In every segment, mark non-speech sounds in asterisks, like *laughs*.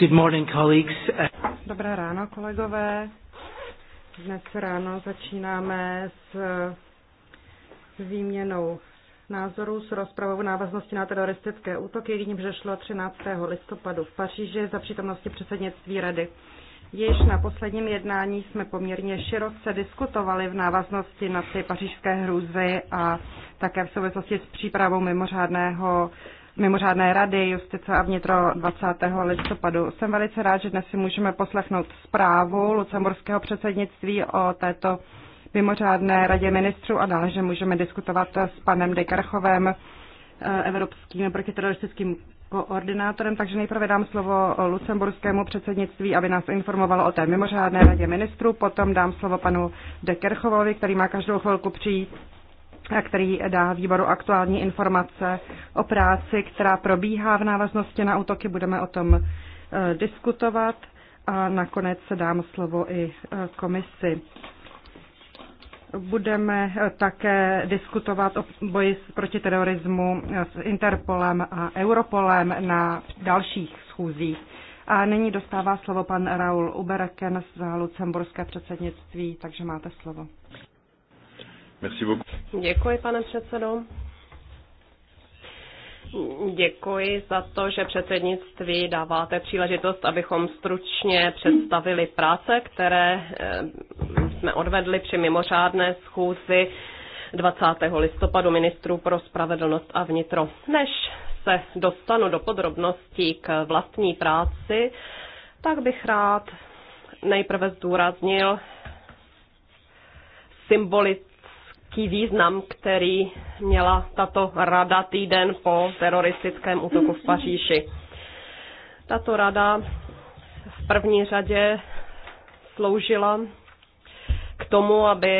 Good morning, colleagues. Dobré ráno, kolegové. Dnes ráno začínáme s výměnou názorů s rozpravou v návaznosti na teroristické útoky, k nímž došlo 13. listopadu v Paříži za přítomnosti předsednictví Rady. Již na posledním jednání jsme poměrně široce diskutovali v návaznosti na ty pařížské hrůzy a také v souvislosti s přípravou mimořádného mimořádné rady justice a vnitro 20. listopadu. Jsem velice rád, že dnes si můžeme poslechnout zprávu lucemburského předsednictví o této mimořádné radě ministrů a dále, že můžeme diskutovat s panem Dekarchovem, eh, evropským protiteroristickým koordinátorem, takže nejprve dám slovo lucemburskému předsednictví, aby nás informovalo o té mimořádné radě ministrů, potom dám slovo panu Dekerchovovi, který má každou chvilku přijít který dá výboru aktuální informace o práci, která probíhá v návaznosti na útoky. Budeme o tom eh, diskutovat a nakonec dám slovo i eh, komisi. Budeme eh, také diskutovat o boji proti terorismu s Interpolem a Europolem na dalších schůzích. A nyní dostává slovo pan Raul Uberken z Lucemburské předsednictví, takže máte slovo. Merci beaucoup. Děkuji, pane předsedo. Děkuji za to, že předsednictví dáváte příležitost, abychom stručně představili práce, které eh, jsme odvedli při mimořádné schůzi 20. listopadu ministrů pro spravedlnost a vnitro. Než se dostanu do podrobností k vlastní práci, tak bych rád nejprve zdůraznil symbolit, velký význam, který měla tato rada týden po teroristickém útoku v Paříži. Tato rada v první řadě sloužila k tomu, aby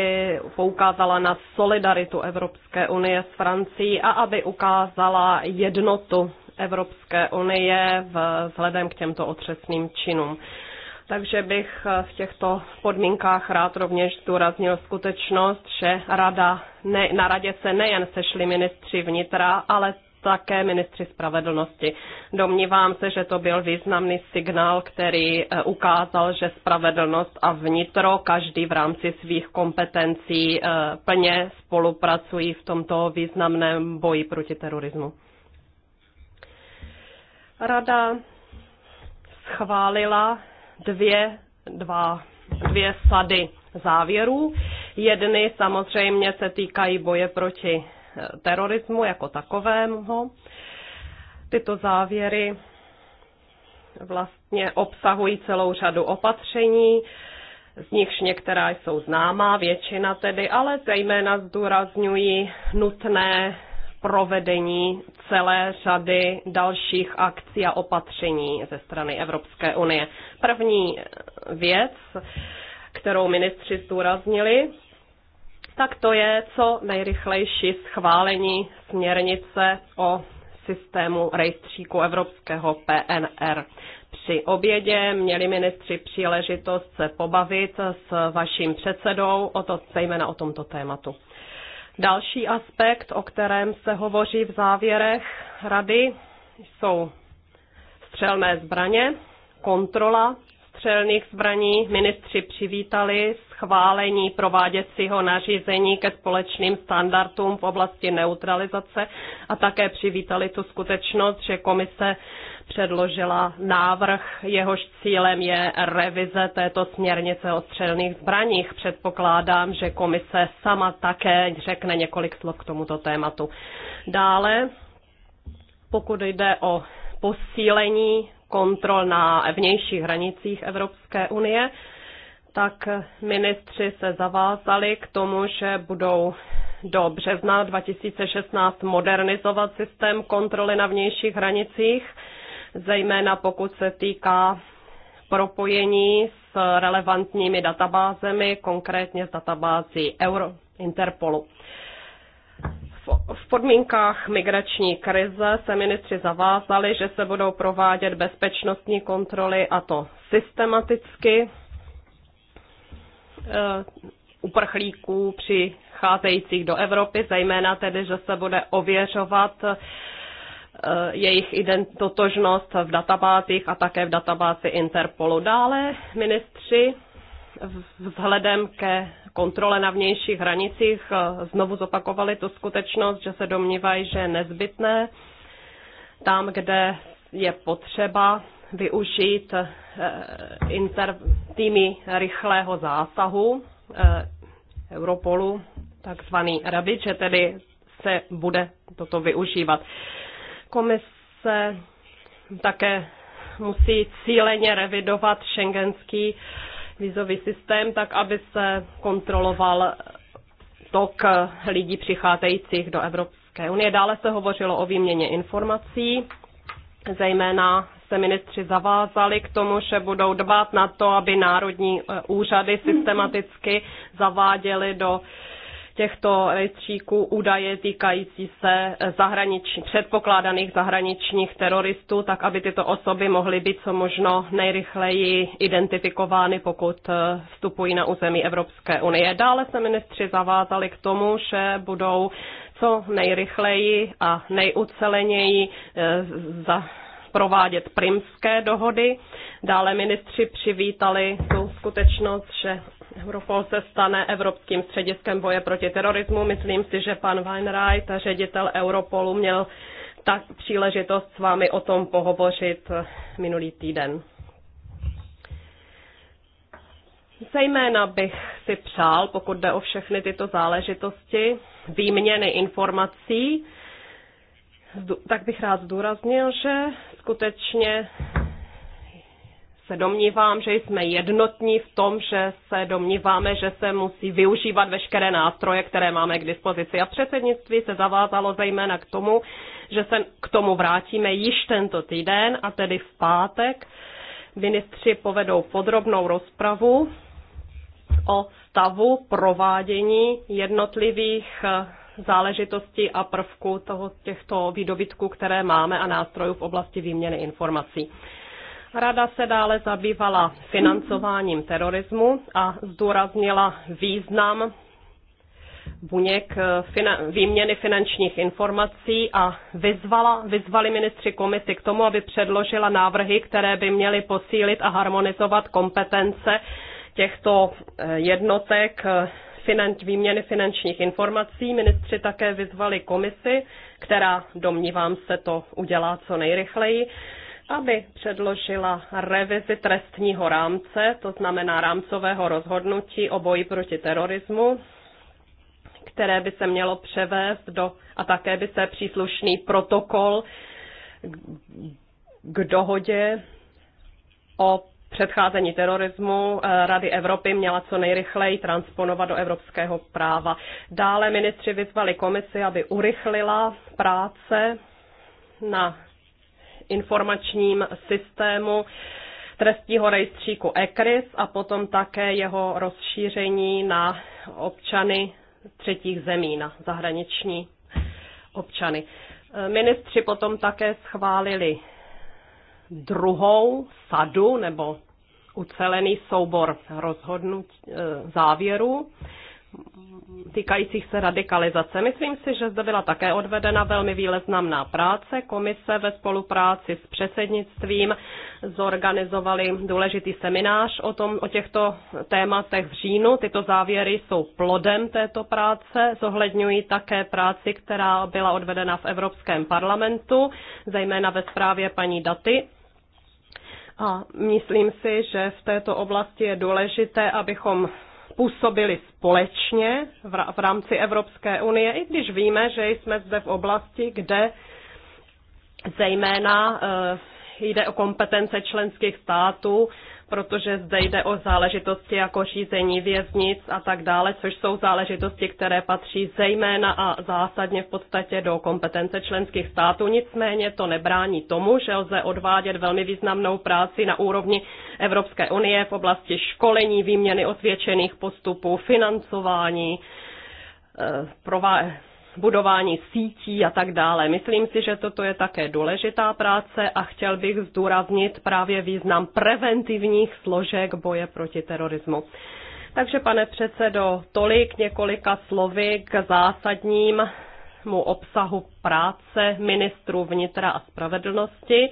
poukázala na solidaritu Evropské unie s Francií a aby ukázala jednotu Evropské unie vzhledem k těmto otřesným činům. Takže bych eh, v těchto podmínkách rád rovněž zdůraznil skutečnost, že rada, ne, na radě se nejen sešli ministři vnitra, ale také ministři spravedlnosti. Domnívám se, že to byl významný signál, který eh, ukázal, že spravedlnost a vnitro každý v rámci svých kompetencí eh, plně spolupracují v tomto významném boji proti terorismu. Rada schválila dvě, dva, dvě sady závěrů. Jedny samozřejmě se týkají boje proti eh, terorismu jako takovému. Tyto závěry vlastně obsahují celou řadu opatření, z nichž některá jsou známá, většina tedy, ale zejména zdůrazňují nutné provedení celé řady dalších akcí a opatření ze strany Evropské unie. První věc, kterou ministři zdůraznili, tak to je co nejrychlejší schválení směrnice o systému rejstříku evropského PNR. Při obědě měli ministři příležitost se pobavit s vaším předsedou o to, zejména o tomto tématu. Další aspekt, o kterém se hovoří v závěrech rady, jsou střelné zbraně, kontrola střelných zbraní. Ministři přivítali schválení prováděcího nařízení ke společným standardům v oblasti neutralizace a také přivítali tu skutečnost, že komise předložila návrh, jehož cílem je revize této směrnice o střelných zbraních. Předpokládám, že komise sama také řekne několik slov k tomuto tématu. Dále, pokud jde o posílení kontrol na vnějších hranicích Evropské unie, tak ministři se zavázali k tomu, že budou do března 2016 modernizovat systém kontroly na vnějších hranicích zejména pokud se týká propojení s relevantními databázemi, konkrétně s databází Euro, Interpolu. V podmínkách migrační krize se ministři zavázali, že se budou provádět bezpečnostní kontroly a to systematicky e, uprchlíků přicházejících do Evropy, zejména tedy, že se bude ověřovat Eh, jejich totožnost v databázích a také v databázi Interpolu. Dále ministři vzhledem ke kontrole na vnějších hranicích eh, znovu zopakovali tu skutečnost, že se domnívají, že je nezbytné tam, kde je potřeba využít eh, inter, týmy rychlého zásahu Europolu, takzvaný Rabit, že tedy se bude toto využívat. Komise také musí cíleně revidovat šengenský vízový systém, tak aby se kontroloval tok lidí přicházejících do Evropské unie. Dále se hovořilo o výměně informací, zejména se ministři zavázali k tomu, že budou dbát na to, aby národní eh, úřady systematicky zaváděly do těchto rejstříků údaje týkající se eh, zahraniční, předpokládaných zahraničních teroristů, tak aby tyto osoby mohly být co možno nejrychleji identifikovány, pokud eh, vstupují na území Evropské unie. Dále se ministři zavázali k tomu, že budou co nejrychleji a nejuceleněji eh, za provádět primské dohody. Dále ministři přivítali tu skutečnost, že Europol se stane Evropským střediskem boje proti terorismu. Myslím si, že pan Weinreit, ředitel Europolu, měl tak příležitost s vámi o tom pohovořit eh, minulý týden. Zejména bych si přál, pokud jde o všechny tyto záležitosti, výměny informací, tak bych rád zdůraznil, že skutečně se domnívám, že jsme jednotní v tom, že se domníváme, že se musí využívat veškeré nástroje, které máme k dispozici. A předsednictví se zavázalo zejména k tomu, že se k tomu vrátíme již tento týden, a tedy v pátek. Ministři povedou podrobnou rozpravu o stavu provádění jednotlivých eh, záležitostí a prvků toho, těchto výdobytků, které máme a nástrojů v oblasti výměny informací. Rada se dále zabývala financováním terorismu a zdůraznila význam buněk finan- výměny finančních informací a vyzvala, vyzvali ministři komisi k tomu, aby předložila návrhy, které by měly posílit a harmonizovat kompetence těchto eh, jednotek eh, finan- výměny finančních informací. Ministři také vyzvali komisi, která, domnívám se, to udělá co nejrychleji, aby předložila revizi trestního rámce, to znamená rámcového rozhodnutí o boji proti terorismu, které by se mělo převést do, a také by se příslušný protokol k, k dohodě o předcházení terorismu eh, Rady Evropy měla co nejrychleji transponovat do evropského práva. Dále ministři vyzvali komisi, aby urychlila práce na informačním systému trestního rejstříku ECRIS a potom také jeho rozšíření na občany třetích zemí, na zahraniční občany. Eh, ministři potom také schválili druhou sadu nebo ucelený soubor rozhodnutí eh, závěrů týkajících se radikalizace. Myslím si, že zde byla také odvedena velmi výleznamná práce. Komise ve spolupráci s předsednictvím zorganizovali důležitý seminář o, tom, o těchto tématech v říjnu. Tyto závěry jsou plodem této práce, zohledňují také práci, která byla odvedena v Evropském parlamentu, zejména ve zprávě paní Daty a myslím si, že v této oblasti je důležité, abychom působili společně v rámci Evropské unie, i když víme, že jsme zde v oblasti, kde zejména eh, jde o kompetence členských států protože zde jde o záležitosti jako řízení věznic a tak dále, což jsou záležitosti, které patří zejména a zásadně v podstatě do kompetence členských států. Nicméně to nebrání tomu, že lze odvádět velmi významnou práci na úrovni Evropské unie v oblasti školení, výměny osvědčených postupů, financování, eh, budování sítí a tak dále. Myslím si, že toto je také důležitá práce a chtěl bych zdůraznit právě význam preventivních složek boje proti terorismu. Takže, pane předsedo, tolik několika slovy k zásadnímu obsahu práce ministru vnitra a spravedlnosti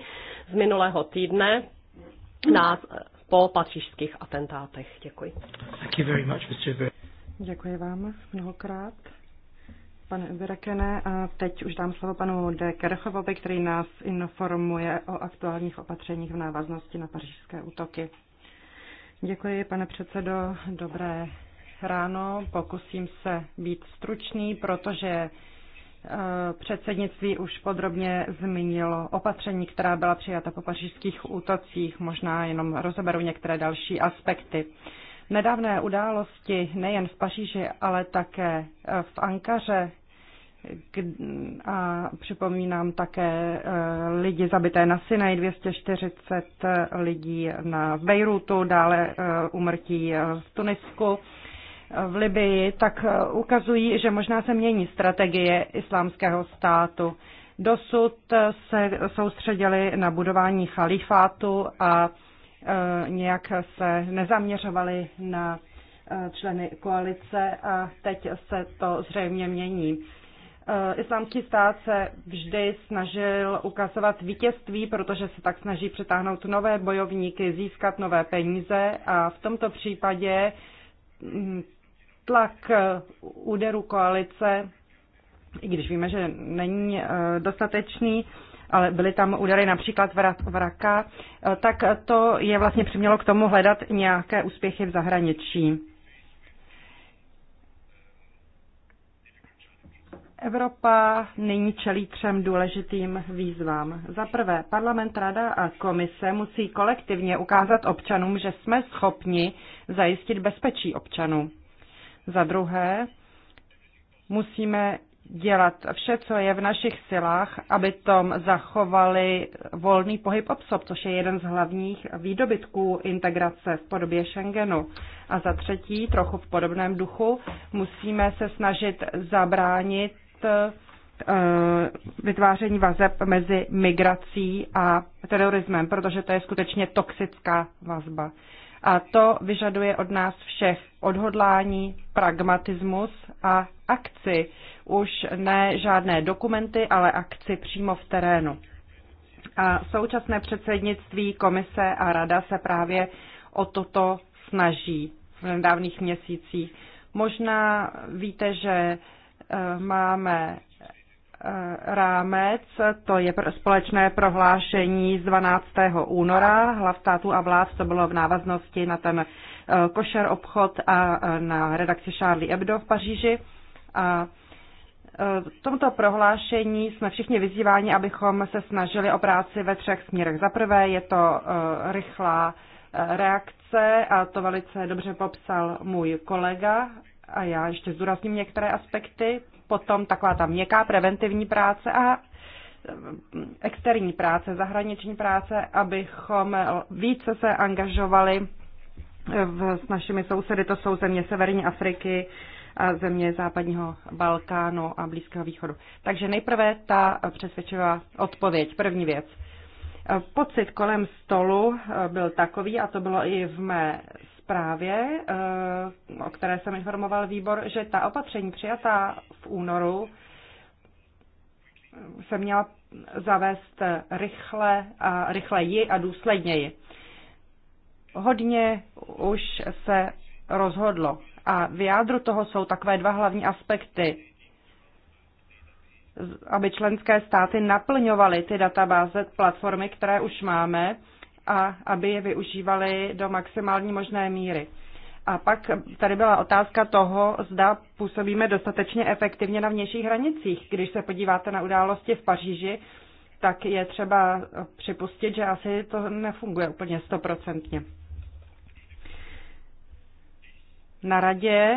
z minulého týdne na, po patřížských atentátech. Děkuji. Děkuji vám mnohokrát pane Berekene. A teď už dám slovo panu De Kerchovovi, který nás informuje o aktuálních opatřeních v návaznosti na pařížské útoky. Děkuji, pane předsedo. Dobré ráno. Pokusím se být stručný, protože e, předsednictví už podrobně zmínilo opatření, která byla přijata po pařížských útocích. Možná jenom rozeberu některé další aspekty. Nedávné události nejen v Paříži, ale také eh, v Ankaře a připomínám také eh, lidi zabité na Sinaj, 240 eh, lidí na Bejrutu, dále umrtí v Tunisku v Libii, tak ukazují, že možná se mění strategie islámského státu. Dosud se soustředili na budování chalifátu a Eh, nějak se nezaměřovali na eh, členy koalice a teď se to zřejmě mění. Eh, islámský stát se vždy snažil ukazovat vítězství, protože se tak snaží přetáhnout nové bojovníky, získat nové peníze a v tomto případě hm, tlak úderu koalice, i když víme, že není dostatečný, ale byly tam údaly například vraka, eh, tak to je vlastně přimělo k tomu hledat nějaké úspěchy v zahraničí. Evropa nyní čelí třem důležitým výzvám. Za prvé, parlament, rada a komise musí kolektivně ukázat občanům, že jsme schopni zajistit bezpečí občanů. Za druhé, musíme dělat vše, co je v našich silách, aby tom zachovali volný pohyb osob, což je jeden z hlavních výdobytků integrace v podobě Schengenu. A za třetí, trochu v podobném duchu, musíme se snažit zabránit eh, vytváření vazeb mezi migrací a terorismem, protože to je skutečně toxická vazba. A to vyžaduje od nás všech odhodlání, pragmatismus a akci, už ne žádné dokumenty, ale akci přímo v terénu. A současné předsednictví, komise a rada se právě o toto snaží v nedávných měsících. Možná víte, že eh, máme eh, rámec, to je společné prohlášení z 12. února hlav státu a vlád, to bylo v návaznosti na ten eh, košer obchod a na redakci Charlie Hebdo v Paříži. A v tomto prohlášení jsme všichni vyzýváni, abychom se snažili o práci ve třech směrech. Za prvé je to eh, rychlá eh, reakce a to velice dobře popsal můj kolega a já ještě zdůrazním některé aspekty. Potom taková ta měkká preventivní práce a eh, externí práce, zahraniční práce, abychom více se angažovali s našimi sousedy, to jsou země Severní Afriky, a země západního Balkánu a Blízkého východu. Takže nejprve ta přesvědčivá odpověď. První věc. Pocit kolem stolu eh, byl takový, a to bylo i v mé zprávě, eh, o které jsem informoval výbor, že ta opatření přijatá v únoru se měla zavést rychle a rychleji a důsledněji. Hodně už se rozhodlo. A v jádru toho jsou takové dva hlavní aspekty. Aby členské státy naplňovaly ty databáze, platformy, které už máme, a aby je využívaly do maximální možné míry. A pak tady byla otázka toho, zda působíme dostatečně efektivně na vnějších hranicích. Když se podíváte na události v Paříži, tak je třeba připustit, že asi to nefunguje úplně stoprocentně na radě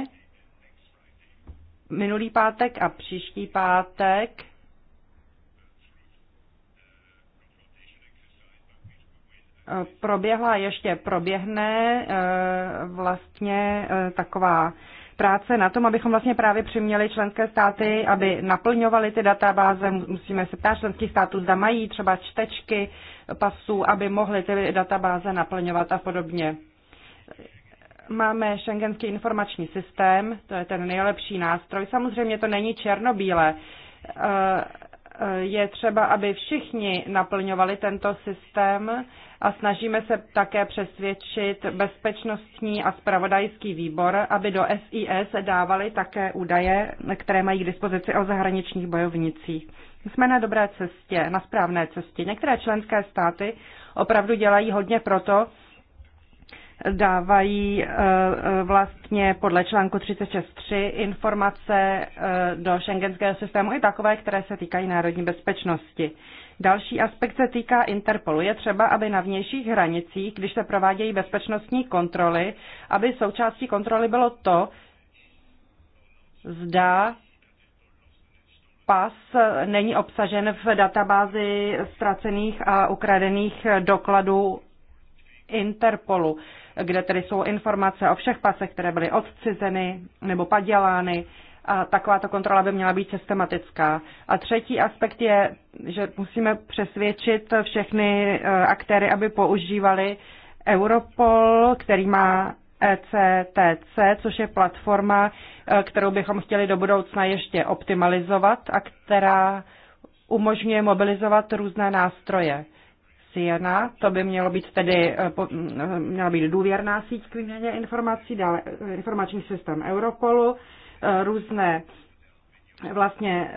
minulý pátek a příští pátek proběhla ještě proběhne eh, vlastně eh, taková práce na tom, abychom vlastně právě přiměli členské státy, aby naplňovali ty databáze. Musíme se ptát členských států, zda mají třeba čtečky pasů, aby mohly ty databáze naplňovat a podobně. Máme šengenský informační systém, to je ten nejlepší nástroj. Samozřejmě to není černobílé. Eh, eh, je třeba, aby všichni naplňovali tento systém a snažíme se také přesvědčit bezpečnostní a spravodajský výbor, aby do SIS dávali také údaje, které mají k dispozici o zahraničních bojovnicích. Jsme na dobré cestě, na správné cestě. Některé členské státy opravdu dělají hodně proto, dávají eh, eh, vlastně podle článku 36.3 informace eh, do šengenského systému i takové, které se týkají národní bezpečnosti. Další aspekt se týká Interpolu. Je třeba, aby na vnějších hranicích, když se provádějí bezpečnostní kontroly, aby součástí kontroly bylo to, zda pas není obsažen v databázi ztracených a ukradených dokladů Interpolu kde tedy jsou informace o všech pasech, které byly odcizeny nebo padělány. A takováto kontrola by měla být systematická. A třetí aspekt je, že musíme přesvědčit všechny eh, aktéry, aby používali Europol, který má ECTC, což je platforma, eh, kterou bychom chtěli do budoucna ještě optimalizovat a která umožňuje mobilizovat různé nástroje. Siena, to by mělo být tedy, eh, mm, eh, měla být důvěrná síť k výměně informací, dále eh, informační systém Europolu, různé vlastně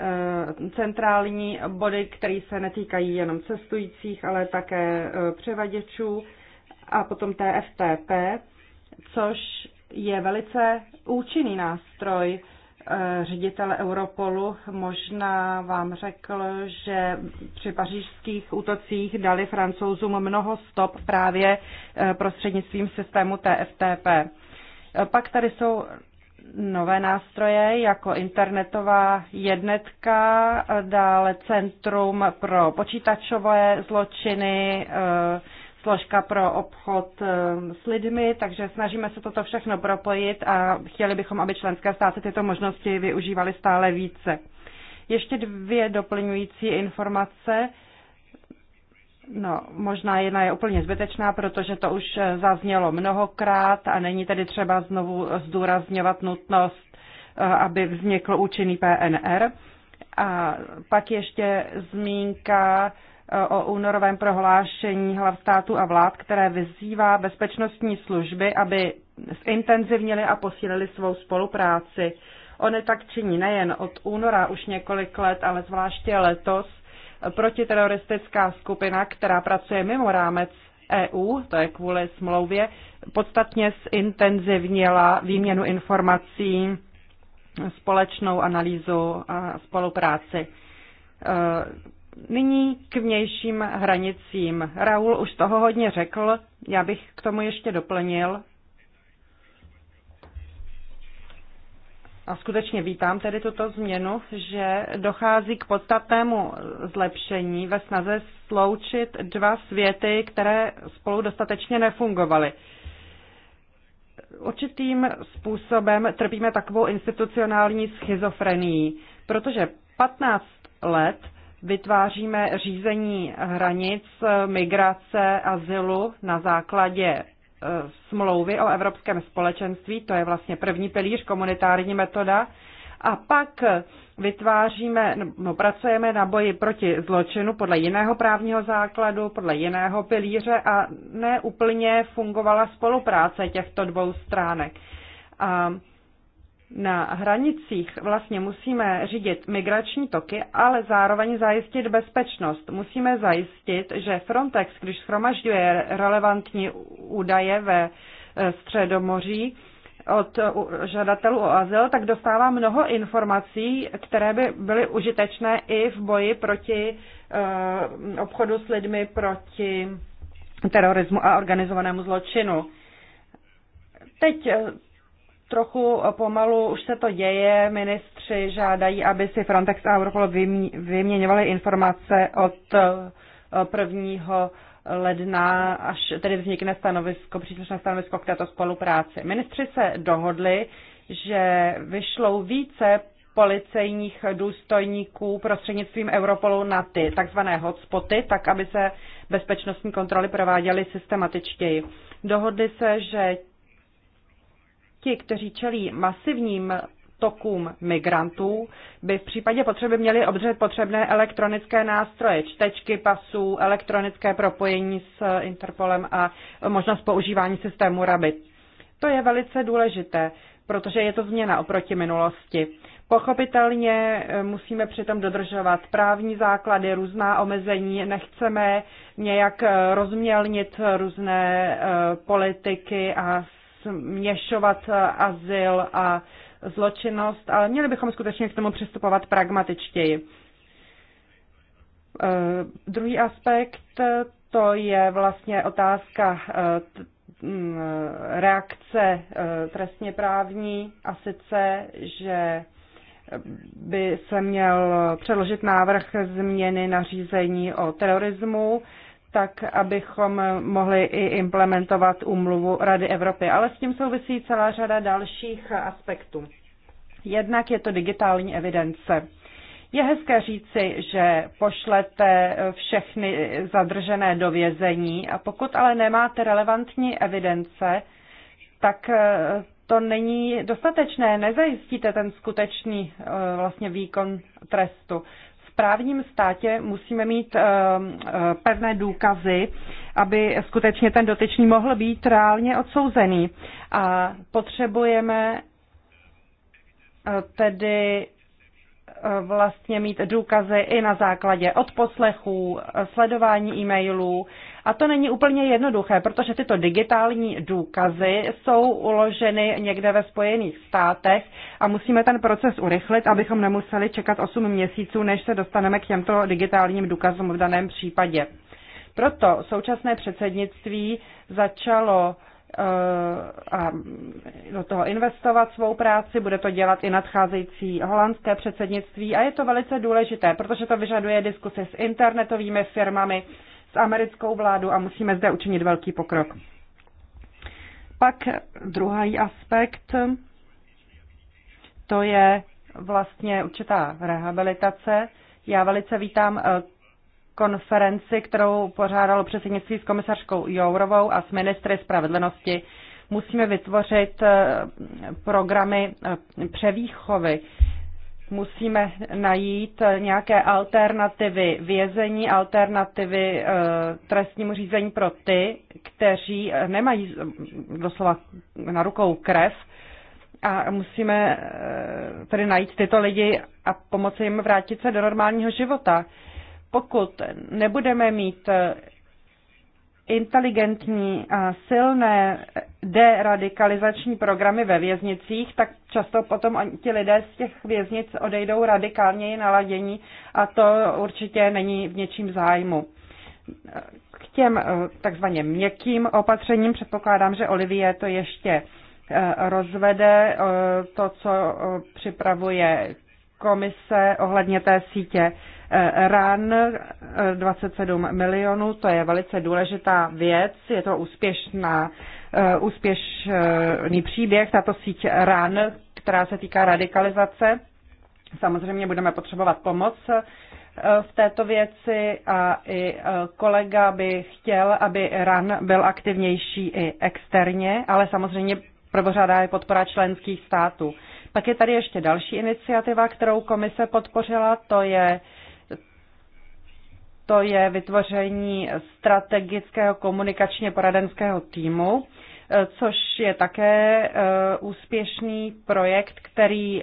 centrální body, které se netýkají jenom cestujících, ale také převaděčů a potom TFTP, což je velice účinný nástroj, Eh, ředitel Europolu možná vám řekl, že při pařížských útocích dali francouzům mnoho stop právě eh, prostřednictvím systému TFTP. Eh, pak tady jsou nové nástroje jako internetová jednetka, dále Centrum pro počítačové zločiny, složka pro obchod eh, s lidmi, takže snažíme se toto všechno propojit a chtěli bychom, aby členské státy tyto možnosti využívaly stále více. Ještě dvě doplňující informace. No, možná jedna je úplně zbytečná, protože to už eh, zaznělo mnohokrát a není tedy třeba znovu zdůrazňovat nutnost, eh, aby vznikl účinný PNR. A pak ještě zmínka Eh, o únorovém prohlášení hlav států a vlád, které vyzývá bezpečnostní služby, aby zintenzivnili a posílili svou spolupráci. Ony tak činí nejen od února už několik let, ale zvláště letos protiteroristická skupina, která pracuje mimo rámec EU, to je kvůli smlouvě, podstatně zintenzivnila výměnu informací, společnou analýzu a spolupráci eh, Nyní k vnějším hranicím. Raul už toho hodně řekl, já bych k tomu ještě doplnil. A skutečně vítám tedy tuto změnu, že dochází k podstatnému zlepšení ve snaze sloučit dva světy, které spolu dostatečně nefungovaly. Určitým způsobem trpíme takovou institucionální schizofrenii, protože 15 let vytváříme řízení hranic, eh, migrace, azylu na základě eh, smlouvy o Evropském společenství, to je vlastně první pilíř, komunitární metoda, a pak eh, vytváříme, no, pracujeme na boji proti zločinu podle jiného právního základu, podle jiného pilíře a neúplně fungovala spolupráce těchto dvou stránek. A na hranicích vlastně musíme řídit migrační toky, ale zároveň zajistit bezpečnost. Musíme zajistit, že Frontex, když schromažďuje relevantní údaje ve e, Středomoří od žadatelů o azyl, tak dostává mnoho informací, které by byly užitečné i v boji proti e, obchodu s lidmi, proti terorismu a organizovanému zločinu. Teď e, trochu pomalu už se to děje. Ministři žádají, aby si Frontex a Europol vyměňovali informace od 1. Eh, ledna, až tedy vznikne stanovisko, příslušné stanovisko k této spolupráci. Ministři se dohodli, že vyšlou více policejních důstojníků prostřednictvím Europolu na ty takzvané hotspoty, tak aby se bezpečnostní kontroly prováděly systematičtěji. Dohodli se, že ti, kteří čelí masivním tokům migrantů, by v případě potřeby měli obdržet potřebné elektronické nástroje, čtečky pasů, elektronické propojení s Interpolem a možnost používání systému RABIT. To je velice důležité, protože je to změna oproti minulosti. Pochopitelně eh, musíme přitom dodržovat právní základy, různá omezení, nechceme nějak eh, rozmělnit různé eh, politiky a směšovat eh, azyl a zločinnost, ale měli bychom skutečně k tomu přistupovat pragmatičtěji. Eh, druhý aspekt eh, to je vlastně otázka mm, reakce trestně právní a sice, že by se měl předložit návrh změny nařízení o terorismu, tak abychom mohli i implementovat úmluvu Rady Evropy. Ale s tím souvisí celá řada dalších aspektů. Jednak je to digitální evidence. Je hezké říci, že pošlete všechny zadržené do vězení a pokud ale nemáte relevantní evidence, tak eh, to není dostatečné, nezajistíte ten skutečný eh, vlastně výkon trestu právním státě musíme mít eh, eh, pevné důkazy, aby skutečně ten dotyčný mohl být reálně odsouzený. A potřebujeme eh, tedy vlastně mít důkazy i na základě odposlechů, sledování e-mailů, a to není úplně jednoduché, protože tyto digitální důkazy jsou uloženy někde ve Spojených státech a musíme ten proces urychlit, abychom nemuseli čekat 8 měsíců, než se dostaneme k těmto digitálním důkazům v daném případě. Proto současné předsednictví začalo eh, a do toho investovat svou práci, bude to dělat i nadcházející holandské předsednictví a je to velice důležité, protože to vyžaduje diskusy s internetovými firmami, s americkou vládou a musíme zde učinit velký pokrok. Pak druhý aspekt, to je vlastně určitá rehabilitace. Já velice vítám eh, konferenci, kterou pořádalo předsednictví s komisařkou Jourovou a s ministry spravedlnosti. Musíme vytvořit eh, programy eh, převýchovy musíme najít nějaké alternativy vězení, alternativy e, trestnímu řízení pro ty, kteří nemají doslova na rukou krev a musíme e, tedy najít tyto lidi a pomoci jim vrátit se do normálního života. Pokud nebudeme mít inteligentní a silné deradikalizační programy ve věznicích, tak často potom ti lidé z těch věznic odejdou radikálněji naladění a to určitě není v něčím zájmu. K těm eh, takzvaně měkkým opatřením předpokládám, že Olivie to ještě eh, rozvede, eh, to, co připravuje komise ohledně té sítě Eh, RAN 27 eh, milionů, to je velice důležitá věc, je to úspěšná, eh, úspěšný příběh, tato síť RAN, která se týká radikalizace. Samozřejmě budeme potřebovat pomoc v této věci a i kolega by chtěl, aby RAN byl aktivnější i externě, ale samozřejmě prvořádá je podpora členských států. Pak je tady ještě další iniciativa, kterou komise podpořila, to je to je vytvoření strategického komunikačně poradenského týmu, eh, což je také eh, úspěšný projekt, který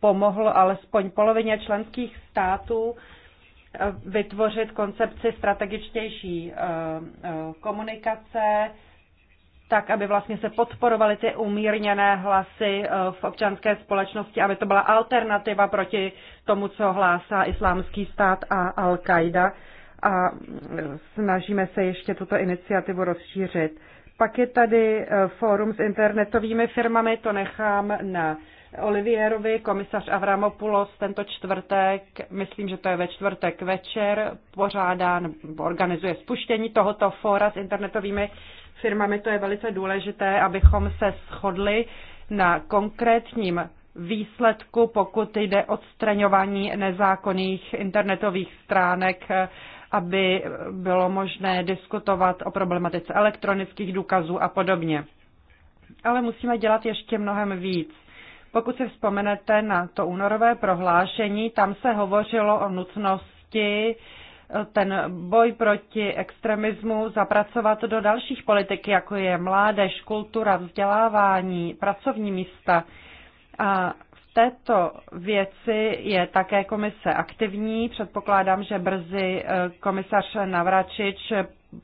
pomohl alespoň polovině členských států eh, vytvořit koncepci strategičtější komunikace, tak, aby vlastně se podporovaly ty umírněné hlasy eh, v občanské společnosti, aby to byla alternativa proti tomu, co hlásá islámský stát a Al-Qaida. A eh, snažíme se ještě tuto iniciativu rozšířit. Pak je tady eh, fórum s internetovými firmami, to nechám na Olivierovi, komisař Avramopoulos tento čtvrtek, myslím, že to je ve čtvrtek večer, pořádá nebo organizuje spuštění tohoto fóra s internetovými firmami, to je velice důležité, abychom se shodli na konkrétním výsledku, pokud jde odstraňování nezákonných internetových stránek, aby bylo možné diskutovat o problematice elektronických důkazů a podobně. Ale musíme dělat ještě mnohem víc. Pokud si vzpomenete na to únorové prohlášení, tam se hovořilo o nutnosti ten boj proti extremismu zapracovat do dalších politik, jako je mládež, kultura, vzdělávání, pracovní místa. A v této věci je také komise aktivní. Předpokládám, že brzy e, komisař Navračič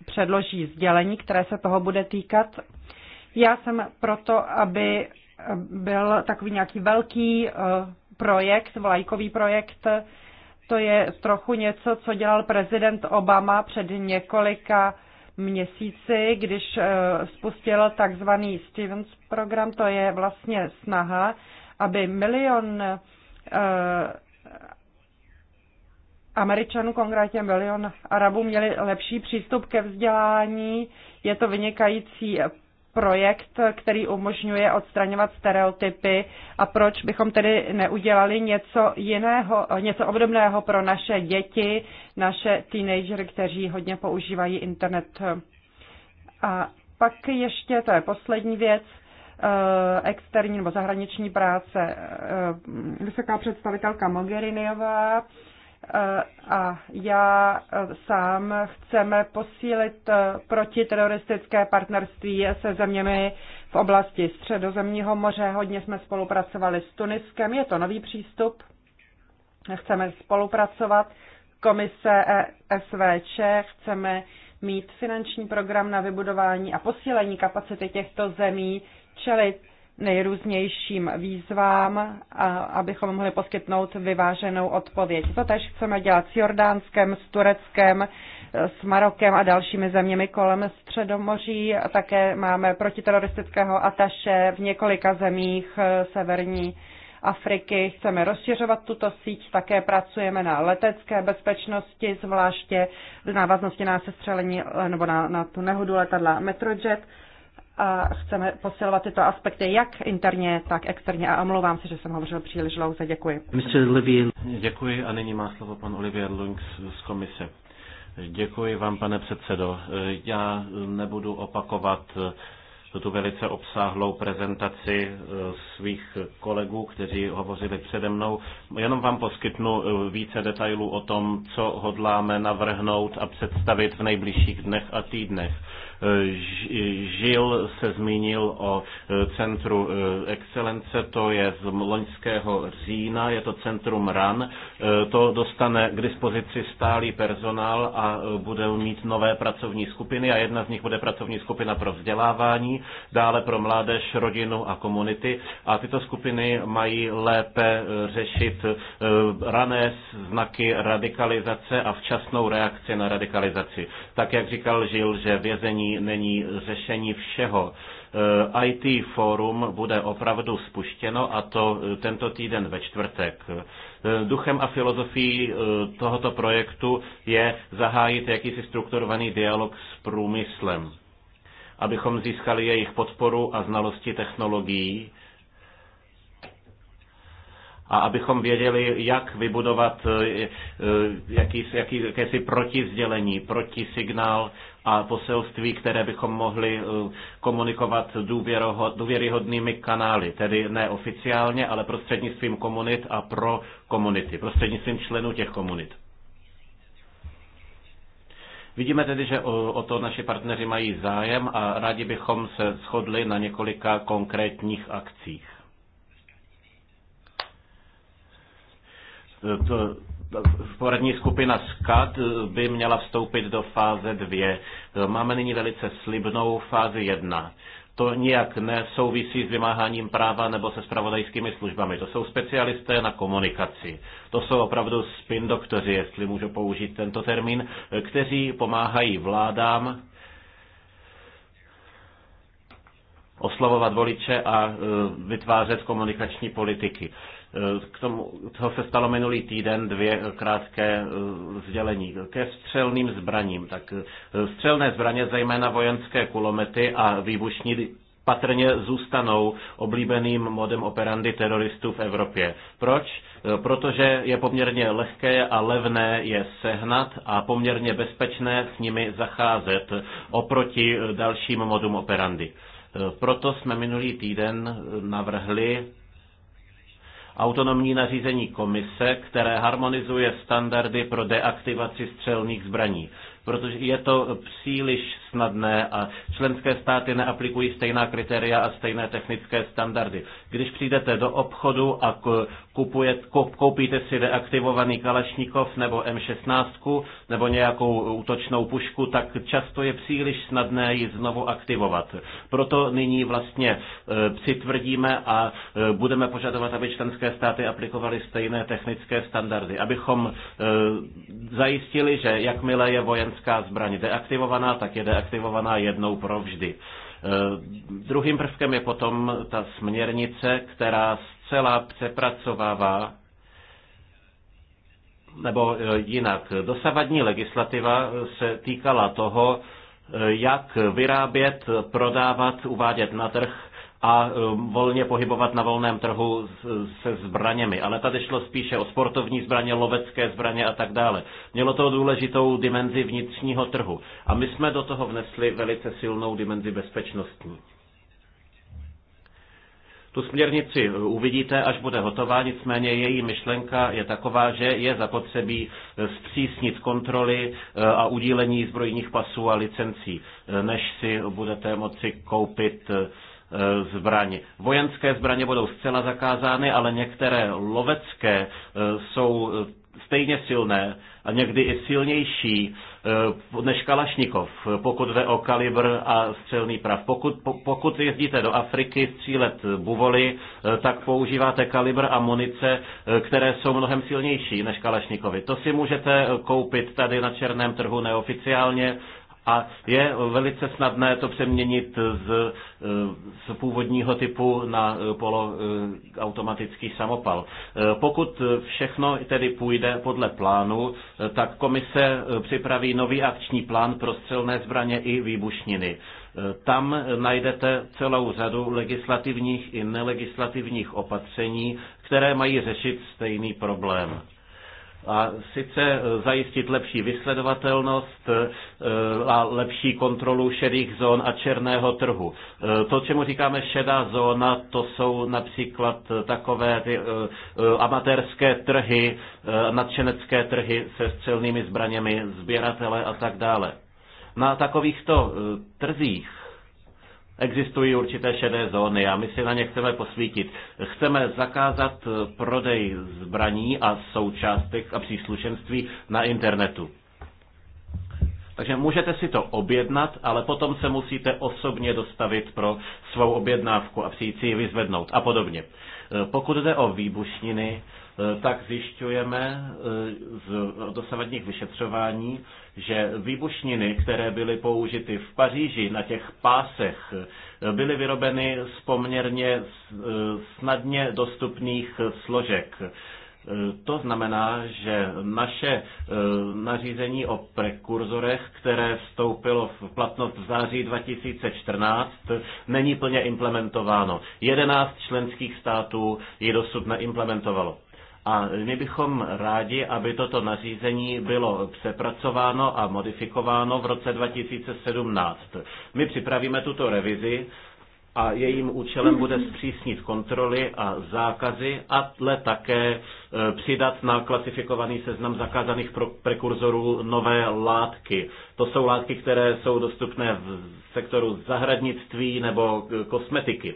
předloží sdělení, které se toho bude týkat. Já jsem proto, aby byl takový nějaký velký e, projekt, vlajkový projekt, to je trochu něco, co dělal prezident Obama před několika měsíci, když eh, spustil takzvaný Stevens program. To je vlastně snaha, aby milion eh, Američanů, konkrétně milion Arabů, měli lepší přístup ke vzdělání. Je to vynikající projekt, který umožňuje odstraňovat stereotypy a proč bychom tedy neudělali něco jiného, něco obdobného pro naše děti, naše teenagery, kteří hodně používají internet. A pak ještě, to je poslední věc, eh, externí nebo zahraniční práce. Eh, vysoká představitelka Mogheriniová a já sám chceme posílit protiteroristické partnerství se zeměmi v oblasti Středozemního moře. Hodně jsme spolupracovali s Tuniskem, je to nový přístup. Chceme spolupracovat. Komise e SVČ chceme mít finanční program na vybudování a posílení kapacity těchto zemí čelit nejrůznějším výzvám, a abychom mohli poskytnout vyváženou odpověď. To tež chceme dělat s Jordánskem, s Tureckem, s Marokem a dalšími zeměmi kolem Středomoří. Také máme protiteroristického ataše v několika zemích eh, severní Afriky. Chceme rozšiřovat tuto síť, také pracujeme na letecké bezpečnosti, zvláště v návaznosti na sestřelení nebo na, na tu nehodu letadla Metrojet a chceme posilovat tyto aspekty jak interně, tak externě. A omlouvám se, že jsem hovořil příliš dlouze. Děkuji. Mr. Levin. Děkuji a nyní má slovo pan Olivier Lungs z komise. Děkuji vám, pane předsedo. Já nebudu opakovat tu velice obsáhlou prezentaci eh, svých kolegů, kteří hovořili přede mnou. Jenom vám poskytnu eh, více detailů o tom, co hodláme navrhnout a představit v nejbližších dnech a týdnech. Žil se zmínil o e, Centru e, Excelence, to je z loňského října, je to Centrum RAN. E, to dostane k dispozici stálý personál a bude mít nové pracovní skupiny a jedna z nich bude pracovní skupina pro vzdělávání, dále pro mládež, rodinu a komunity. A tyto skupiny mají lépe řešit rané znaky radikalizace a včasnou reakci na radikalizaci. Tak, jak říkal Žil, že vězení řešení není řešení všeho. Eh, IT forum bude opravdu spuštěno a to eh, tento týden ve čtvrtek. Eh, duchem a filozofií tohoto projektu je zahájit jakýsi strukturovaný dialog s průmyslem, abychom získali jejich podporu a znalosti technologií a abychom věděli, jak vybudovat eh, eh, jaký, jaký, jakési protizdělení, protisignál a poselství, které bychom mohli eh, komunikovat důvěryhodnými kanály, tedy neoficiálně, ale prostřednictvím komunit a pro komunity, prostřednictvím členů těch komunit. Vidíme tedy, že o, o to naši partneři mají zájem a rádi bychom se shodli na několika konkrétních akcích. to, poradní skupina SCAD by měla vstoupit do fáze 2. Máme nyní velice slibnou fázi 1. To nijak nesouvisí s vymáháním práva nebo se spravodajskými službami. To jsou specialisté na komunikaci. To jsou opravdu spin doktoři, jestli můžu použít tento termín, kteří pomáhají vládám oslovovat voliče a e, vytvářet komunikační politiky. Eh, k tomu, co se stalo minulý týden, dvě eh, krátké eh, sdělení. Ke střelným zbraním. Tak střelné zbraně, zejména vojenské kulomety a výbušní patrně zůstanou oblíbeným modem operandy teroristů v Evropě. Proč? Protože je poměrně lehké a levné je sehnat a poměrně bezpečné s nimi zacházet oproti dalším modům operandy. Proto jsme minulý týden navrhli autonomní nařízení komise, které harmonizuje standardy pro deaktivaci střelných zbraní. Protože je to příliš snadné a členské státy neaplikují stejná kritéria a stejné technické standardy. Když přijdete do obchodu a kupujete, koupíte si deaktivovaný Kalašnikov nebo M16 nebo nějakou útočnou pušku, tak často je příliš snadné ji znovu aktivovat. Proto nyní vlastně e, přitvrdíme a e, budeme požadovat, aby členské státy aplikovaly stejné technické standardy, abychom e, zajistili, že jakmile je vojenská zbraň deaktivovaná, tak je deaktivovaná deaktivovaná jednou provždy. E, druhým prvkem je potom ta směrnice, která zcela přepracovává nebo e, jinak, dosavadní legislativa se týkala toho, e, jak vyrábět, prodávat, uvádět na trh a e, volně pohybovat na volném trhu se zbraněmi. Ale tady šlo spíše o sportovní zbraně, lovecké zbraně a tak dále. Mělo to důležitou dimenzi vnitřního trhu. A my jsme do toho vnesli velice silnou dimenzi bezpečnostní. Tu směrnici uvidíte, až bude hotová, nicméně její myšlenka je taková, že je zapotřebí zpřísnit kontroly e, a udílení zbrojních pasů a licencí, e, než si budete moci koupit Eh, zbraň. Vojenské zbraně budou zcela zakázány, ale některé lovecké eh, jsou eh, stejně silné a někdy i silnější než Kalašnikov, pokud jde o kalibr a střelný prav. Pokud, pokud jezdíte do Afriky střílet buvoly, tak používáte kalibr a munice, které jsou mnohem silnější než Kalašnikovy. To si můžete koupit tady na černém trhu neoficiálně a je velice snadné to přeměnit z, eh, z původního typu na eh, poloautomatický eh, samopal. Pokud všechno tedy půjde podle plánu, tak komise připraví nový akční plán pro střelné zbraně i výbušniny. Tam najdete celou řadu legislativních i nelegislativních opatření, které mají řešit stejný problém a sice eh, zajistit lepší vysledovatelnost eh, a lepší kontrolu šedých zón a černého trhu. Eh, to, čemu říkáme šedá zóna, to jsou například takové ty amatérské trhy, nadšenecké trhy se střelnými zbraněmi, sběratele a tak dále. Na takovýchto trzích existují určité šedé zóny a my si na ně chceme posvítit. Chceme zakázat eh, prodej zbraní a součástek a příslušenství na internetu. Takže můžete si to objednat, ale potom se musíte osobně dostavit pro svou objednávku a přijít si ji vyzvednout a podobně. Eh, pokud jde o výbušniny, eh, tak zjišťujeme z dosavadních vyšetřování, že výbušniny, které byly použity v Paříži na těch pásech, byly vyrobeny z poměrně eh, snadně dostupných složek. Eh, to znamená, že naše eh, nařízení o prekurzorech, které vstoupilo v platnost v září 2014, není plně implementováno. 11 členských států ji dosud neimplementovalo. A my bychom rádi, aby toto nařízení bylo přepracováno a modifikováno v roce 2017. My připravíme tuto revizi a jejím účelem bude zpřísnit kontroly a zákazy, a tle také e, přidat na klasifikovaný seznam zakázaných prekurzorů nové látky. To jsou látky, které jsou dostupné v sektoru zahradnictví nebo e, kosmetiky.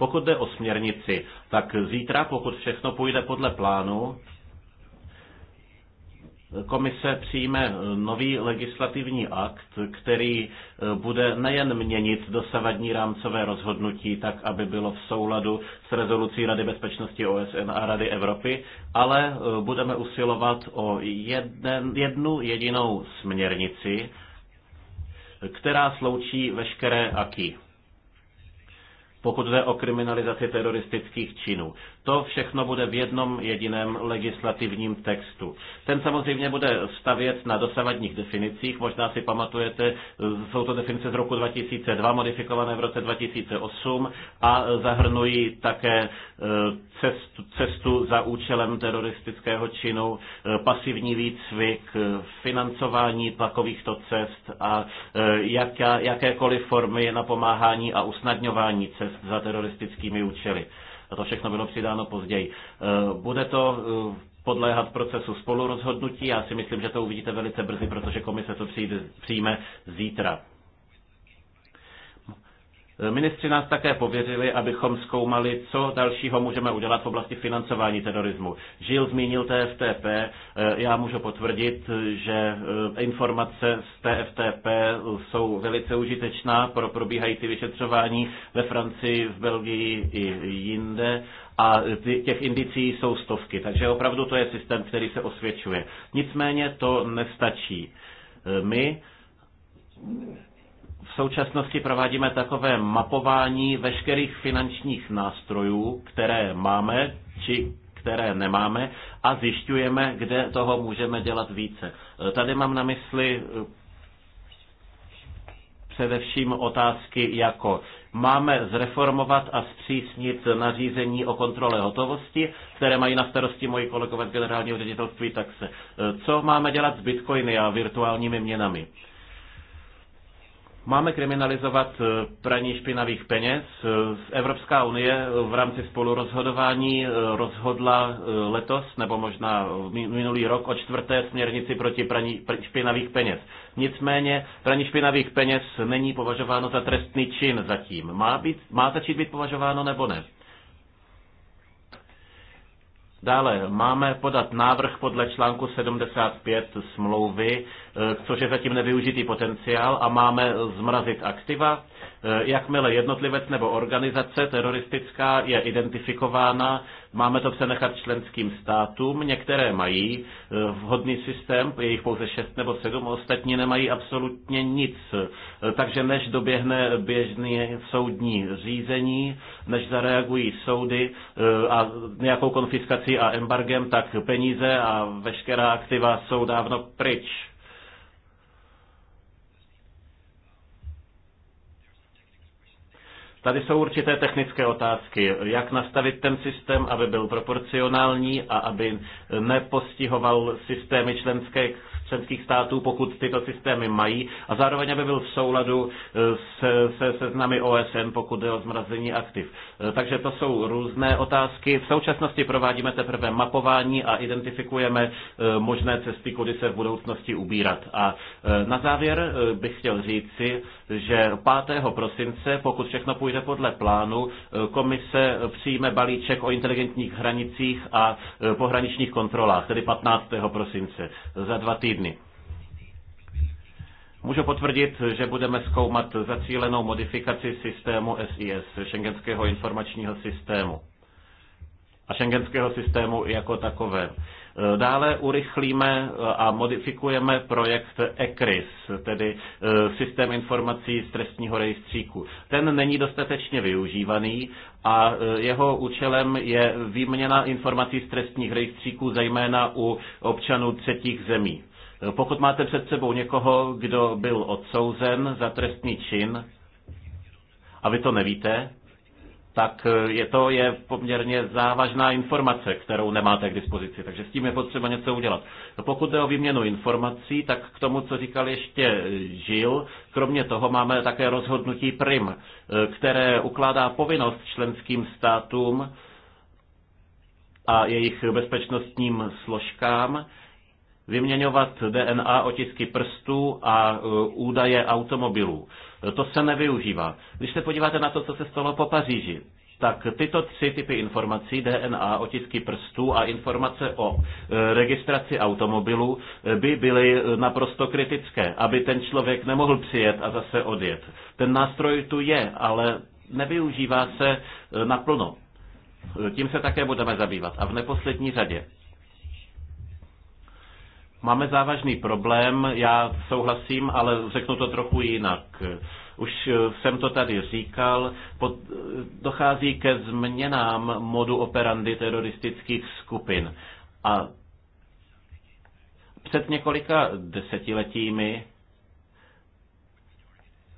Pokud jde o směrnici, tak zítra, pokud všechno půjde podle plánu, Komise přijme nový legislativní akt, který eh, bude nejen měnit dosavadní rámcové rozhodnutí tak, aby bylo v souladu s rezolucí Rady bezpečnosti OSN a Rady Evropy, ale eh, budeme usilovat o jeden, jednu jedinou směrnici, která sloučí veškeré aky pokud jde o kriminalizaci teroristických činů. To všechno bude v jednom jediném legislativním textu. Ten samozřejmě bude stavět na dosavadních definicích. Možná si pamatujete, jsou to definice z roku 2002, modifikované v roce 2008 a zahrnují také e, cestu, cestu za účelem teroristického činu, e, pasivní výcvik, e, financování takovýchto cest a jaká, jakékoliv formy napomáhání a usnadňování cest za teroristickými účely. To všechno bylo přidáno později. E, bude to e, podléhat procesu spolurozhodnutí. Já si myslím, že to uvidíte velice brzy, protože komise to přijde, přijme zítra. Ministři nás také pověřili, abychom zkoumali, co dalšího můžeme udělat v oblasti financování terorismu. Žil zmínil TFTP, eh, já můžu potvrdit, že eh, informace z TFTP jsou velice užitečná pro probíhající vyšetřování ve Francii, v Belgii i jinde a těch indicí jsou stovky, takže opravdu to je systém, který se osvědčuje. Nicméně to nestačí. Eh, my v současnosti provádíme takové mapování veškerých finančních nástrojů, které máme či které nemáme a zjišťujeme, kde toho můžeme dělat více. E, tady mám na mysli e, především otázky jako máme zreformovat a zpřísnit nařízení o kontrole hotovosti, které mají na starosti moji kolegové z generálního ředitelství se e, Co máme dělat s bitcoiny a virtuálními měnami? Máme kriminalizovat eh, praní špinavých peněz. Eh, Evropská unie eh, v rámci spolurozhodování rozhodla letos, nebo možná minulý rok, o čtvrté směrnici proti praní špinavých peněz. Nicméně praní špinavých peněz není považováno za trestný čin zatím. Má, být, má začít být považováno nebo ne? Dále máme podat návrh podle článku 75 smlouvy, eh, což je zatím nevyužitý potenciál, a máme zmrazit aktiva, Eh, jakmile jednotlivec nebo organizace teroristická je identifikována, máme to přenechat členským státům. Některé mají eh, vhodný systém, je jich pouze 6 nebo 7, ostatní nemají absolutně nic. Eh, takže než doběhne běžné soudní řízení, než zareagují soudy a nějakou konfiskací a embargem, tak peníze a veškerá aktiva jsou dávno pryč. Tady jsou určité technické otázky, jak nastavit ten systém, aby byl proporcionální a aby nepostihoval systémy členských členských států, pokud tyto systémy mají, a zároveň aby byl v souladu e, se, se seznamy OSN, pokud je o zmrazení aktiv. E, takže to jsou různé otázky. V současnosti provádíme teprve mapování a identifikujeme e, možné cesty, kudy se v budoucnosti ubírat. A na závěr bych chtěl říci, že 5. prosince, pokud všechno půjde podle plánu, komise přijme balíček o inteligentních hranicích a pohraničních kontrolách, tedy 15. prosince, za dva týdny týdny. Můžu potvrdit, že budeme zkoumat zacílenou modifikaci systému SIS, Schengenského informačního systému a šengenského systému jako takové. Dále urychlíme a modifikujeme projekt ECRIS, tedy e, systém informací z trestního rejstříku. Ten není dostatečně využívaný a e, jeho účelem je výměna informací z trestních rejstříků, zejména u občanů třetích zemí. Pokud máte před sebou někoho, kdo byl odsouzen za trestný čin a vy to nevíte, tak e, je to je poměrně závažná informace, kterou nemáte k dispozici, takže s tím je potřeba něco udělat. Pokud jde o výměnu informací, tak k tomu, co říkal ještě Žil, kromě toho máme také rozhodnutí PRIM, e, které ukládá povinnost členským státům a jejich bezpečnostním složkám vyměňovat DNA otisky prstů a e, údaje automobilů. To se nevyužívá. Když se podíváte na to, co se stalo po Paříži, tak tyto tři typy informací, DNA, otisky prstů a informace o e, registraci automobilů, e, by byly naprosto kritické, aby ten člověk nemohl přijet a zase odjet. Ten nástroj tu je, ale nevyužívá se naplno. Tím se také budeme zabývat. A v neposlední řadě Máme závažný problém, já souhlasím, ale řeknu to trochu jinak. Už eh, jsem to tady říkal, pod, eh, dochází ke změnám modu operandy teroristických skupin. A před několika desetiletími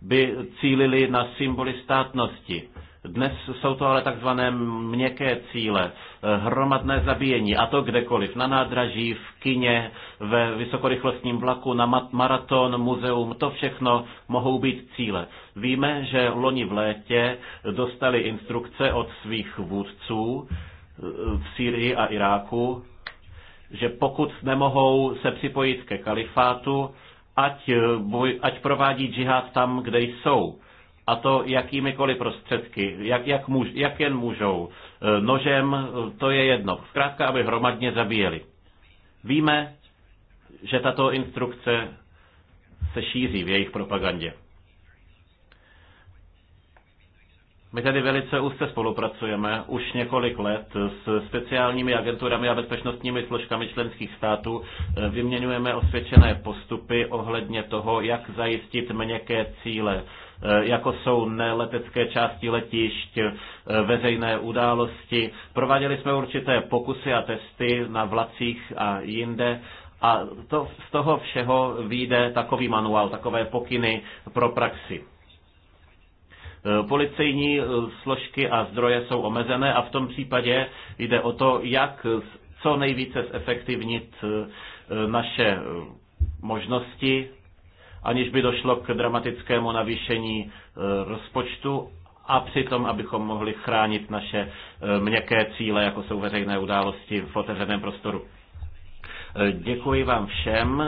by cílili na symboly státnosti. Dnes jsou to ale takzvané měkké cíle, eh, hromadné zabíjení, a to kdekoliv, na nádraží, v kině, ve vysokorychlostním vlaku, na maraton, muzeum, to všechno mohou být cíle. Víme, že loni v létě dostali instrukce od svých vůdců eh, v Sýrii a Iráku, že pokud nemohou se připojit ke kalifátu, ať, eh, boj, ať provádí džihad tam, kde jsou a to jakýmikoliv prostředky, jak, jak, muž, jak jen můžou. E, nožem, e, to je jedno. Zkrátka, aby hromadně zabíjeli. Víme, že tato instrukce se šíří v jejich propagandě. My tady velice úzce spolupracujeme už několik let s speciálními agenturami a bezpečnostními složkami členských států. E, vyměňujeme osvědčené postupy ohledně toho, jak zajistit měkké cíle Eh, jako jsou neletecké části letišť, eh, veřejné události. Prováděli jsme určité pokusy a testy na vlacích a jinde. A to, z toho všeho vyjde takový manuál, takové pokyny pro praxi. Eh, policejní složky a zdroje jsou omezené a v tom případě jde o to, jak co nejvíce zefektivnit naše možnosti aniž by došlo k dramatickému navýšení eh, rozpočtu a přitom, abychom mohli chránit naše eh, měkké cíle, jako jsou veřejné události v otevřeném prostoru. Děkuji vám všem.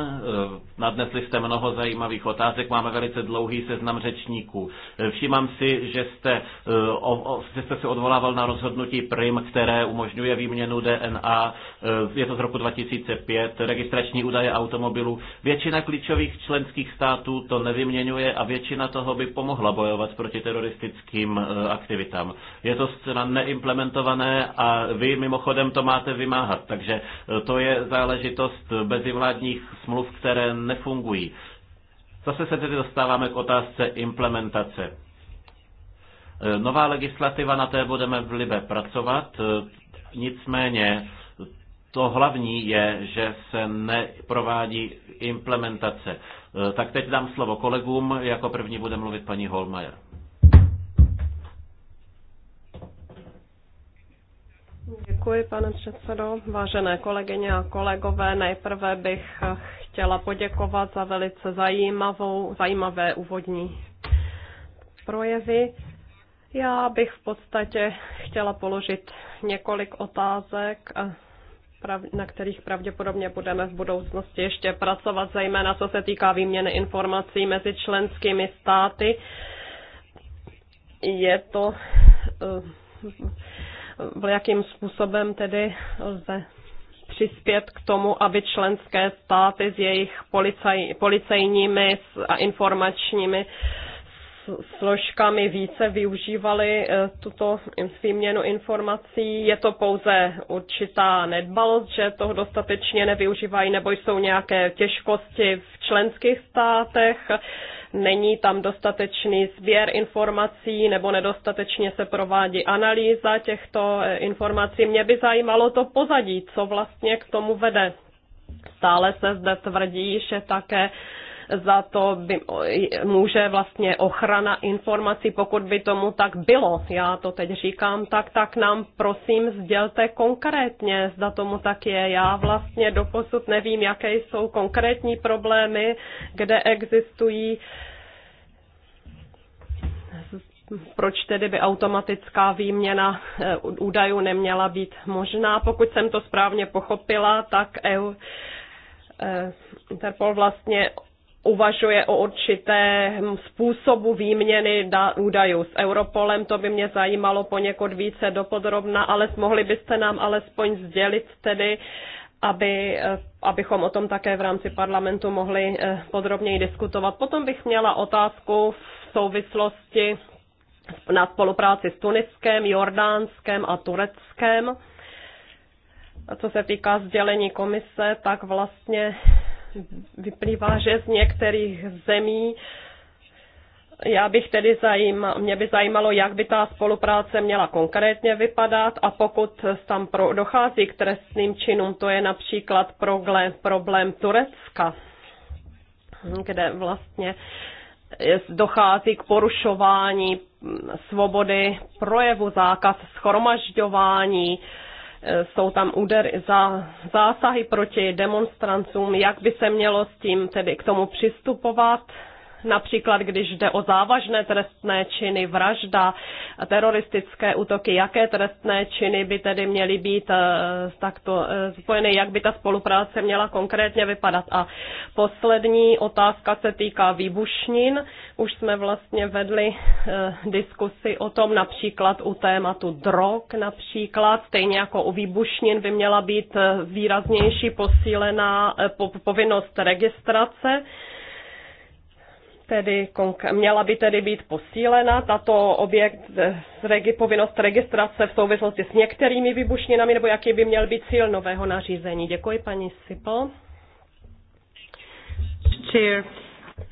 Nadnesli jste mnoho zajímavých otázek. Máme velice dlouhý seznam řečníků. Všímám si, že jste, eh, o, o, že jste se odvolával na rozhodnutí PRIM, které umožňuje výměnu DNA. Eh, je to z roku 2005. Registrační údaje automobilů. Většina klíčových členských států to nevyměňuje a většina toho by pomohla bojovat proti teroristickým eh, aktivitám. Je to zcela neimplementované a vy mimochodem to máte vymáhat. Takže to je záležitost záležitost bezivládních smluv, které nefungují. Zase se tedy dostáváme k otázce implementace. E, nová legislativa, na té budeme v Libe pracovat, e, nicméně to hlavní je, že se neprovádí implementace. E, tak teď dám slovo kolegům, jako první bude mluvit paní Holmajer. Děkuji, pane předsedo. Vážené kolegyně a kolegové, nejprve bych chtěla poděkovat za velice zajímavou, zajímavé úvodní projevy. Já bych v podstatě chtěla položit několik otázek, na kterých pravděpodobně budeme v budoucnosti ještě pracovat, zejména co se týká výměny informací mezi členskými státy. Je to eh, jakým způsobem tedy lze přispět k tomu, aby členské státy s jejich policaj, policejními a informačními složkami více využívaly eh, tuto výměnu informací. Je to pouze určitá nedbalost, že toho dostatečně nevyužívají, nebo jsou nějaké těžkosti v členských státech, není tam dostatečný sběr informací nebo nedostatečně se provádí analýza těchto eh, informací. Mě by zajímalo to pozadí, co vlastně k tomu vede. Stále se zde tvrdí, že také za to by, může vlastně ochrana informací, pokud by tomu tak bylo. Já to teď říkám, tak tak nám prosím sdělte konkrétně, zda tomu tak je. Já vlastně doposud nevím, jaké jsou konkrétní problémy, kde existují proč tedy by automatická výměna eh, údajů neměla být možná. Pokud jsem to správně pochopila, tak EU, eh, Interpol vlastně uvažuje o určitém způsobu výměny údajů s Europolem. To by mě zajímalo poněkud více dopodrobna, ale mohli byste nám alespoň sdělit tedy, aby, eh, abychom o tom také v rámci parlamentu mohli eh, podrobněji diskutovat. Potom bych měla otázku v souvislosti na spolupráci s Tuniskem, Jordánskem a Tureckem. A co se týká sdělení komise, tak vlastně vyplývá, že z některých zemí já bych tedy zajímal, mě by zajímalo, jak by ta spolupráce měla konkrétně vypadat a pokud tam pro, dochází k trestným činům, to je například problém, problém Turecka, kde vlastně dochází k porušování svobody projevu, zákaz schromažďování, jsou tam údery, za, zásahy proti demonstrancům, jak by se mělo s tím tedy k tomu přistupovat, například když jde o závažné trestné činy, vražda, teroristické útoky, jaké trestné činy by tedy měly být eh, takto eh, spojeny, jak by ta spolupráce měla konkrétně vypadat. A poslední otázka se týká výbušnin. Už jsme vlastně vedli eh, diskusy o tom například u tématu drog například, stejně jako u výbušnin by měla být výraznější posílená povinnost registrace tedy, měla by tedy být posílena tato objekt, regi, povinnost registrace v souvislosti s některými vybušninami, nebo jaký by měl být cíl nového nařízení. Děkuji, paní Sipl. Cheer.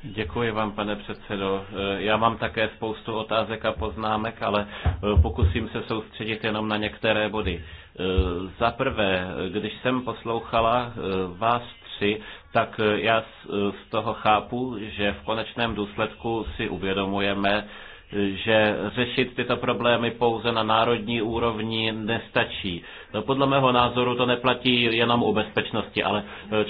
Děkuji vám, pane předsedo. Eh, já mám také spoustu otázek a poznámek, ale eh, pokusím se soustředit jenom na některé body. Eh, za prvé, když jsem poslouchala vás věci, tak eh, já eh, z toho chápu, že v konečném důsledku si uvědomujeme, eh, že řešit tyto problémy pouze na národní úrovni nestačí. No, podle mého názoru to neplatí jenom o bezpečnosti, ale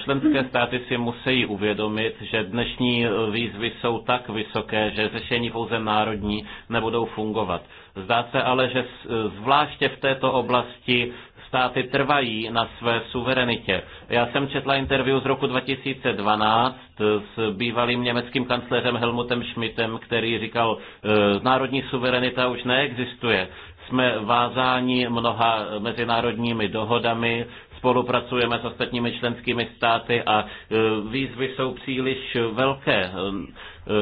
členské státy si musí uvědomit, že dnešní výzvy jsou tak vysoké, že řešení pouze národní nebudou fungovat. Zdá se ale, že zvláště v této oblasti státy trvají na své suverenitě. Já jsem četla interview z roku 2012 s bývalým německým kancléřem Helmutem Schmidtem, který říkal, e, národní suverenita už neexistuje. Jsme vázáni mnoha mezinárodními dohodami, spolupracujeme s ostatními členskými státy a e, výzvy jsou příliš velké e, e,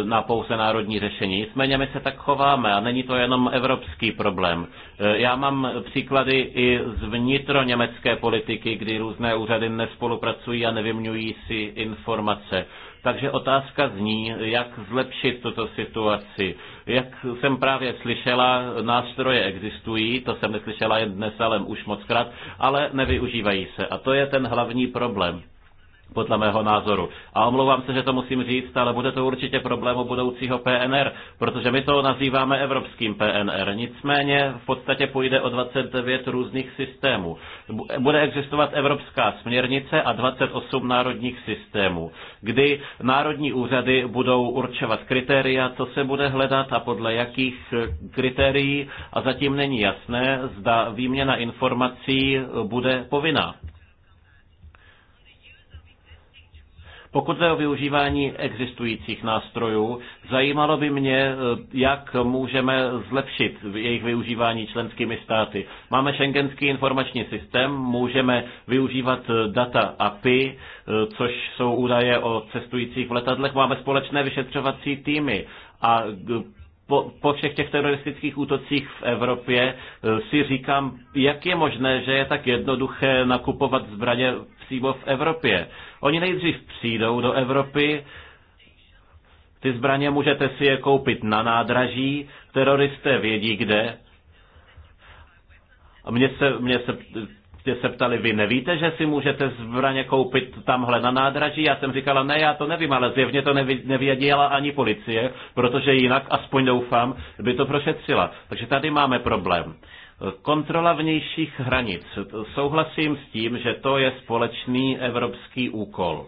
na pouze národní řešení. Nicméně my se tak chováme a není to jenom evropský problém. Já mám příklady i z vnitroněmecké politiky, kdy různé úřady nespolupracují a nevyměňují si informace. Takže otázka zní, jak zlepšit tuto situaci. Jak jsem právě slyšela, nástroje existují, to jsem neslyšela jen dnes, ale už moc krát, ale nevyužívají se. A to je ten hlavní problém podle mého názoru. A omlouvám se, že to musím říct, ale bude to určitě u budoucího PNR, protože my to nazýváme evropským PNR. Nicméně v podstatě půjde o 29 různých systémů. Bude existovat evropská směrnice a 28 národních systémů, kdy národní úřady budou určovat kritéria, co se bude hledat a podle jakých kritérií a zatím není jasné, zda výměna informací bude povinná. Pokud jde o využívání existujících nástrojů, zajímalo by mě, eh, jak můžeme zlepšit jejich využívání členskými státy. Máme šengenský informační systém, můžeme využívat eh, data API, eh, což jsou údaje o cestujících v letadlech, máme společné vyšetřovací týmy a po, po všech těch teroristických útocích v Evropě si říkám, jak je možné, že je tak jednoduché nakupovat zbraně přímo v Evropě. Oni nejdřív přijdou do Evropy, ty zbraně můžete si je koupit na nádraží, teroristé vědí kde. A mě se, mě se mě se ptali, vy nevíte, že si můžete zbraně koupit tamhle na nádraží? Já jsem říkala, ne, já to nevím, ale zjevně to neví, nevěděla ani policie, protože jinak, aspoň doufám, by to prošetřila. Takže tady máme problém. Kontrola vnějších hranic. Souhlasím s tím, že to je společný evropský úkol.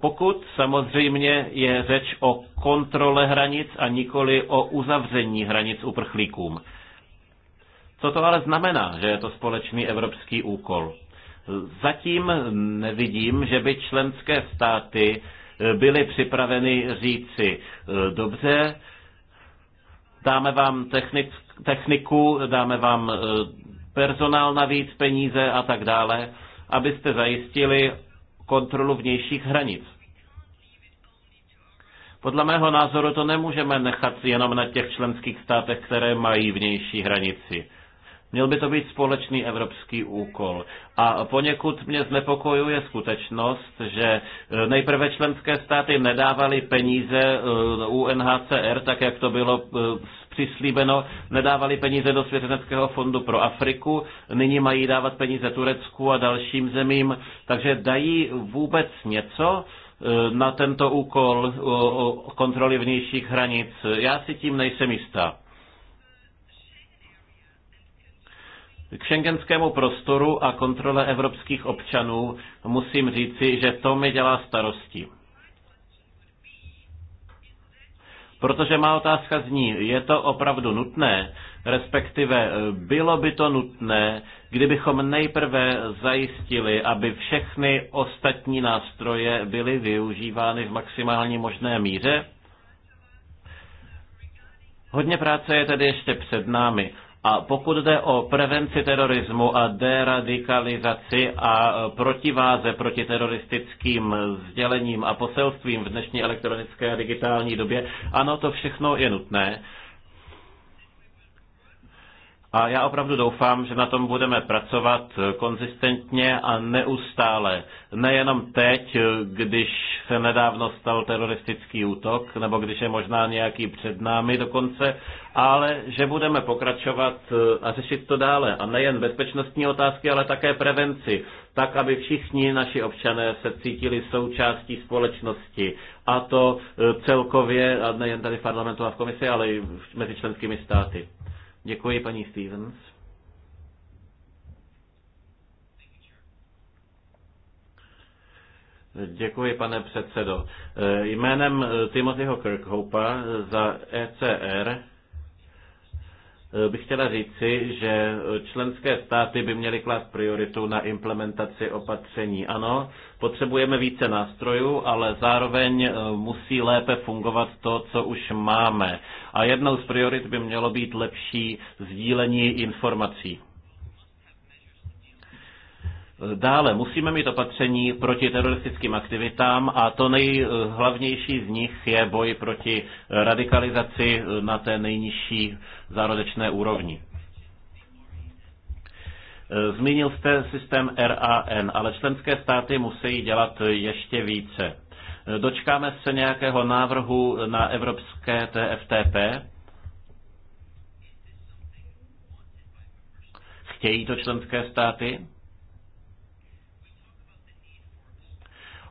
Pokud samozřejmě je řeč o kontrole hranic a nikoli o uzavření hranic uprchlíkům. Co to ale znamená, že je to společný evropský úkol? Zatím nevidím, že by členské státy byly připraveny říci, dobře, Dáme vám technic, techniku, dáme vám e, personál navíc, peníze a tak dále, abyste zajistili kontrolu vnějších hranic. Podle mého názoru to nemůžeme nechat jenom na těch členských státech, které mají vnější hranici. Měl by to být společný evropský úkol. A poněkud mě znepokojuje skutečnost, že e, nejprve členské státy nedávaly peníze e, UNHCR, tak jak to bylo e, přislíbeno, nedávali peníze do Svěřeneckého fondu pro Afriku, nyní mají dávat peníze Turecku a dalším zemím, takže dají vůbec něco na tento úkol kontroly vnějších hranic. Já si tím nejsem jistá. K šengenskému prostoru a kontrole evropských občanů musím říci, že to mi dělá starosti. Protože má otázka zní, je to opravdu nutné, respektive eh, bylo by to nutné, kdybychom nejprve zajistili, aby všechny ostatní nástroje byly využívány v maximální možné míře? Hodně práce je tedy ještě před námi. A pokud jde o prevenci terorismu a deradikalizaci a protiváze proti teroristickým sdělením a poselstvím v dnešní elektronické a digitální době, ano, to všechno je nutné. A já opravdu doufám, že na tom budeme pracovat konzistentně a neustále. Nejenom teď, když se nedávno stal teroristický útok, nebo když je možná nějaký před námi dokonce, ale že budeme pokračovat eh, a řešit to dále. A nejen bezpečnostní otázky, ale také prevenci. Tak, aby všichni naši občané se cítili součástí společnosti. A to eh, celkově, a nejen tady v parlamentu a v komisi, ale i mezi členskými státy. Děkuji, paní Stevens. Děkuji, pane předsedo. Jménem Timothyho Kirkhopa za ECR Eh, bych chtěla říci, že eh, členské státy by měly klást prioritu na implementaci opatření. Ano, potřebujeme více nástrojů, ale zároveň eh, musí lépe fungovat to, co už máme. A jednou z priorit by mělo být lepší sdílení informací. Dále musíme mít opatření proti teroristickým aktivitám a to nejhlavnější z nich je boj proti radikalizaci na té nejnižší zárodečné úrovni. Zmínil jste systém RAN, ale členské státy musí dělat ještě více. Dočkáme se nějakého návrhu na evropské TFTP? Chtějí to členské státy?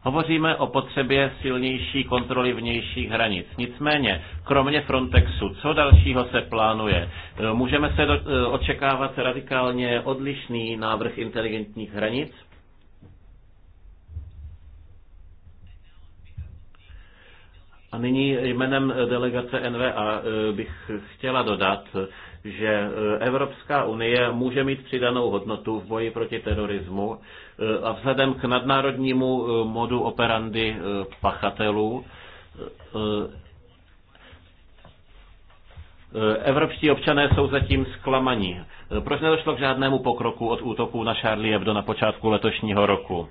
Hovoříme o potřebě silnější kontroly vnějších hranic. Nicméně, kromě Frontexu, co dalšího se plánuje? E, můžeme se do, e, očekávat radikálně odlišný návrh inteligentních hranic? A nyní jménem delegace NVA e, bych chtěla dodat, že e, Evropská unie může mít přidanou hodnotu v boji proti terorismu e, a vzhledem k nadnárodnímu e, modu operandy pachatelů Evropští občané jsou zatím zklamaní. Proč nedošlo k žádnému pokroku od útoků na Charlie Hebdo na počátku letošního roku?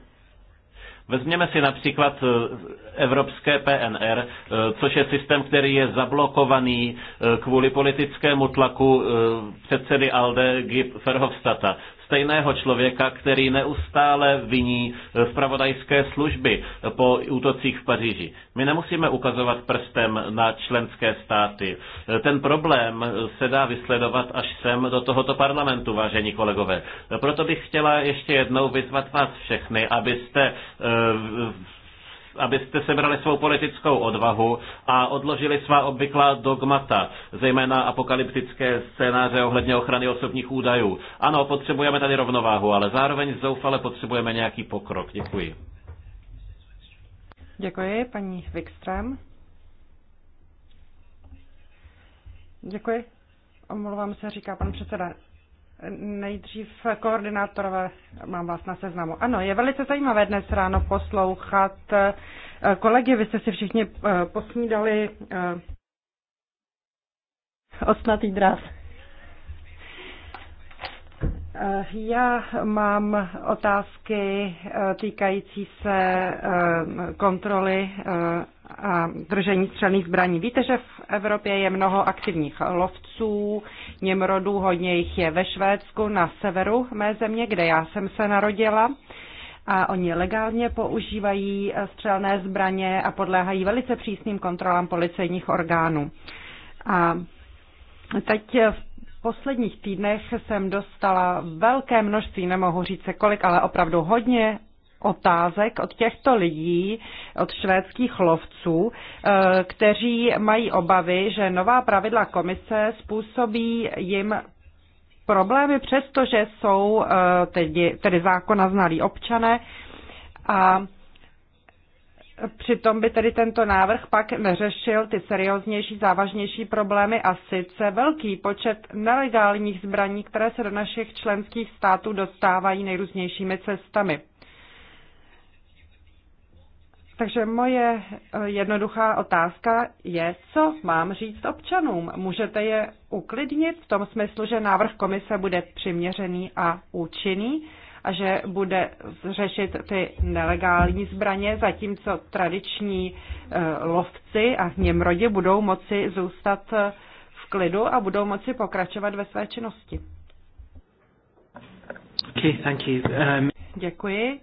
Vezměme si například eh, evropské PNR, eh, což je systém, který je zablokovaný eh, kvůli politickému tlaku předsedy ALDE Verhofstadta stejného člověka, který neustále viní eh, zpravodajské služby eh, po útocích v Paříži. My nemusíme ukazovat prstem na členské státy. Eh, ten problém se dá vysledovat až sem do tohoto parlamentu, vážení kolegové. Proto bych chtěla ještě jednou vyzvat vás všechny, abyste abyste sebrali svou politickou odvahu a odložili svá obvyklá dogmata, zejména apokalyptické scénáře ohledně ochrany osobních údajů. Ano, potřebujeme tady rovnováhu, ale zároveň zoufale potřebujeme nějaký pokrok. Děkuji. Děkuji, paní Wikström. Děkuji. Omlouvám se, říká pan předseda. Nejdřív koordinátorové, mám vás na seznamu. Ano, je velice zajímavé dnes ráno poslouchat eh, kolegy. Vy jste si všichni eh, posnídali eh, osnatý dráz. Já mám otázky týkající se kontroly držení střelných zbraní. Víte, že v Evropě je mnoho aktivních lovců, Němrodů, hodně jich je ve Švédsku na severu mé země, kde já jsem se narodila. A oni legálně používají střelné zbraně a podléhají velice přísným kontrolám policejních orgánů. A teď v posledních týdnech jsem dostala velké množství, nemohu říct se kolik, ale opravdu hodně otázek od těchto lidí, od švédských lovců, eh, kteří mají obavy, že nová pravidla komise způsobí jim problémy, přestože jsou eh, tedy, tedy zákona znalí občané a Přitom by tedy tento návrh pak neřešil ty serióznější, závažnější problémy a sice velký počet nelegálních zbraní, které se do našich členských států dostávají nejrůznějšími cestami. Takže moje eh, jednoduchá otázka je, co mám říct občanům? Můžete je uklidnit v tom smyslu, že návrh komise bude přiměřený a účinný a že bude řešit ty nelegální zbraně, zatímco tradiční eh, lovci a hněmrodě budou moci zůstat eh, v klidu a budou moci pokračovat ve své činnosti. Okay, thank you. Um... Děkuji.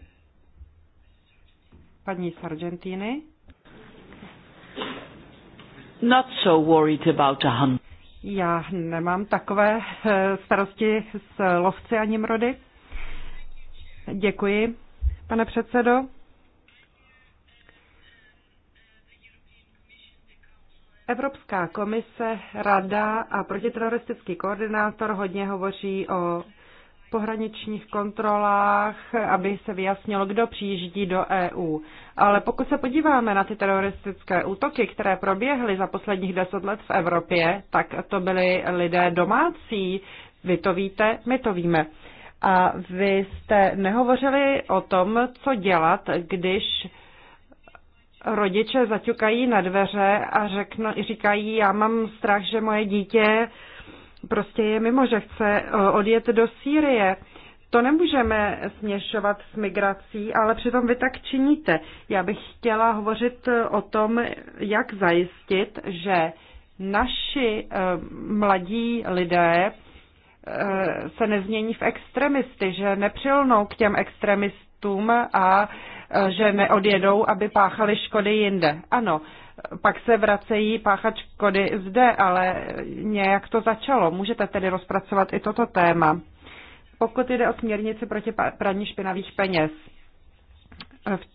Paní z Argentiny. Not so worried about a hunt. Já nemám takové eh, starosti s lovci ani mrody. Děkuji, pane předsedo. Evropská komise, rada a protiteroristický koordinátor hodně hovoří o pohraničních kontrolách, aby se vyjasnilo, kdo přijíždí do EU. Ale pokud se podíváme na ty teroristické útoky, které proběhly za posledních deset let v Evropě, tak to byli lidé domácí. Vy to víte, my to víme. A vy jste nehovořili o tom, co dělat, když rodiče zaťukají na dveře a řekno, říkají, já mám strach, že moje dítě prostě je mimo, že chce eh, odjet do Sýrie. To nemůžeme směšovat s migrací, ale přitom vy tak činíte. Já bych chtěla hovořit eh, o tom, jak zajistit, že naši eh, mladí lidé se nezmění v extremisty, že nepřilnou k těm extremistům a že neodjedou, aby páchali škody jinde. Ano, pak se vracejí páchač škody zde, ale nějak to začalo. Můžete tedy rozpracovat i toto téma. Pokud jde o směrnici proti praní špinavých peněz,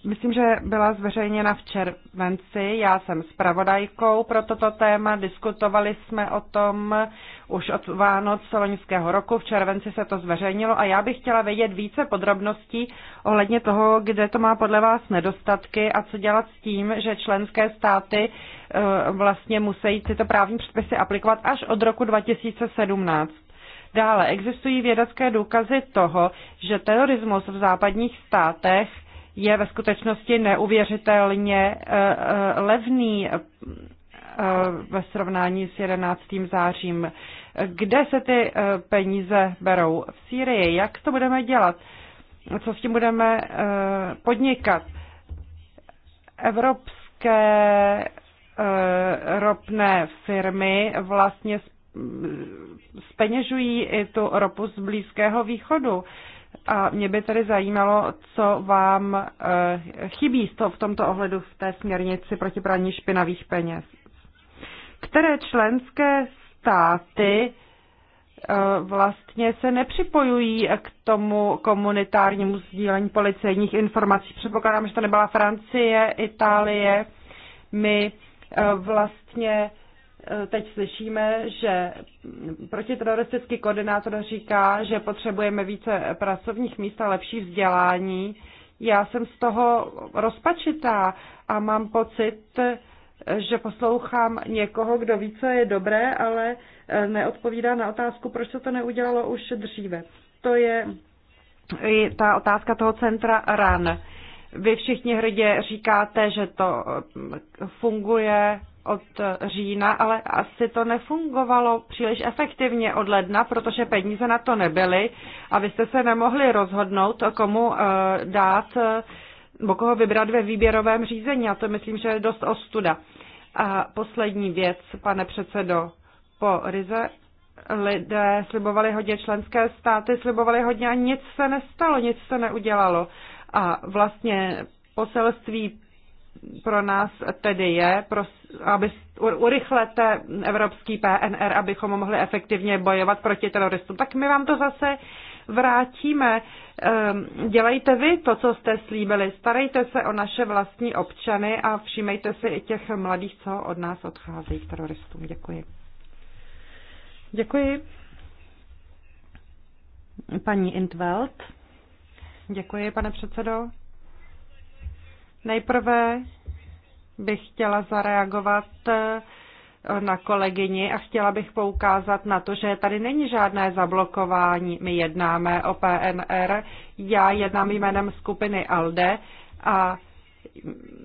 Myslím, že byla zveřejněna v červenci. Já jsem zpravodajkou pro toto téma. Diskutovali jsme o tom už od Vánoc loňského roku. V červenci se to zveřejnilo a já bych chtěla vědět více podrobností ohledně toho, kde to má podle vás nedostatky a co dělat s tím, že členské státy eh, vlastně musí tyto právní předpisy aplikovat až od roku 2017. Dále existují vědecké důkazy toho, že terorismus v západních státech je ve skutečnosti neuvěřitelně eh, eh, levný eh, ve srovnání s 11. zářím. Kde se ty peníze berou? V Sýrii. Jak to budeme dělat? Co s tím budeme podnikat? Evropské ropné firmy vlastně mm, speněžují i tu ropu z Blízkého východu. A mě by tedy zajímalo, co vám eh, chybí v tomto ohledu v té směrnici proti praní špinavých peněz. Které členské státy eh, vlastně se nepřipojují k tomu komunitárnímu sdílení policejních informací. Předpokládám, že to nebyla Francie, Itálie. My eh, vlastně teď slyšíme, že protiteroristický koordinátor říká, že potřebujeme více pracovních míst a lepší vzdělání. Já jsem z toho rozpačitá a mám pocit, že poslouchám někoho, kdo ví, co je dobré, ale eh, neodpovídá na otázku, proč se to neudělalo už dříve. To je ta otázka toho centra RAN. Vy všichni hrdě říkáte, že to eh, funguje, od října, ale asi to nefungovalo příliš efektivně od ledna, protože peníze na to nebyly a vy jste se nemohli rozhodnout, komu eh, dát, eh, nebo koho vybrat ve výběrovém řízení. A to myslím, že je dost ostuda. A poslední věc, pane předsedo, po Rize lidé slibovali hodně, členské státy slibovali hodně a nic se nestalo, nic se neudělalo. A vlastně poselství pro nás tedy je, pro, aby urychlete evropský PNR, abychom mohli efektivně bojovat proti teroristům, tak my vám to zase vrátíme. Ehm, dělejte vy to, co jste slíbili. Starejte se o naše vlastní občany a všímejte si i těch mladých, co od nás odcházejí k teroristům. Děkuji. Děkuji. Paní Intveld. Děkuji, pane předsedo. Nejprve bych chtěla zareagovat eh, na kolegyni a chtěla bych poukázat na to, že tady není žádné zablokování. My jednáme o PNR, já jednám jménem skupiny ALDE a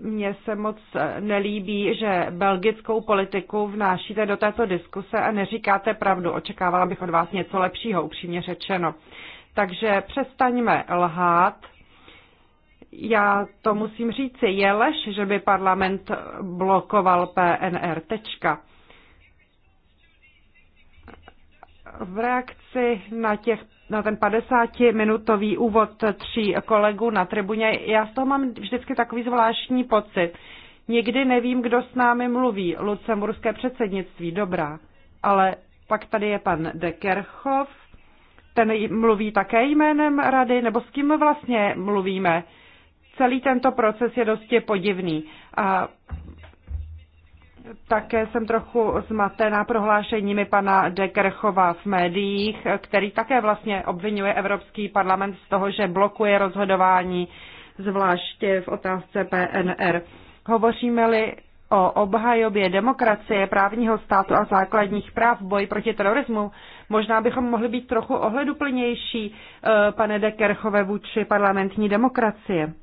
mně se moc nelíbí, že belgickou politiku vnášíte do této diskuse a neříkáte pravdu. Očekávala bych od vás něco lepšího, upřímně řečeno. Takže přestaňme lhát, já to musím říci, je lež, že by parlament blokoval PNR. Tečka. V reakci na, těch, na ten 50-minutový úvod tří kolegů na tribuně, já z toho mám vždycky takový zvláštní pocit. Nikdy nevím, kdo s námi mluví. Lucemburské předsednictví, dobrá. Ale pak tady je pan Dekerchov, ten mluví také jménem rady, nebo s kým vlastně mluvíme? Celý tento proces je dosti podivný. A také jsem trochu zmatená prohlášeními pana de Kerchova v médiích, který také vlastně obvinuje Evropský parlament z toho, že blokuje rozhodování, zvláště v otázce PNR. Hovoříme-li o obhajobě demokracie, právního státu a základních práv v boji proti terorismu. Možná bychom mohli být trochu ohleduplnější, eh, pane Dekerchove, vůči parlamentní demokracie.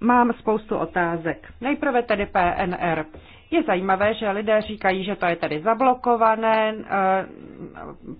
Mám spoustu otázek. Nejprve tedy PNR. Je zajímavé, že lidé říkají, že to je tedy zablokované, eh,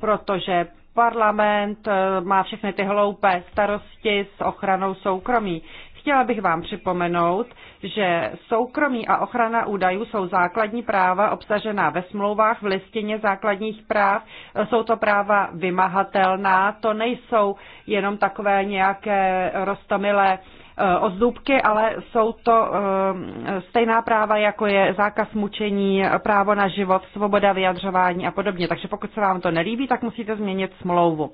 protože parlament eh, má všechny ty hloupé starosti s ochranou soukromí. Chtěla bych vám připomenout, že soukromí a ochrana údajů jsou základní práva obsažená ve smlouvách v listině základních práv. Eh, jsou to práva vymahatelná, to nejsou jenom takové nějaké roztomilé Eh, ozdůbky, ale jsou to eh, stejná práva, jako je zákaz mučení, právo na život, svoboda vyjadřování a podobně. Takže pokud se vám to nelíbí, tak musíte změnit smlouvu.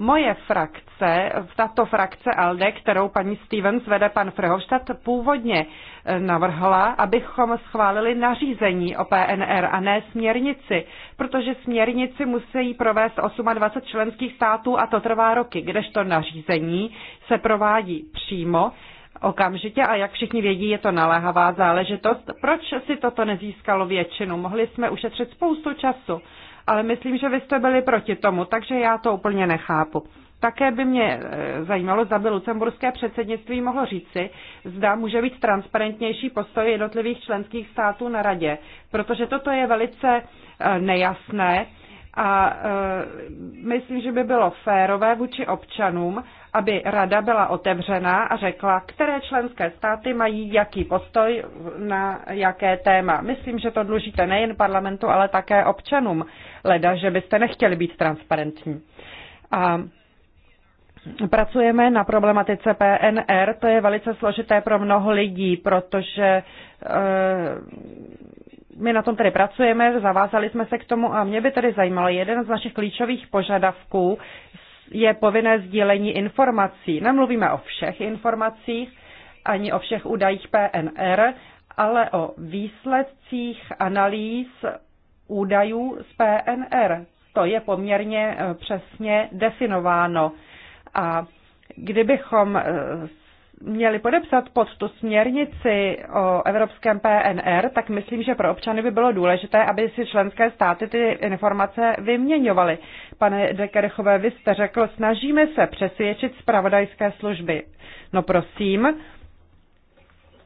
Moje frakce, tato frakce ALDE, kterou paní Stevens vede pan Frehoštat, původně eh, navrhla, abychom schválili nařízení o PNR a ne směrnici, protože směrnici musí provést 28 členských států a to trvá roky, kdežto nařízení se provádí přímo okamžitě a jak všichni vědí, je to naléhavá záležitost. Proč si toto nezískalo většinu? Mohli jsme ušetřit spoustu času ale myslím, že vy jste byli proti tomu, takže já to úplně nechápu. Také by mě eh, zajímalo, zda by lucemburské předsednictví mohlo říci, zda může být transparentnější postoj jednotlivých členských států na radě, protože toto je velice eh, nejasné a eh, myslím, že by bylo férové vůči občanům, aby rada byla otevřená a řekla, které členské státy mají jaký postoj na jaké téma. Myslím, že to dlužíte nejen parlamentu, ale také občanům, leda, že byste nechtěli být transparentní. A Pracujeme na problematice PNR, to je velice složité pro mnoho lidí, protože eh, my na tom tedy pracujeme, zavázali jsme se k tomu a mě by tedy zajímalo, jeden z našich klíčových požadavků je povinné sdílení informací. Nemluvíme o všech informacích, ani o všech údajích PNR, ale o výsledcích analýz údajů z PNR. To je poměrně eh, přesně definováno. A kdybychom eh, měli podepsat pod tu směrnici o evropském PNR, tak myslím, že pro občany by bylo důležité, aby si členské státy ty informace vyměňovaly. Pane Dekerchové, vy jste řekl, snažíme se přesvědčit zpravodajské služby. No prosím,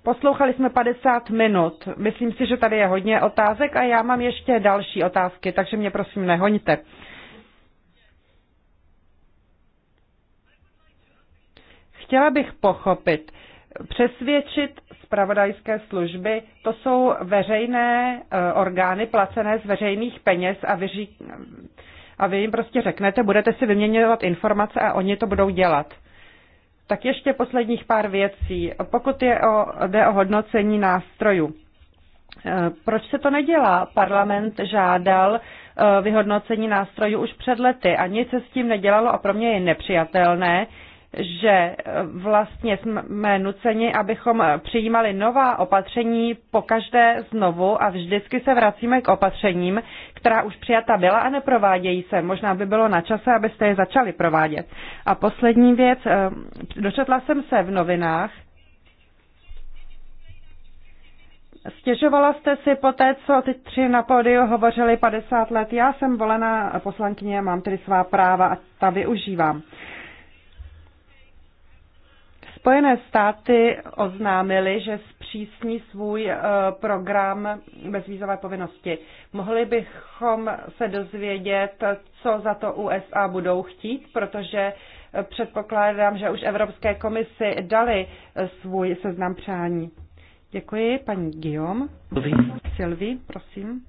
Poslouchali jsme 50 minut. Myslím si, že tady je hodně otázek a já mám ještě další otázky, takže mě prosím nehoňte. Chtěla bych pochopit, přesvědčit spravodajské služby, to jsou veřejné eh, orgány placené z veřejných peněz a vy, ří, a vy jim prostě řeknete, budete si vyměňovat informace a oni to budou dělat. Tak ještě posledních pár věcí. Pokud je o, jde o hodnocení nástrojů, eh, proč se to nedělá? Parlament žádal eh, vyhodnocení nástrojů už před lety a nic se s tím nedělalo a pro mě je nepřijatelné, že vlastně jsme nuceni, abychom přijímali nová opatření po každé znovu a vždycky se vracíme k opatřením, která už přijata byla a neprovádějí se. Možná by bylo na čase, abyste je začali provádět. A poslední věc, eh, dočetla jsem se v novinách, Stěžovala jste si po té, co ty tři na pódiu hovořili 50 let. Já jsem volená poslankyně, mám tedy svá práva a ta využívám. Spojené státy oznámily, že zpřísní svůj eh, program bezvízové povinnosti. Mohli bychom se dozvědět, co za to USA budou chtít, protože eh, předpokládám, že už Evropské komisi dali eh, svůj seznam přání. Děkuji, paní Guillaume. Sylvie, prosím.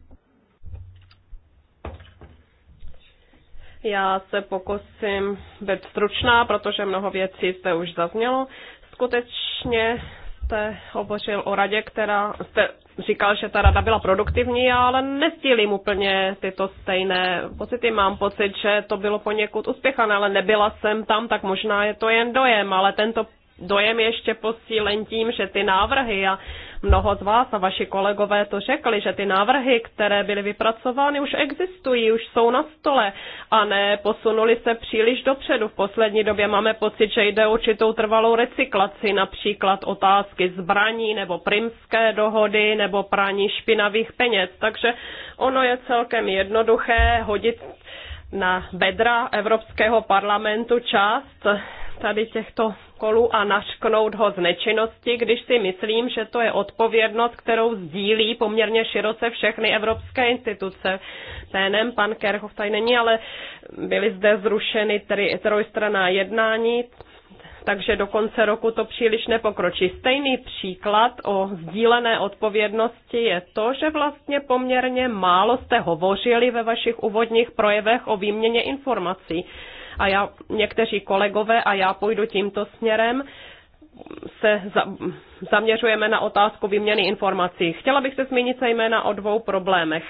Já se pokusím být stručná, protože mnoho věcí jste už zaznělo. Skutečně jste hovořil o radě, která jste říkal, že ta rada byla produktivní, ale nestílím úplně tyto stejné pocity. Mám pocit, že to bylo poněkud uspěchané, ale nebyla jsem tam, tak možná je to jen dojem, ale tento dojem ještě posílen tím, že ty návrhy a mnoho z vás a vaši kolegové to řekli, že ty návrhy, které byly vypracovány, už existují, už jsou na stole a ne posunuli se příliš dopředu. V poslední době máme pocit, že jde určitou trvalou recyklaci, například otázky zbraní nebo primské dohody nebo praní špinavých peněz. Takže ono je celkem jednoduché hodit na bedra Evropského parlamentu část tady těchto kolů a našknout ho z nečinnosti, když si myslím, že to je odpovědnost, kterou sdílí poměrně široce všechny evropské instituce. Ténem pan Kerchov tady není, ale byly zde zrušeny tedy trojstraná jednání, takže do konce roku to příliš nepokročí. Stejný příklad o sdílené odpovědnosti je to, že vlastně poměrně málo jste hovořili ve vašich úvodních projevech o výměně informací a já, někteří kolegové a já půjdu tímto směrem, se za, zaměřujeme na otázku výměny informací. Chtěla bych se zmínit zejména o dvou problémech.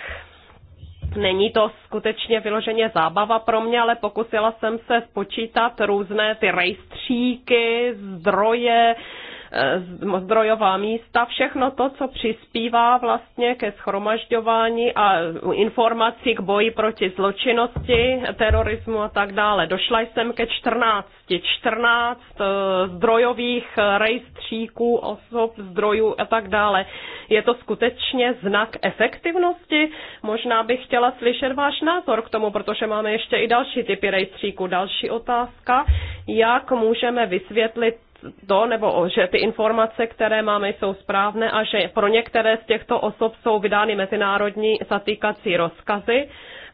Není to skutečně vyloženě zábava pro mě, ale pokusila jsem se spočítat různé ty rejstříky, zdroje, uh, Eh, zdrojová místa, všechno to, co přispívá vlastně ke schromažďování a informací k boji proti zločinnosti, terorismu a tak dále. Došla jsem ke 14, 14 eh, zdrojových rejstříků osob, zdrojů a tak dále. Je to skutečně znak efektivnosti? Možná bych chtěla slyšet váš názor k tomu, protože máme ještě i další typy rejstříků. Další otázka, jak můžeme vysvětlit to, nebo že ty informace, které máme, jsou správné a že pro některé z těchto osob jsou vydány mezinárodní zatýkací rozkazy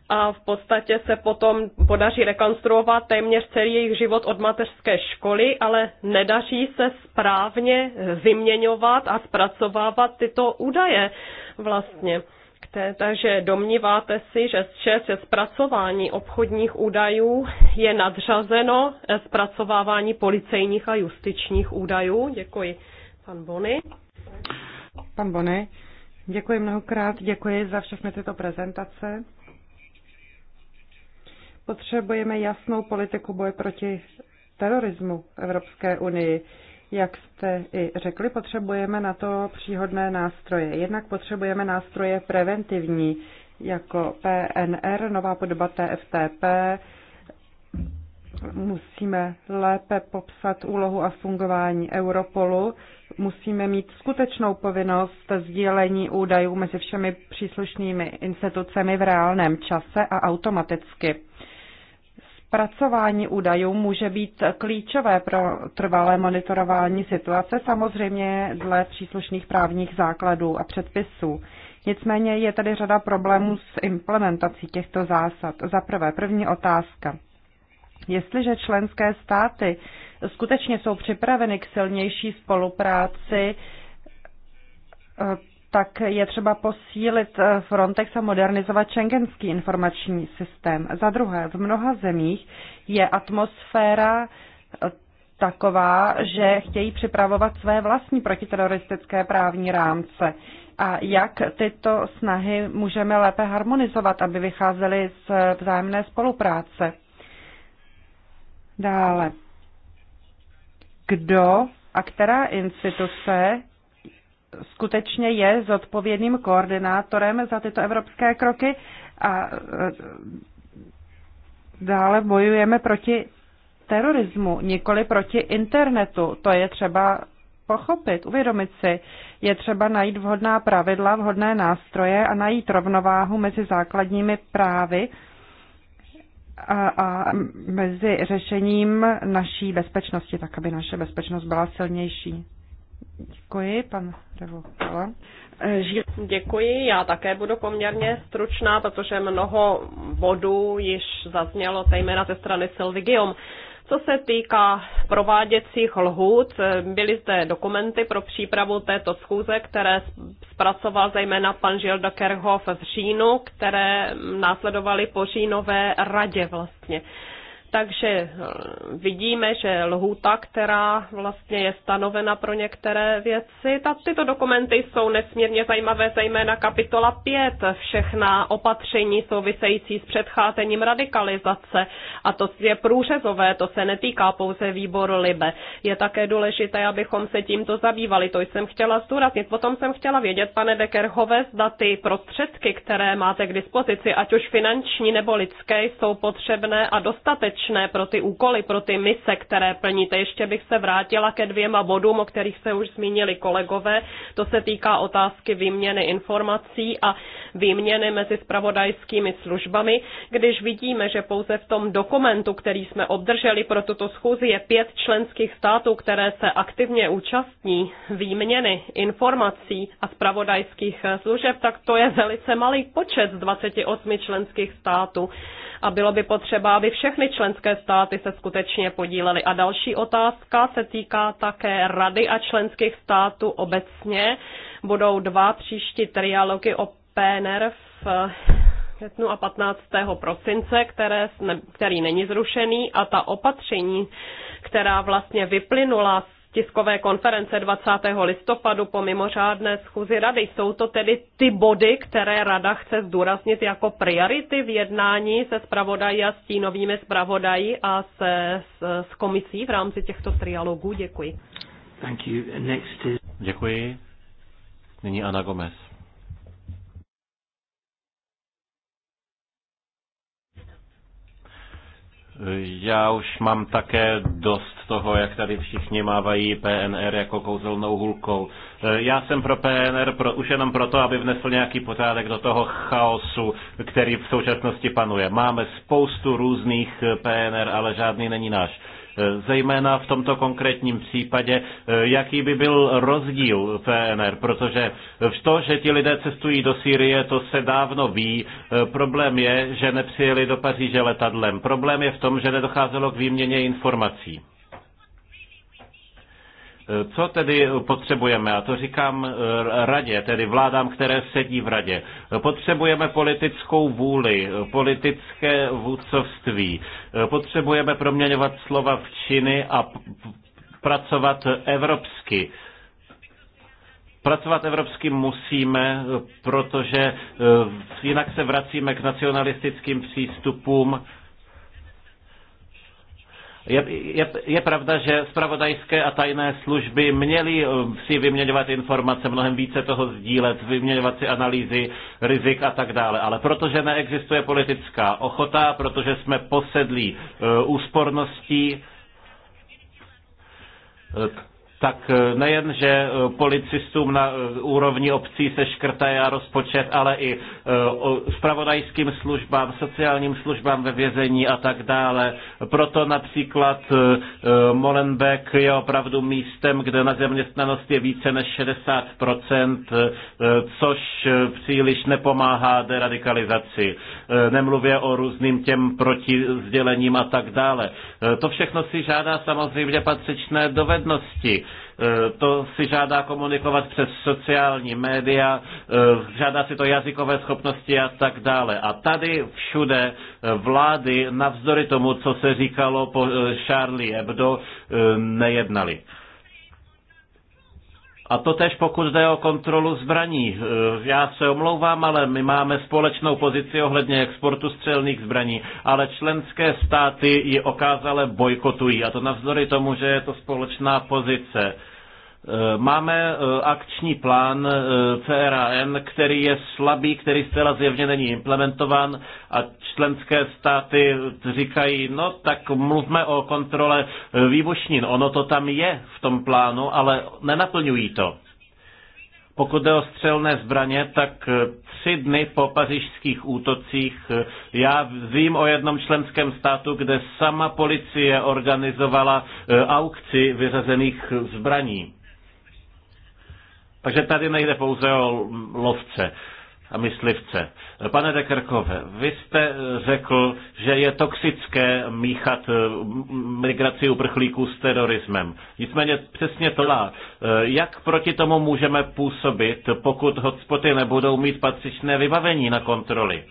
a v podstatě se potom podaří rekonstruovat téměř celý jejich život od mateřské školy, ale nedaří se správně vyměňovat a zpracovávat tyto údaje vlastně. Takže domníváte si, že se zpracování obchodních údajů je nadřazeno zpracovávání policejních a justičních údajů? Děkuji. Pan Bony. Pan Bony, děkuji mnohokrát, děkuji za všechny tyto prezentace. Potřebujeme jasnou politiku boje proti terorismu Evropské unii. Jak jste i řekli, potřebujeme na to příhodné nástroje. Jednak potřebujeme nástroje preventivní, jako PNR, nová podoba TFTP. Musíme lépe popsat úlohu a fungování Europolu. Musíme mít skutečnou povinnost sdílení údajů mezi všemi příslušnými institucemi v reálném čase a automaticky zpracování údajů může být klíčové pro trvalé monitorování situace, samozřejmě dle příslušných právních základů a předpisů. Nicméně je tady řada problémů s implementací těchto zásad. Za prvé, první otázka. Jestliže členské státy skutečně jsou připraveny k silnější spolupráci, tak je třeba posílit eh, Frontex a modernizovat šengenský informační systém. Za druhé, v mnoha zemích je atmosféra eh, taková, že chtějí připravovat své vlastní protiteroristické právní rámce. A jak tyto snahy můžeme lépe harmonizovat, aby vycházely z vzájemné spolupráce? Dále. Kdo a která instituce skutečně je zodpovědným koordinátorem za tyto evropské kroky a e, dále bojujeme proti terorismu, nikoli proti internetu. To je třeba pochopit, uvědomit si. Je třeba najít vhodná pravidla, vhodné nástroje a najít rovnováhu mezi základními právy a, a mezi řešením naší bezpečnosti, tak aby naše bezpečnost byla silnější. Děkuji, pan Revokola. Eh, děkuji, já také budu poměrně stručná, protože mnoho bodů již zaznělo zejména ze strany Sylvie Co se týká prováděcích lhůt, eh, byly zde dokumenty pro přípravu této schůze, které zpracoval zejména pan Žilda Kerhoff v říjnu, které následovaly po říjnové radě vlastně. Takže eh, vidíme, že lhůta, která vlastně je stanovena pro některé věci, ta, tyto dokumenty jsou nesmírně zajímavé, zejména kapitola 5, všechna opatření související s předcházením radikalizace. A to je průřezové, to se netýká pouze výboru Libe. Je také důležité, abychom se tímto zabývali, to jsem chtěla zdůraznit. Potom jsem chtěla vědět, pane Dekerhove, zda ty prostředky, které máte k dispozici, ať už finanční nebo lidské, jsou potřebné a dostatečné dostatečné pro ty úkoly, pro ty mise, které plníte. Ještě bych se vrátila ke dvěma bodům, o kterých se už zmínili kolegové. To se týká otázky výměny informací a výměny mezi spravodajskými službami. Když vidíme, že pouze v tom dokumentu, který jsme obdrželi pro tuto schůzi, je pět členských států, které se aktivně účastní výměny informací a spravodajských služeb, tak to je velice malý počet z 28 členských států a bylo by potřeba, aby všechny členské státy se skutečně podílely. A další otázka se týká také Rady a členských států obecně. Budou dva příští trialogy o PNR v eh, květnu a 15. prosince, které, který není zrušený a ta opatření, která vlastně vyplynula z tiskové konference 20. listopadu po mimořádné schůzi rady. Jsou to tedy ty body, které rada chce zdůraznit jako priority v jednání se zpravodají a stínovými zpravodají a se, s, s komisí v rámci těchto trialogů. Děkuji. Thank you. Next is... Děkuji. Nyní Ana Gomez. Já už mám také dost toho, jak tady všichni mávají PNR jako kouzelnou hulkou. Já jsem pro PNR pro, už jenom proto, aby vnesl nějaký pořádek do toho chaosu, který v současnosti panuje. Máme spoustu různých PNR, ale žádný není náš. Eh, zejména v tomto konkrétním případě, eh, jaký by byl rozdíl PNR, protože v to, že ti lidé cestují do Sýrie, to se dávno ví. Eh, problém je, že nepřijeli do Paříže letadlem. Problém je v tom, že nedocházelo k výměně informací. Co tedy potřebujeme? A to říkám eh, radě, tedy vládám, které sedí v radě. Potřebujeme politickou vůli, politické vůdcovství. Eh, potřebujeme proměňovat slova v činy a pracovat evropsky. Pracovat evropsky musíme, eh, protože jinak se vracíme k nacionalistickým přístupům je, je, je pravda, že spravodajské a tajné služby měly eh, si vyměňovat informace, mnohem více toho sdílet, vyměňovat si analýzy rizik a tak dále. Ale protože neexistuje politická ochota, protože jsme posedlí eh, úsporností, eh, tak eh, nejen, že eh, policistům na eh, úrovni obcí se škrtá rozpočet, ale i spravodajským službám, sociálním službám ve vězení a tak dále. Proto například Molenbeek je opravdu místem, kde na zaměstnanost je více než 60%, což příliš nepomáhá deradikalizaci. Nemluvě o různým těm protizdělením a tak dále. To všechno si žádá samozřejmě patřičné dovednosti Eh, to si žádá komunikovat přes sociální média, eh, žádá si to jazykové schopnosti a tak dále. A tady všude eh, vlády, navzdory tomu, co se říkalo po Charlie Hebdo, nejednali. A to tež pokud jde o kontrolu zbraní. Já se omlouvám, ale my máme společnou pozici ohledně exportu střelných zbraní, ale členské státy ji okázale bojkotují a to navzdory tomu, že je to společná pozice. Eh, máme eh, akční plán eh, CRAN, který je slabý, který zcela zjevně není implementován a členské státy říkají, no tak mluvme o kontrole výbušnin. Ono to tam je v tom plánu, ale nenaplňují to. Pokud jde o střelné zbraně, tak tři dny po pařížských útocích já vím o jednom členském státu, kde sama policie organizovala aukci vyřazených zbraní. Takže tady nejde pouze o lovce a myslivce. Pane Dekerkove, vy jste eh, řekl, že je toxické míchat eh, migraci uprchlíků s terorismem. Nicméně přesně to dá. Eh, jak proti tomu můžeme působit, pokud hotspoty nebudou mít patřičné vybavení na kontroly?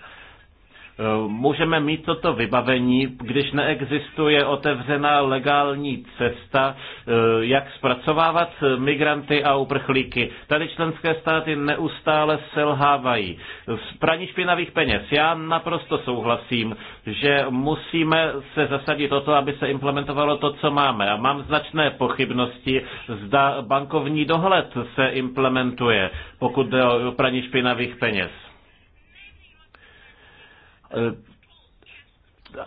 Můžeme mít toto vybavení, když neexistuje otevřená legální cesta, eh, jak zpracovávat migranty a uprchlíky. Tady členské státy neustále selhávají. Z praní špinavých peněz. Já naprosto souhlasím, že musíme se zasadit o to, aby se implementovalo to, co máme. A mám značné pochybnosti, zda bankovní dohled se implementuje, pokud jde o praní špinavých peněz. Eh,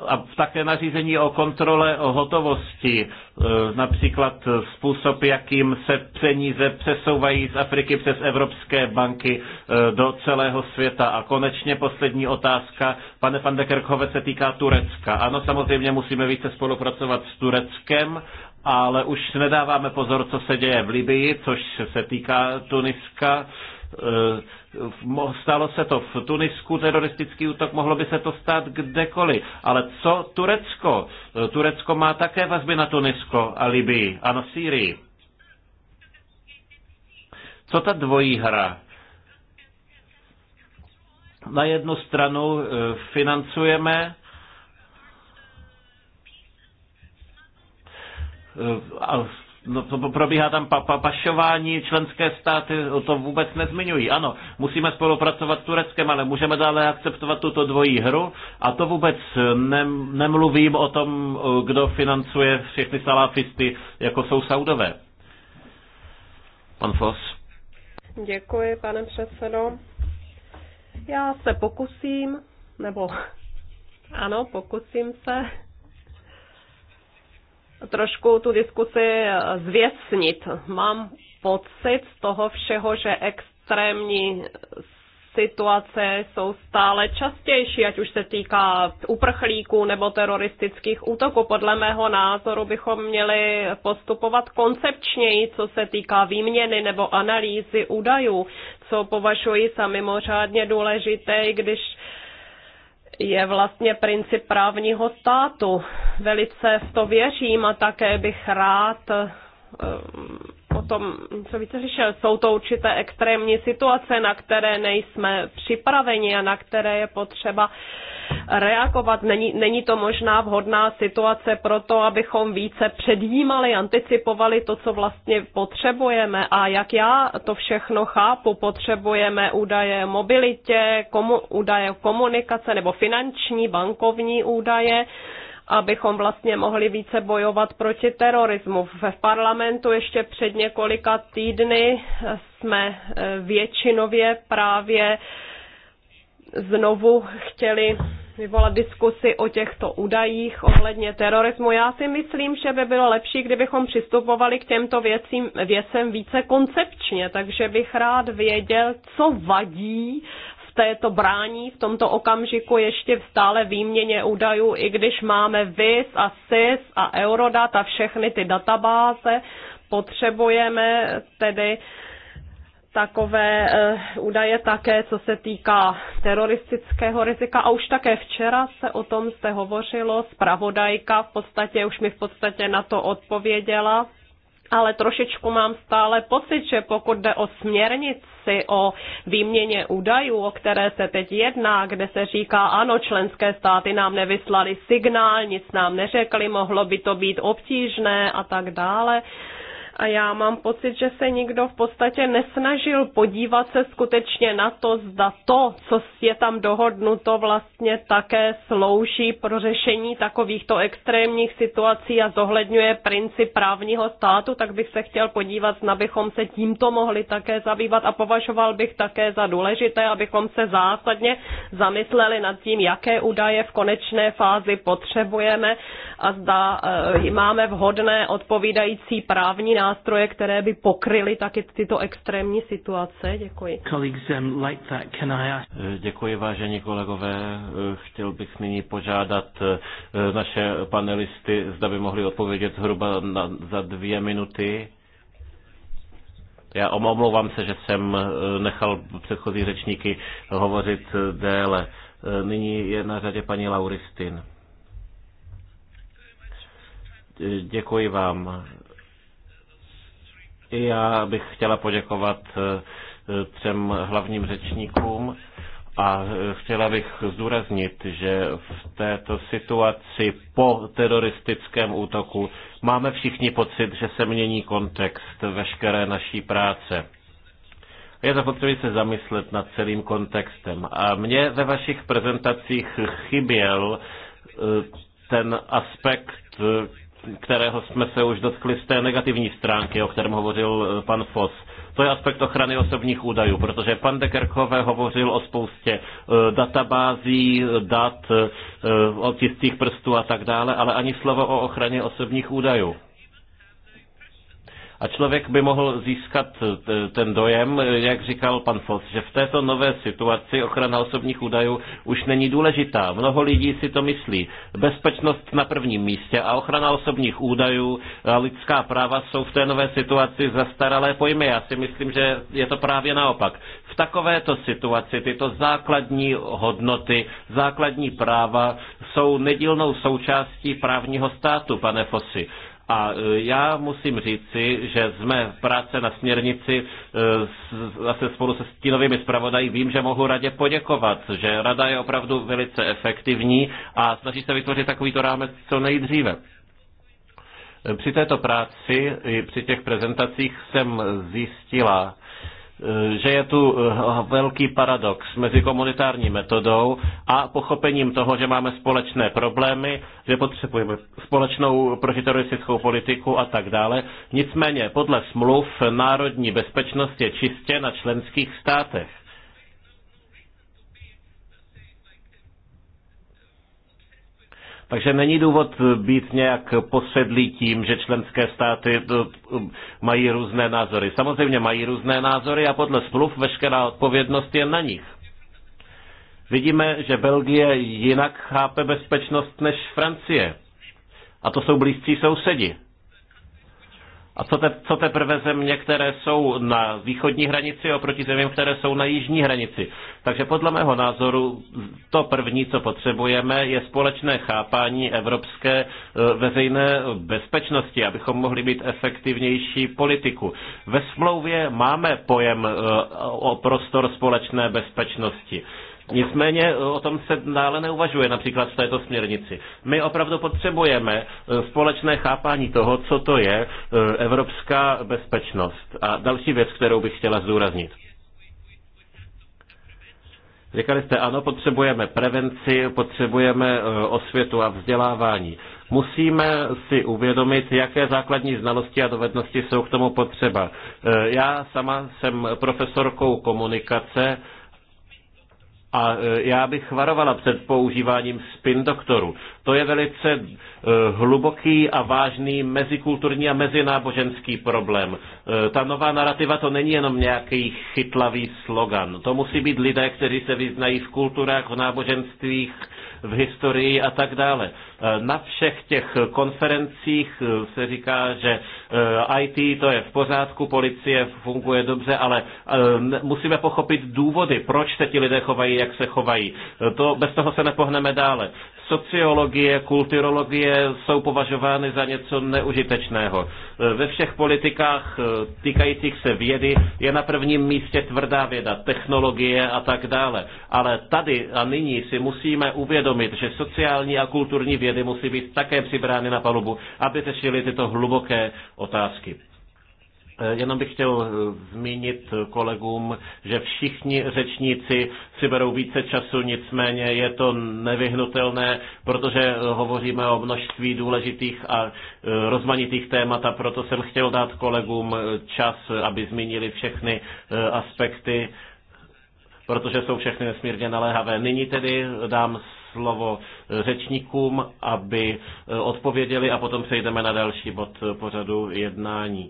a také nařízení o kontrole o hotovosti, eh, například způsob, jakým se peníze přesouvají z Afriky přes evropské banky eh, do celého světa. A konečně poslední otázka, pane van de Kerkhove, se týká Turecka. Ano, samozřejmě musíme více spolupracovat s Tureckem, ale už nedáváme pozor, co se děje v Libii, což se týká Tuniska Stalo se to v Tunisku, teroristický útok, mohlo by se to stát kdekoliv. Ale co Turecko? E, Turecko má také vazby na Tunisko a Libii a na Sýrii. Co ta dvojí hra? Na jednu stranu e, financujeme e, a no to probíhá tam pa, pa, pašování, členské státy to vůbec nezmiňují. Ano, musíme spolupracovat s Tureckem, ale můžeme dále akceptovat tuto dvojí hru a to vůbec ne, nemluvím o tom, kdo financuje všechny salafisty, jako jsou Saudové. Pan Fos. Děkuji, pane předsedo. Já se pokusím, nebo *laughs* ano, pokusím se trošku tu diskusi eh, zvěcnit. Mám pocit z toho všeho, že extrémní situace jsou stále častější, ať už se týká uprchlíků nebo teroristických útoků. Podle mého názoru bychom měli postupovat koncepčněji, co se týká výměny nebo analýzy údajů, co považuji za mimořádně důležité, když uh, je vlastně princip právního státu. Velice v to věřím a také bych rád eh, o tom, co více řešil. Jsou to určité extrémní situace, na které nejsme připraveni a na které je potřeba reagovat. Není, není to možná vhodná situace pro to, abychom více předjímali, anticipovali to, co vlastně potřebujeme. A jak já to všechno chápu, potřebujeme údaje o mobilitě, komu, údaje o komunikace nebo finanční, bankovní údaje abychom vlastně mohli více bojovat proti terorismu. V parlamentu ještě před několika týdny jsme eh, většinově právě znovu chtěli vyvolat diskusy o těchto údajích ohledně terorismu. Já si myslím, že by bylo lepší, kdybychom přistupovali k těmto věcím, věcem více koncepčně, takže bych rád věděl, co vadí v této brání v tomto okamžiku ještě v stále výměně údajů, i když máme VIS a SIS a Eurodata, všechny ty databáze, potřebujeme tedy uh, takové eh, údaje také, co se týká teroristického rizika. A už také včera se o tom se hovořilo, zpravodajka v podstatě, už mi v podstatě na to odpověděla. Ale trošičku mám stále pocit, že pokud jde o směrnici, o výměně údajů, o které se teď jedná, kde se říká, ano, členské státy nám nevyslali signál, nic nám neřekli, mohlo by to být obtížné a tak dále, a já mám pocit, že se nikdo v podstatě nesnažil podívat se skutečně na to, zda to, co je tam dohodnuto, vlastně také slouží pro řešení takovýchto extrémních situací a zohledňuje princip právního státu, tak bych se chtěl podívat, zda bychom se tímto mohli také zabývat a považoval bych také za důležité, abychom se zásadně zamysleli nad tím, jaké údaje v konečné fázi potřebujeme a zda eh, máme vhodné odpovídající právní nástroje, které by pokryly taky tyto extrémní situace. Děkuji. Um, eh, děkuji, vážení kolegové. Eh, chtěl bych nyní požádat eh, naše panelisty, zda by mohli odpovědět zhruba na, za dvě minuty. Já omlouvám se, že jsem nechal předchozí řečníky hovořit déle. Nyní je na řadě paní Lauristin. Děkuji vám. Já bych chtěla poděkovat eh, třem hlavním řečníkům a eh, chtěla bych zdůraznit, že v této situaci po teroristickém útoku máme všichni pocit, že se mění kontext veškeré naší práce. Je zapotřebí se zamyslet nad celým kontextem. A mně ve vašich prezentacích chyběl eh, ten aspekt, kterého jsme se už dotkli z té negativní stránky, o kterém hovořil eh, pan Foss. To je aspekt ochrany osobních údajů, protože pan de Kerkhove hovořil o spoustě eh, databází, eh, dat, čistých prstů a tak dále, ale ani slovo o ochraně osobních údajů. A člověk by mohl získat eh, ten dojem, eh, jak říkal pan Fos, že v této nové situaci ochrana osobních údajů už není důležitá. Mnoho lidí si to myslí. Bezpečnost na prvním místě a ochrana osobních údajů a lidská práva jsou v té nové situaci zastaralé pojmy. Já si myslím, že je to právě naopak. V takovéto situaci tyto základní hodnoty, základní práva jsou nedílnou součástí právního státu, pane Fosy. A e, já musím říci, že jsme v práce na směrnici e, zase spolu se stínovými zpravodají vím, že mohu radě poděkovat, že rada je opravdu velice efektivní a snaží se vytvořit takovýto rámec co nejdříve. E, při této práci, při těch prezentacích jsem zjistila, Eh, že je tu eh, velký paradox mezi komunitární metodou a pochopením toho, že máme společné problémy, že potřebujeme společnou protiteroristickou politiku a tak dále. Nicméně podle smluv národní bezpečnost je čistě na členských státech. Takže není důvod být nějak posedlý tím, že členské státy eh, mají různé názory. Samozřejmě mají různé názory a podle smluv veškerá odpovědnost je na nich. Vidíme, že Belgie jinak chápe bezpečnost než Francie. A to jsou blízcí sousedi. A co, te, co teprve země, které jsou na východní hranici oproti zemím, které jsou na jižní hranici. Takže podle mého názoru to první, co potřebujeme, je společné chápání evropské e, veřejné bezpečnosti, abychom mohli být efektivnější politiku. Ve smlouvě máme pojem e, o prostor společné bezpečnosti. Nicméně eh, o tom se dále neuvažuje, například v této směrnici. My opravdu potřebujeme eh, společné chápání toho, co to je eh, evropská bezpečnost. A další věc, kterou bych chtěla zdůraznit. Říkali jste, ano, potřebujeme prevenci, potřebujeme osvětu a vzdělávání. Musíme si uvědomit, jaké základní znalosti a dovednosti jsou k tomu potřeba. Já sama jsem profesorkou komunikace a e, já bych varovala před používáním spin doktoru. To je velice e, hluboký a vážný mezikulturní a mezináboženský problém. E, ta nová narrativa to není jenom nějaký chytlavý slogan. To musí být lidé, kteří se vyznají v kulturách, v náboženstvích, v historii a tak dále. Eh, na všech těch konferencích eh, se říká, že eh, IT to je v pořádku, policie funguje dobře, ale musíme pochopit důvody, proč se ti lidé chovají, jak se chovají. To, bez toho se nepohneme dále sociologie, kulturologie jsou považovány za něco neužitečného. E, ve všech politikách e, týkajících se vědy je na prvním místě tvrdá věda, technologie a tak dále. Ale tady a nyní si musíme uvědomit, že sociální a kulturní vědy musí být také přibrány na palubu, aby řešili tyto hluboké otázky. Eh, jenom bych chtěl eh, zmínit kolegům, že všichni řečníci si berou více času, nicméně je to nevyhnutelné, protože eh, hovoříme o množství důležitých a rozmanitých témat a proto jsem chtěl dát kolegům čas, aby zmínili všechny aspekty, protože jsou všechny nesmírně naléhavé. Nyní tedy dám slovo řečníkům, aby odpověděli a potom přejdeme na další bod pořadu jednání.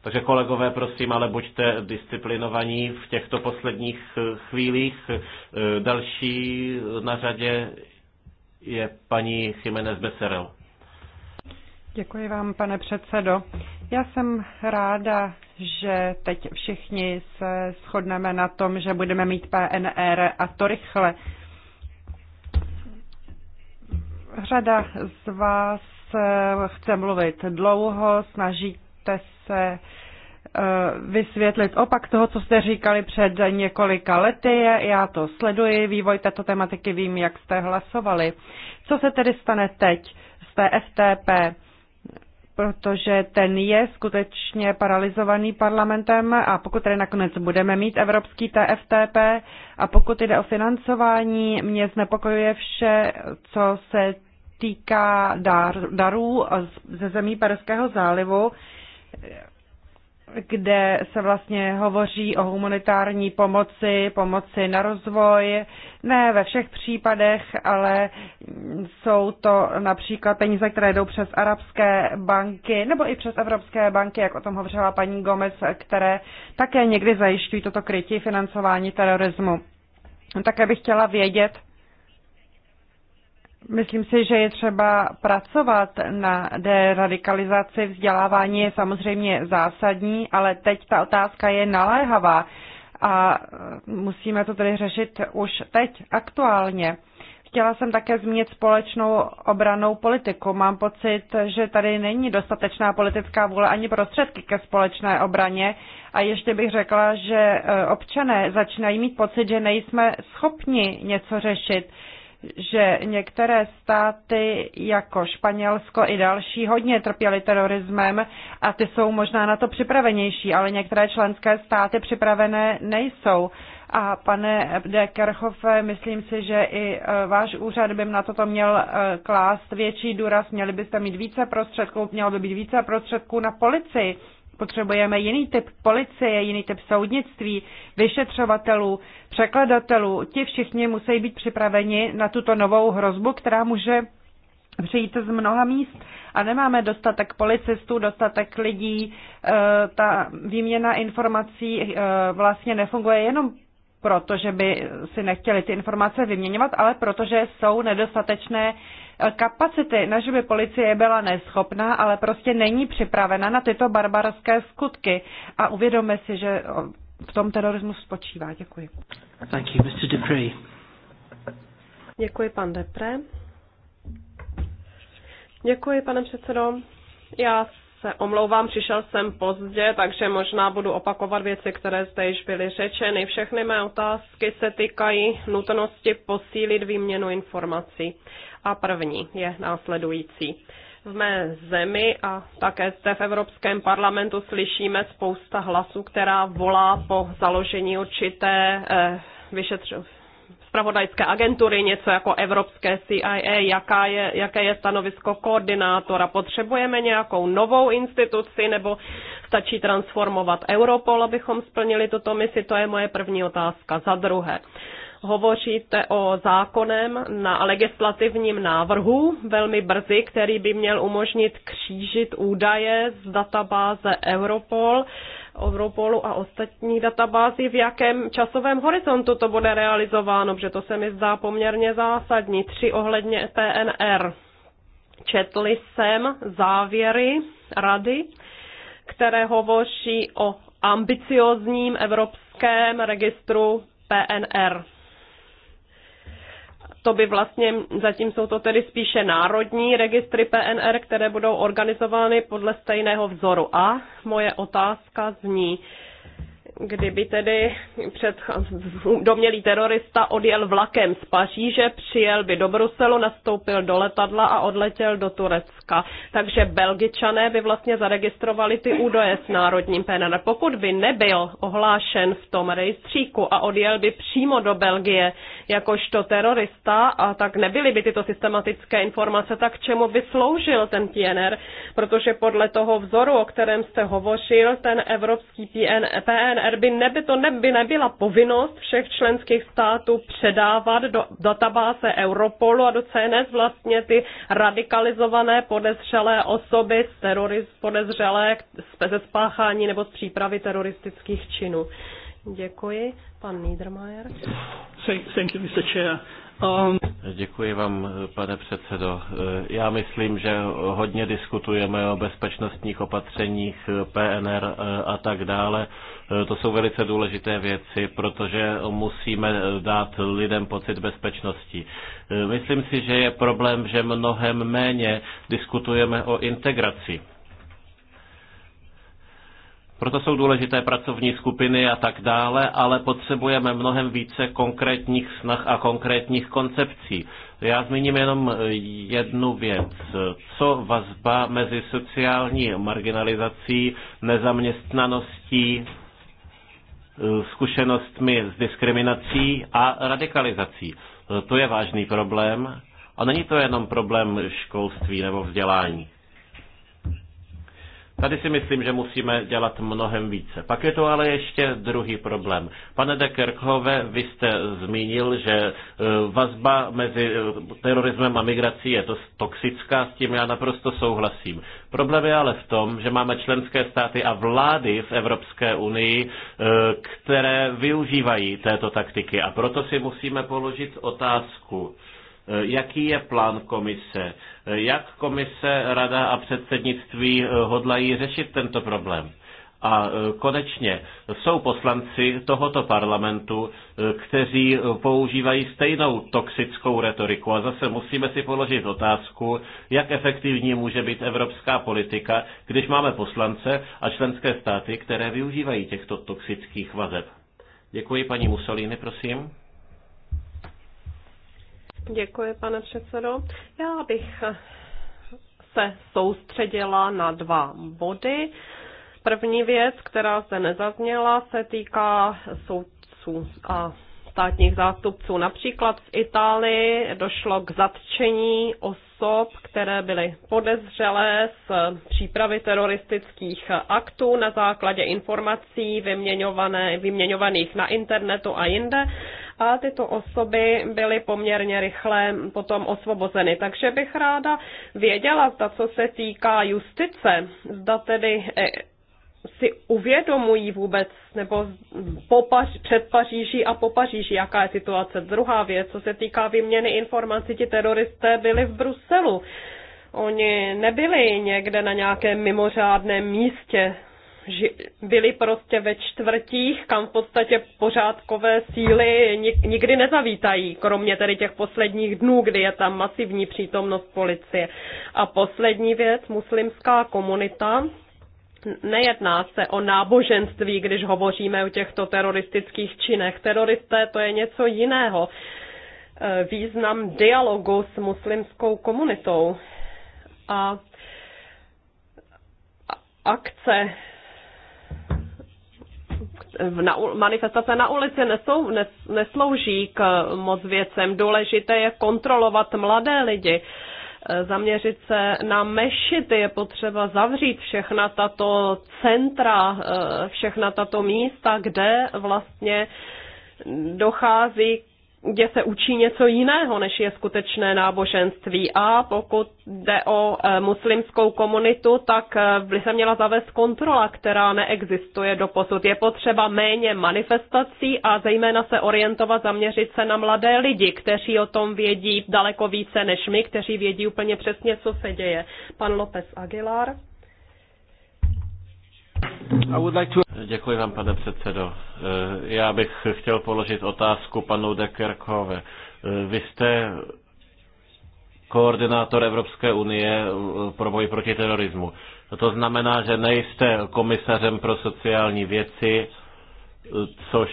Takže kolegové, prosím, ale buďte disciplinovaní v těchto posledních eh, chvílích. Eh, další na řadě je paní Jiménez Beserel. Děkuji vám, pane předsedo. Já jsem ráda, že teď všichni se shodneme na tom, že budeme mít PNR a to rychle. Řada z vás eh, chce mluvit dlouho, snaží Snažte se eh, vysvětlit opak toho, co jste říkali před několika lety. Já to sleduji, vývoj této tematiky vím, jak jste hlasovali. Co se tedy stane teď z té FTP? protože ten je skutečně paralizovaný parlamentem a pokud tedy nakonec budeme mít evropský TFTP a pokud jde o financování, mě znepokojuje vše, co se týká dar, darů ze zemí Perského zálivu, kde se vlastně hovoří o humanitární pomoci, pomoci na rozvoj. Ne ve všech případech, ale jsou to například peníze, které jdou přes arabské banky nebo i přes evropské banky, jak o tom hovořila paní Gomez, které také někdy zajišťují toto krytí financování terorismu. Také bych chtěla vědět, Myslím si, že je třeba pracovat na deradikalizaci. Vzdělávání je samozřejmě zásadní, ale teď ta otázka je naléhavá a e, musíme to tedy řešit už teď, aktuálně. Chtěla jsem také zmínit společnou obranou politiku. Mám pocit, že tady není dostatečná politická vůle ani prostředky ke společné obraně. A ještě bych řekla, že e, občané začínají mít pocit, že nejsme schopni něco řešit že některé státy jako Španělsko i další hodně trpěly terorismem a ty jsou možná na to připravenější, ale některé členské státy připravené nejsou. A pane de Kerchofe, myslím si, že i e, váš úřad by na toto měl e, klást větší důraz. Měli byste mít více prostředků, mělo by být více prostředků na policii Potřebujeme jiný typ policie, jiný typ soudnictví, vyšetřovatelů, překladatelů. Ti všichni musí být připraveni na tuto novou hrozbu, která může přijít z mnoha míst a nemáme dostatek policistů, dostatek lidí. E, ta výměna informací e, vlastně nefunguje jenom proto, že by si nechtěli ty informace vyměňovat, ale protože jsou nedostatečné kapacity. Naše policie byla neschopná, ale prostě není připravena na tyto barbarské skutky. A uvědomme si, že v tom terorismu spočívá. Děkuji. Thank you, Mr. Dupree. Děkuji, pan Depre. Děkuji, pane předsedo. Já se omlouvám, přišel jsem pozdě, takže možná budu opakovat věci, které zde již byly řečeny. Všechny mé otázky se týkají nutnosti posílit výměnu informací. A první je následující. V mé zemi a také zde v Evropském parlamentu slyšíme spousta hlasů, která volá po založení určité eh, spravodajské agentury, něco jako evropské CIA, jaká je, jaké je stanovisko koordinátora. Potřebujeme nějakou novou instituci nebo stačí transformovat Europol, abychom splnili tuto misi? To je moje první otázka. Za druhé, hovoříte o zákonem na legislativním návrhu velmi brzy, který by měl umožnit křížit údaje z databáze Europol Europolu a ostatních databází, v jakém časovém horizontu to bude realizováno, protože to se mi zdá poměrně zásadní. Tři ohledně PNR. Četli jsem závěry rady, které hovoří o ambiciozním evropském registru PNR to by vlastně, zatím jsou to tedy spíše národní registry PNR, které budou organizovány podle stejného vzoru. A moje otázka zní, kdyby tedy před domělý terorista odjel vlakem z Paříže, přijel by do Bruselu, nastoupil do letadla a odletěl do Turecka. Takže Belgičané by vlastně zaregistrovali ty údaje s národním PNR. Pokud by nebyl ohlášen v tom rejstříku a odjel by přímo do Belgie jakožto terorista, a tak nebyly by tyto systematické informace, tak čemu by sloužil ten PNR? Protože podle toho vzoru, o kterém jste hovořil, ten evropský PNR PNR by, neby, to neby nebyla povinnost všech členských států předávat do databáze Europolu a do CNS vlastně ty radikalizované podezřelé osoby z terorist, podezřelé ze spáchání nebo z přípravy teroristických činů. Děkuji. Pan Niedermayer. Thank, thank you, Mr. Chair. Um. Děkuji vám, pane předsedo. Já myslím, že hodně diskutujeme o bezpečnostních opatřeních PNR a tak dále. To jsou velice důležité věci, protože musíme dát lidem pocit bezpečnosti. Myslím si, že je problém, že mnohem méně diskutujeme o integraci proto jsou důležité pracovní skupiny a tak dále, ale potřebujeme mnohem více konkrétních snah a konkrétních koncepcí. Já zmíním jenom jednu věc. Co vazba mezi sociální marginalizací, nezaměstnaností, zkušenostmi s diskriminací a radikalizací? To je vážný problém a není to jenom problém školství nebo vzdělání. Tady si myslím, že musíme dělat mnohem více. Pak je to ale ještě druhý problém. Pane de Kerkhove, vy jste zmínil, že e, vazba mezi e, terorismem a migrací je to toxická, s tím já naprosto souhlasím. Problém je ale v tom, že máme členské státy a vlády v Evropské unii, e, které využívají této taktiky a proto si musíme položit otázku Eh, jaký je plán komise? Eh, jak komise, rada a předsednictví eh, hodlají řešit tento problém? A konečně jsou poslanci tohoto parlamentu, kteří používají stejnou toxickou retoriku. A zase musíme si položit otázku, jak efektivní může být evropská politika, když máme poslance a členské státy, které využívají těchto toxických vazeb. Děkuji paní Mussolini, prosím. Děkuji, pane předsedo. Já bych se soustředila na dva body. První věc, která se nezazněla, se týká soudců a státních zástupců. Například v Itálii došlo k zatčení osob, které byly podezřelé z přípravy teroristických aktů na základě informací vyměňovaných na internetu a jinde a tyto osoby byly poměrně rychle potom osvobozeny. Takže bych ráda věděla, zda co se týká justice, zda tedy e, si uvědomují vůbec, nebo po Pař- před Paříží a po Paříži, jaká je situace. Druhá věc, co se týká výměny informací, ti teroristé byli v Bruselu. Oni nebyli někde na nějakém mimořádném místě byli prostě ve čtvrtích, kam v podstatě pořádkové síly nikdy nezavítají, kromě tedy těch posledních dnů, kdy je tam masivní přítomnost policie. A poslední věc, muslimská komunita, Nejedná se o náboženství, když hovoříme o těchto teroristických činech. Teroristé to je něco jiného. E, význam dialogu s muslimskou komunitou a akce na, manifestace na ulici nesou, nes, neslouží k moc věcem. Důležité je kontrolovat mladé lidi e, zaměřit se na mešity, je potřeba zavřít všechna tato centra, e, všechna tato místa, kde vlastně dochází kde se učí něco jiného, než je skutečné náboženství. A pokud jde o e, muslimskou komunitu, tak e, by se měla zavést kontrola, která neexistuje do posud. Je potřeba méně manifestací a zejména se orientovat, zaměřit se na mladé lidi, kteří o tom vědí daleko více než my, kteří vědí úplně přesně, co se děje. Pan López Aguilar. Děkuji vám, pane předsedo. Eh, já bych chtěl položit otázku panu de Kerkhove. Eh, vy jste koordinátor Evropské unie eh, pro boj proti terorismu. To znamená, že nejste komisařem pro sociální věci, což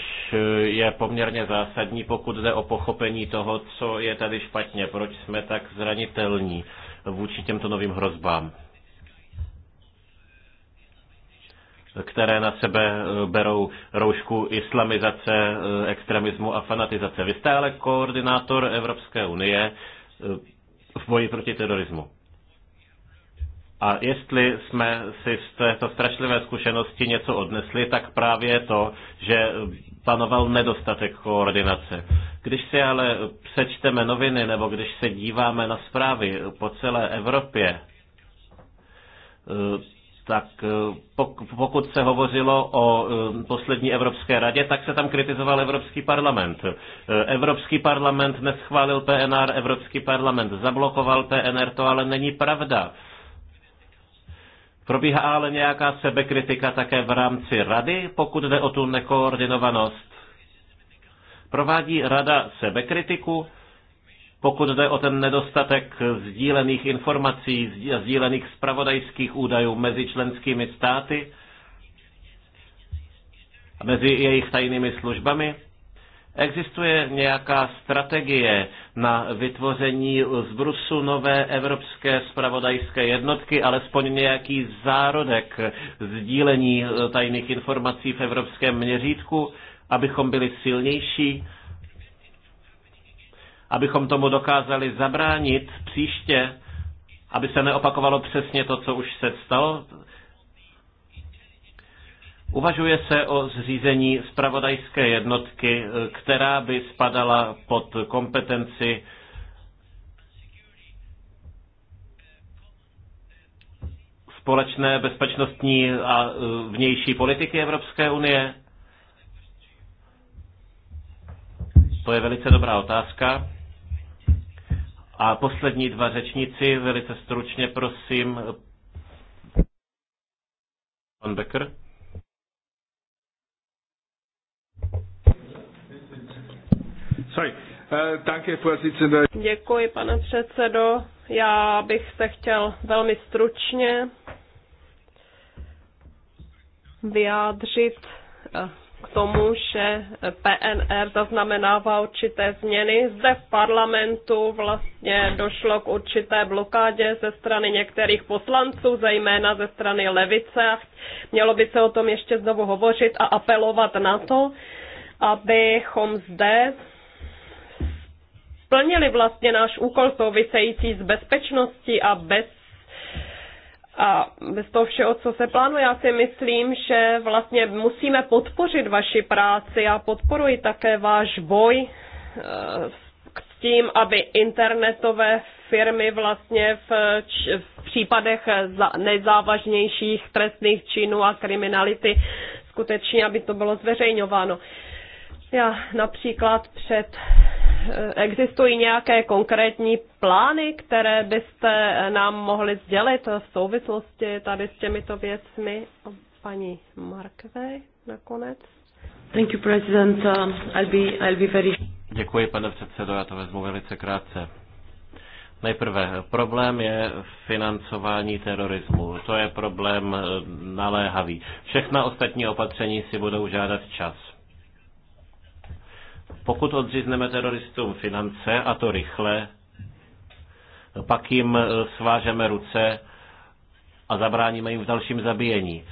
je poměrně zásadní, pokud jde o pochopení toho, co je tady špatně, proč jsme tak zranitelní vůči těmto novým hrozbám. které na sebe eh, berou roušku islamizace, eh, extremismu a fanatizace. Vy jste ale koordinátor Evropské unie eh, v boji proti terorismu. A jestli jsme si z této strašlivé zkušenosti něco odnesli, tak právě to, že panoval nedostatek koordinace. Když si ale přečteme noviny nebo když se díváme na zprávy po celé Evropě, tak eh, pokud se hovořilo o eh, poslední Evropské radě, tak se tam kritizoval Evropský parlament. Eh, Evropský parlament neschválil PNR, Evropský parlament zablokoval PNR, to ale není pravda. Probíhá ale nějaká sebekritika také v rámci rady, pokud jde o tu nekoordinovanost. Provádí rada sebekritiku? Pokud jde o ten nedostatek sdílených informací a sdílených spravodajských údajů mezi členskými státy, mezi jejich tajnými službami, Existuje nějaká strategie na vytvoření z Brusu nové evropské spravodajské jednotky, alespoň nějaký zárodek sdílení tajných informací v evropském měřítku, abychom byli silnější abychom tomu dokázali zabránit příště, aby se neopakovalo přesně to, co už se stalo? Uvažuje se o zřízení spravodajské jednotky, která by spadala pod kompetenci společné bezpečnostní a vnější politiky Evropské unie? To je velice dobrá otázka. A poslední dva řečníci, velice stručně prosím. Pan Becker. Sorry. Eh, Děkuji, pane předsedo. Já bych se chtěl velmi stručně vyjádřit eh, k tomu, že PNR zaznamenává určité změny. Zde v parlamentu vlastně došlo k určité blokádě ze strany některých poslanců, zejména ze strany levice. Mělo by se o tom ještě znovu hovořit a apelovat na to, abychom zde splnili vlastně náš úkol související s bezpečností a bez a bez toho všeho, co se plánuje, já si myslím, že vlastně musíme podpořit vaši práci a podporuji také váš boj eh, s tím, aby internetové firmy vlastně v, v případech nejzávažnějších trestných činů a kriminality skutečně, aby to bylo zveřejňováno. Já například před eh, existují nějaké konkrétní plány, které byste eh, nám mohli sdělit v souvislosti tady s těmito věcmi? Paní Markve nakonec. Thank you, President. Um, I'll be, I'll be very... Děkuji, pane předsedo, já to vezmu velice krátce. Nejprve, problém je financování terorismu. To je problém eh, naléhavý. Všechna ostatní opatření si budou žádat čas pokud odřízneme teroristům finance, a to rychle, pak jim e, svážeme ruce a zabráníme jim v dalším zabíjení.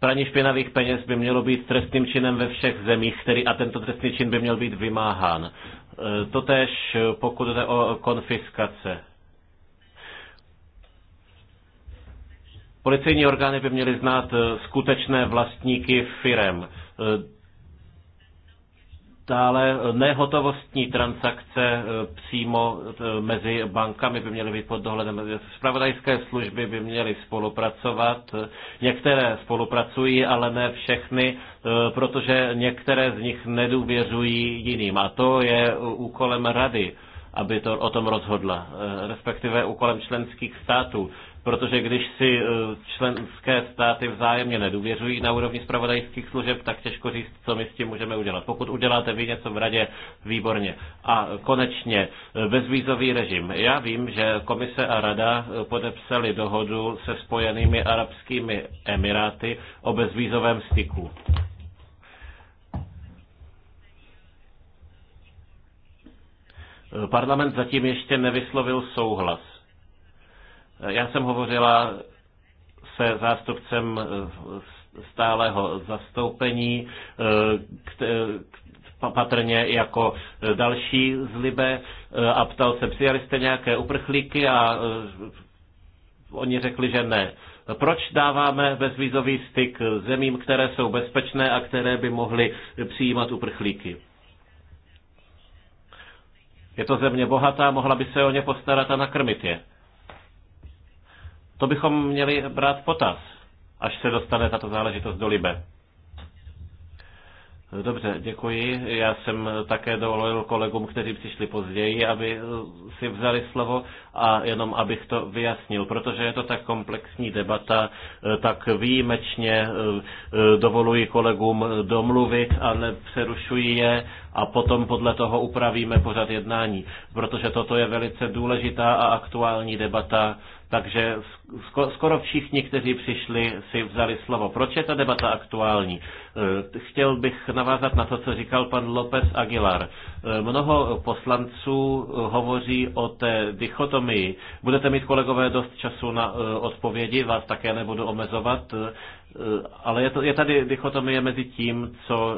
Praní špinavých peněz by mělo být trestným činem ve všech zemích, který a tento trestný čin by měl být vymáhán. E, totež e, pokud jde o konfiskace. Policejní orgány by měly znát skutečné vlastníky firem. Dále eh, nehotovostní transakce eh, přímo eh, mezi bankami by měly být pod dohledem. Spravodajské služby by měly spolupracovat. Některé spolupracují, ale ne všechny, protože některé z nich nedůvěřují jiným. A to je úkolem rady, aby to o tom rozhodla, respektive úkolem členských států protože když si eh, členské státy vzájemně nedůvěřují na úrovni spravodajských služeb, tak těžko říct, co my s tím můžeme udělat. Pokud uděláte vy něco v radě, výborně. A konečně eh, bezvízový režim. Já vím, že komise a rada eh, podepsali dohodu se spojenými arabskými emiráty o bezvízovém styku. Parlament zatím ještě nevyslovil souhlas. Já jsem hovořila se zástupcem eh, stáleho zastoupení, eh, patrně jako eh, další z Libe a ptal se, přijali jste nějaké uprchlíky a oni řekli, že ne. Proč dáváme bezvízový styk zemím, které jsou bezpečné a které by mohly přijímat uprchlíky? Je to země bohatá, mohla by se o ně postarat a nakrmit je. To bychom měli brát potaz, až se dostane tato záležitost do Libe. Dobře, děkuji. Já jsem také dovolil kolegům, kteří přišli později, aby eh, si vzali slovo a jenom abych to vyjasnil, protože je to tak komplexní debata, eh, tak výjimečně eh, dovoluji kolegům domluvit a nepřerušuji je a potom podle toho upravíme pořad jednání, protože toto je velice důležitá a aktuální debata, takže skoro všichni, kteří přišli, si vzali slovo. Proč je ta debata aktuální? Eh, chtěl bych navázat na to, co říkal pan López Aguilar. Eh, mnoho poslanců eh, hovoří o té dichotomii. Budete mít, kolegové, dost času na odpovědi, vás také nebudu omezovat, ale je, to, je tady dichotomie mezi tím, co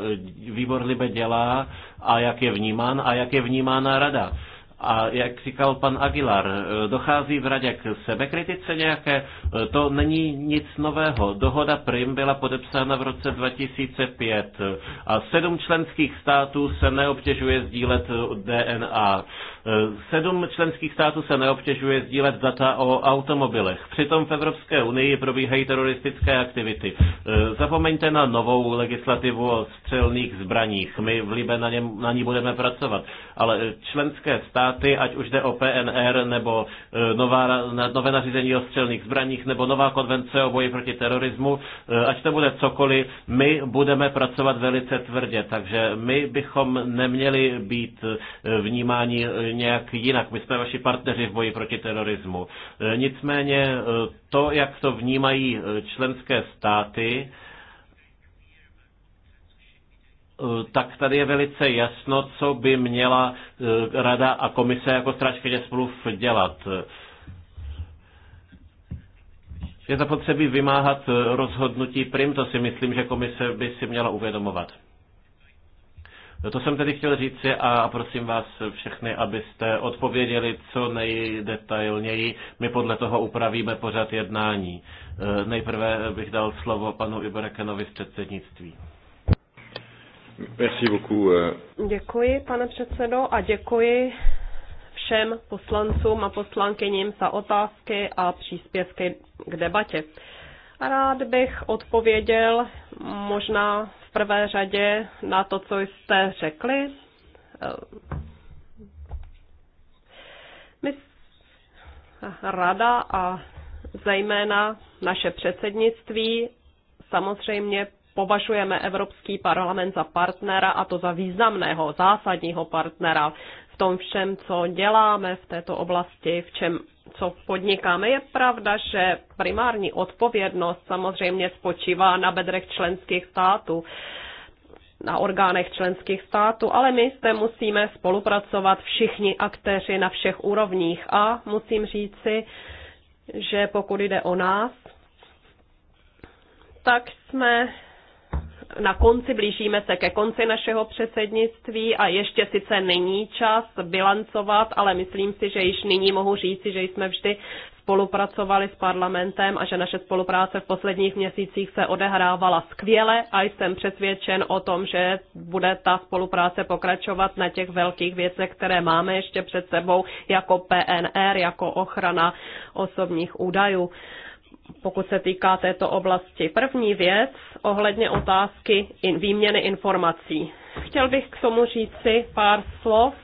výbor Libe dělá a jak je vnímán a jak je vnímána rada a jak říkal pan Aguilar, eh, dochází v radě k sebekritice nějaké, eh, to není nic nového. Dohoda Prim byla podepsána v roce 2005 eh, a sedm členských států se neobtěžuje sdílet DNA. Sedm členských států se neobtěžuje sdílet data o automobilech. Přitom v Evropské unii probíhají teroristické aktivity. Zapomeňte na novou legislativu o střelných zbraních. My v Libe na, něm, na ní budeme pracovat. Ale členské státy, ať už jde o PNR, nebo eh, nová, nové nařízení o střelných zbraních, nebo nová konvence o boji proti terorismu, eh, ať to bude cokoliv, my budeme pracovat velice tvrdě. Takže my bychom neměli být eh, vnímáni nějak jinak. My jsme vaši partneři v boji proti terorismu. E, nicméně e, to, jak to vnímají e, členské státy, tak tady je velice jasno, co by měla rada a komise jako strážkyně smluv dělat. Je zapotřebí vymáhat rozhodnutí prim, to si myslím, že komise by si měla uvědomovat. No to jsem tedy chtěl říct a prosím vás všechny, abyste odpověděli co nejdetailněji. My podle toho upravíme pořad jednání. Eh, nejprve bych dal slovo panu Iberekenovi z předsednictví. Merci beaucoup. Eh. Děkuji, pane předsedo, a děkuji všem poslancům a poslankyním za otázky a příspěvky k debatě. Rád bych odpověděl možná v prvé řadě na to, co jste řekli. My rada a zejména naše předsednictví samozřejmě považujeme Evropský parlament za partnera a to za významného, zásadního partnera v tom všem, co děláme v této oblasti, v čem, co podnikáme. Je pravda, že primární odpovědnost samozřejmě spočívá na bedrech členských států na orgánech členských států, ale my zde musíme spolupracovat všichni aktéři na všech úrovních a musím říci, že pokud jde o nás, tak jsme na konci, blížíme se ke konci našeho předsednictví a ještě sice není čas bilancovat, ale myslím si, že již nyní mohu říci, že jsme vždy spolupracovali s parlamentem a že naše spolupráce v posledních měsících se odehrávala skvěle a jsem přesvědčen o tom, že bude ta spolupráce pokračovat na těch velkých věcech, které máme ještě před sebou jako PNR, jako ochrana osobních údajů pokud se týká této oblasti. První věc ohledně otázky in, výměny informací. Chtěl bych k tomu říci pár slov.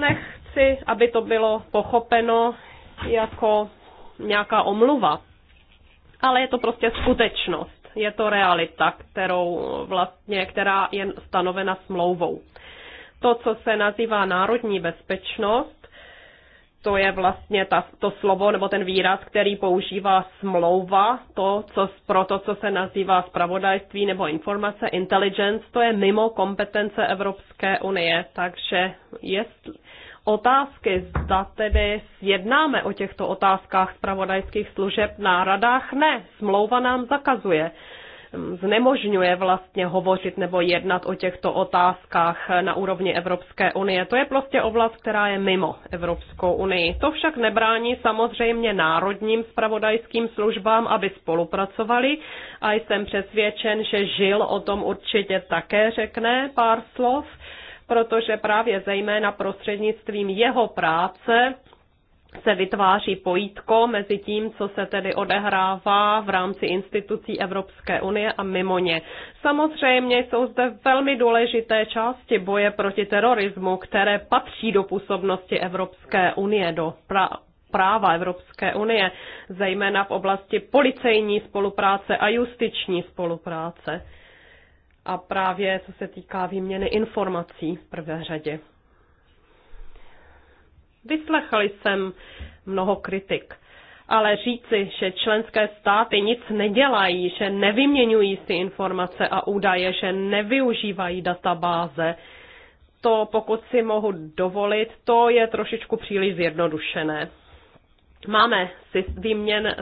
Nechci, aby to bylo pochopeno jako nějaká omluva, ale je to prostě skutečnost. Je to realita, kterou vlastně, která je stanovena smlouvou. To, co se nazývá národní bezpečnost, to je vlastně ta, to slovo nebo ten výraz, který používá smlouva, to, co, pro to, co se nazývá spravodajství nebo informace, intelligence, to je mimo kompetence Evropské unie. Takže jestli, otázky, zda tedy jednáme o těchto otázkách spravodajských služeb na radách, ne, smlouva nám zakazuje znemožňuje vlastně hovořit nebo jednat o těchto otázkách na úrovni Evropské unie. To je prostě oblast, která je mimo Evropskou unii. To však nebrání samozřejmě národním spravodajským službám, aby spolupracovali a jsem přesvědčen, že Žil o tom určitě také řekne pár slov protože právě zejména prostřednictvím jeho práce se vytváří pojítko mezi tím, co se tedy odehrává v rámci institucí Evropské unie a mimo ně. Samozřejmě jsou zde velmi důležité části boje proti terorismu, které patří do působnosti Evropské unie, do pra- práva Evropské unie, zejména v oblasti policejní spolupráce a justiční spolupráce. A právě co se týká výměny informací v prvé řadě. Vyslechl jsem mnoho kritik. Ale říci, že členské státy nic nedělají, že nevyměňují si informace a údaje, že nevyužívají databáze, to pokud si mohu dovolit, to je trošičku příliš zjednodušené. Máme výměn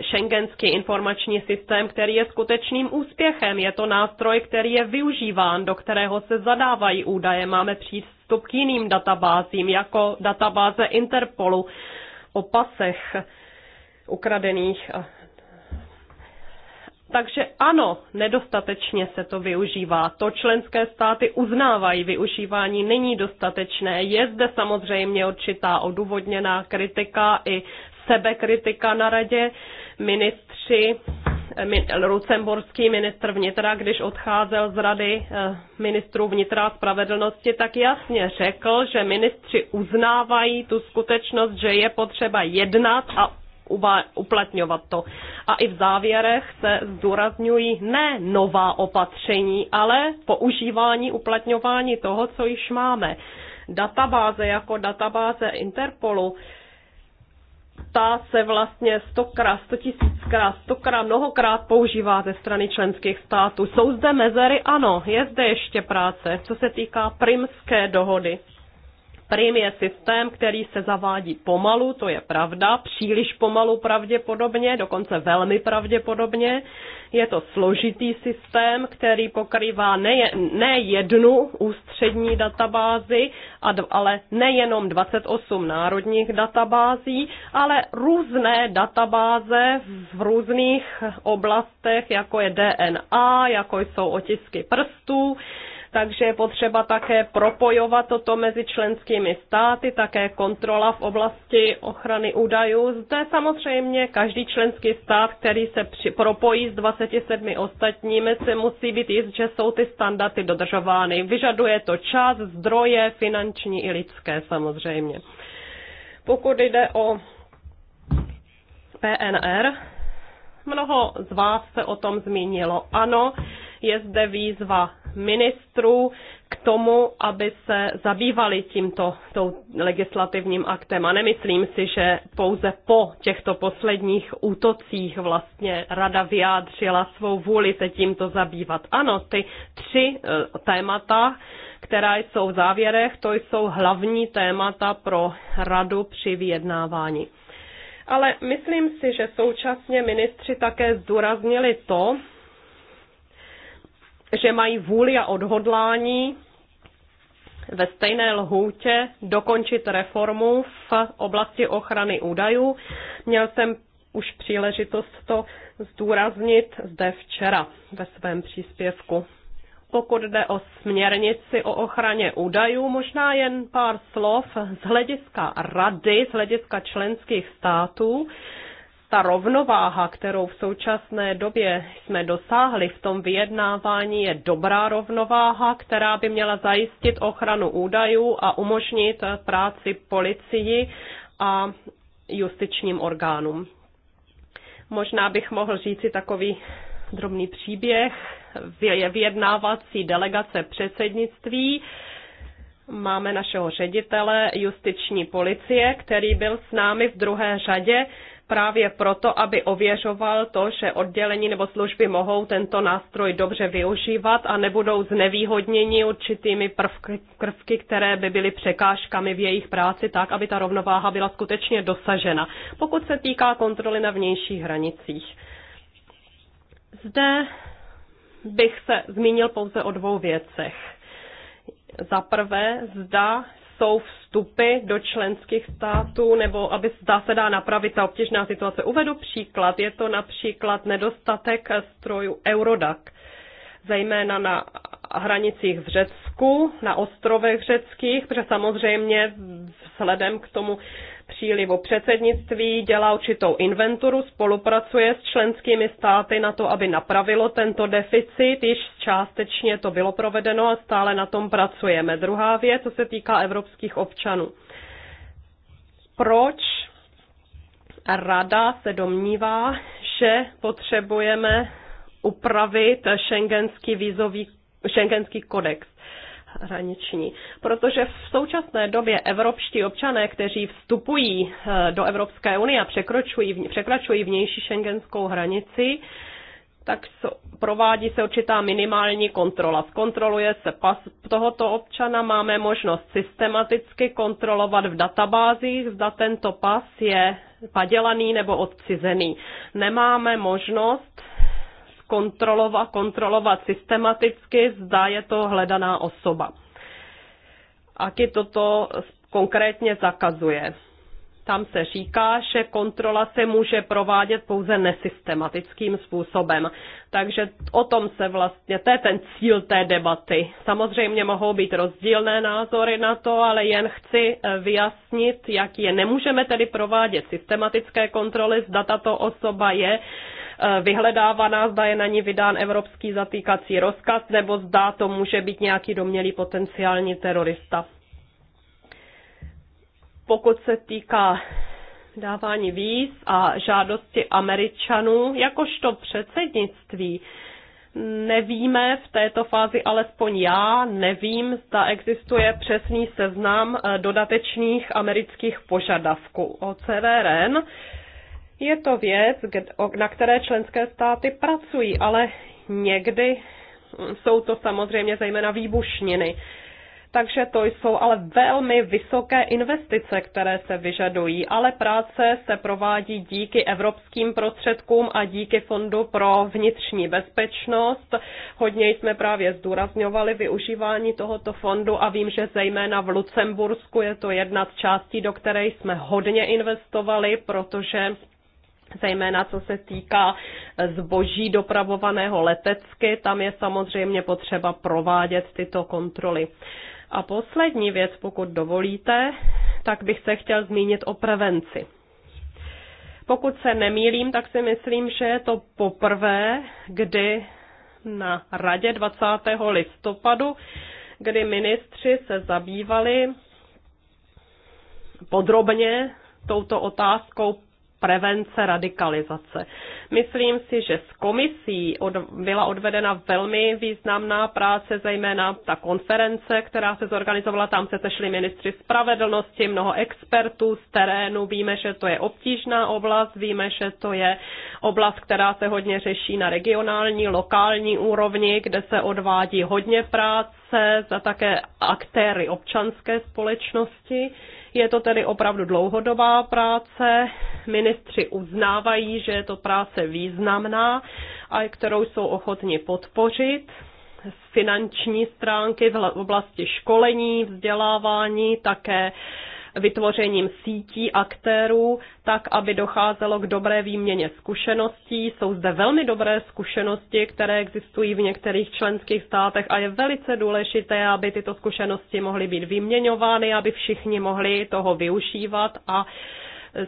šengenský informační systém, který je skutečným úspěchem. Je to nástroj, který je využíván, do kterého se zadávají údaje. Máme přístup k jiným databázím, jako databáze Interpolu o pasech ukradených. Takže ano, nedostatečně se to využívá. To členské státy uznávají, využívání není dostatečné. Je zde samozřejmě určitá odůvodněná kritika i sebekritika na radě. Ministři lucemburský ministr vnitra, když odcházel z rady eh, ministrů vnitra a spravedlnosti, tak jasně řekl, že ministři uznávají tu skutečnost, že je potřeba jednat a uplatňovat to. A i v závěrech se zdůrazňují ne nová opatření, ale používání, uplatňování toho, co již máme. Databáze jako databáze Interpolu ta se vlastně stokrát, stotisíckrát, stokrát, mnohokrát používá ze strany členských států. Jsou zde mezery? Ano, je zde ještě práce, co se týká primské dohody. Prim je systém, který se zavádí pomalu, to je pravda, příliš pomalu pravděpodobně, dokonce velmi pravděpodobně. Je to složitý systém, který pokrývá ne, jednu ústřední databázi, ale nejenom 28 národních databází, ale různé databáze v různých oblastech, jako je DNA, jako jsou otisky prstů, takže je potřeba také propojovat toto mezi členskými státy, také kontrola v oblasti ochrany údajů. Zde samozřejmě každý členský stát, který se při, propojí s 27 ostatními, se musí být jist, že jsou ty standardy dodržovány. Vyžaduje to čas, zdroje, finanční i lidské samozřejmě. Pokud jde o PNR, mnoho z vás se o tom zmínilo. Ano, je zde výzva ministrů k tomu, aby se zabývali tímto tou legislativním aktem. A nemyslím si, že pouze po těchto posledních útocích vlastně rada vyjádřila svou vůli se tímto zabývat. Ano, ty tři e, témata, která jsou v závěrech, to jsou hlavní témata pro radu při vyjednávání. Ale myslím si, že současně ministři také zdůraznili to, že mají vůli a odhodlání ve stejné lhůtě dokončit reformu v oblasti ochrany údajů. Měl jsem už příležitost to zdůraznit zde včera ve svém příspěvku. Pokud jde o směrnici o ochraně údajů, možná jen pár slov z hlediska rady, z hlediska členských států ta rovnováha, kterou v současné době jsme dosáhli v tom vyjednávání, je dobrá rovnováha, která by měla zajistit ochranu údajů a umožnit práci policii a justičním orgánům. Možná bych mohl říci takový drobný příběh. Je vyjednávací delegace předsednictví. Máme našeho ředitele justiční policie, který byl s námi v druhé řadě právě proto, aby ověřoval to, že oddělení nebo služby mohou tento nástroj dobře využívat a nebudou znevýhodněni určitými prvky, prvky, které by byly překážkami v jejich práci, tak, aby ta rovnováha byla skutečně dosažena. Pokud se týká kontroly na vnějších hranicích. Zde bych se zmínil pouze o dvou věcech. Za prvé, zda jsou vstupy do členských států, nebo aby zda se dá napravit ta obtížná situace. Uvedu příklad. Je to například nedostatek strojů Eurodac, zejména na hranicích v Řecku, na ostrovech řeckých, protože samozřejmě vzhledem k tomu přílivu předsednictví dělá určitou inventuru, spolupracuje s členskými státy na to, aby napravilo tento deficit. Již částečně to bylo provedeno a stále na tom pracujeme. Druhá věc, co se týká evropských občanů. Proč Rada se domnívá, že potřebujeme upravit šengenský vízový šengenský kodex hraniční. Protože v současné době evropští občané, kteří vstupují eh, do Evropské unie a překročují, překračují vnější šengenskou hranici, tak provádí se určitá minimální kontrola. Zkontroluje se pas tohoto občana, máme možnost systematicky kontrolovat v databázích, zda tento pas je padělaný nebo odcizený. Nemáme možnost kontrolovat, kontrolovat systematicky, zda je to hledaná osoba. Aky toto konkrétně zakazuje. Tam se říká, že kontrola se může provádět pouze nesystematickým způsobem. Takže o tom se vlastně, to je ten cíl té debaty. Samozřejmě mohou být rozdílné názory na to, ale jen chci eh, vyjasnit, jak je. Nemůžeme tedy provádět systematické kontroly, zda tato osoba je eh, vyhledávaná, zda je na ní vydán evropský zatýkací rozkaz, nebo zda to může být nějaký domělý potenciální terorista. Pokud se týká dávání víz a žádosti Američanů, jakožto předsednictví, Nevíme v této fázi, alespoň já nevím, zda existuje přesný seznam eh, dodatečných amerických požadavků o CVRN. Je to věc, na které členské státy pracují, ale někdy jsou to samozřejmě zejména výbušniny. Takže to jsou ale velmi vysoké investice, které se vyžadují, ale práce se provádí díky evropským prostředkům a díky Fondu pro vnitřní bezpečnost. Hodně jsme právě zdůrazňovali využívání tohoto fondu a vím, že zejména v Lucembursku je to jedna z částí, do které jsme hodně investovali, protože zejména co se týká zboží dopravovaného letecky, tam je samozřejmě potřeba provádět tyto kontroly. A poslední věc, pokud dovolíte, tak bych se chtěl zmínit o prevenci. Pokud se nemýlím, tak si myslím, že je to poprvé, kdy na radě 20. listopadu, kdy ministři se zabývali podrobně touto otázkou prevence radikalizace. Myslím si, že s komisí od, byla odvedena velmi významná práce, zejména ta konference, která se zorganizovala, tam se sešli ministři spravedlnosti, mnoho expertů z terénu, víme, že to je obtížná oblast, víme, že to je oblast, která se hodně řeší na regionální, lokální úrovni, kde se odvádí hodně práce za také aktéry občanské společnosti. Je to tedy opravdu dlouhodobá práce. Ministři uznávají, že je to práce významná a kterou jsou ochotni podpořit z finanční stránky v oblasti školení, vzdělávání, také vytvořením sítí aktérů, tak aby docházelo k dobré výměně zkušeností. Jsou zde velmi dobré zkušenosti, které existují v některých členských státech a je velice důležité, aby tyto zkušenosti mohly být vyměňovány, aby všichni mohli toho využívat a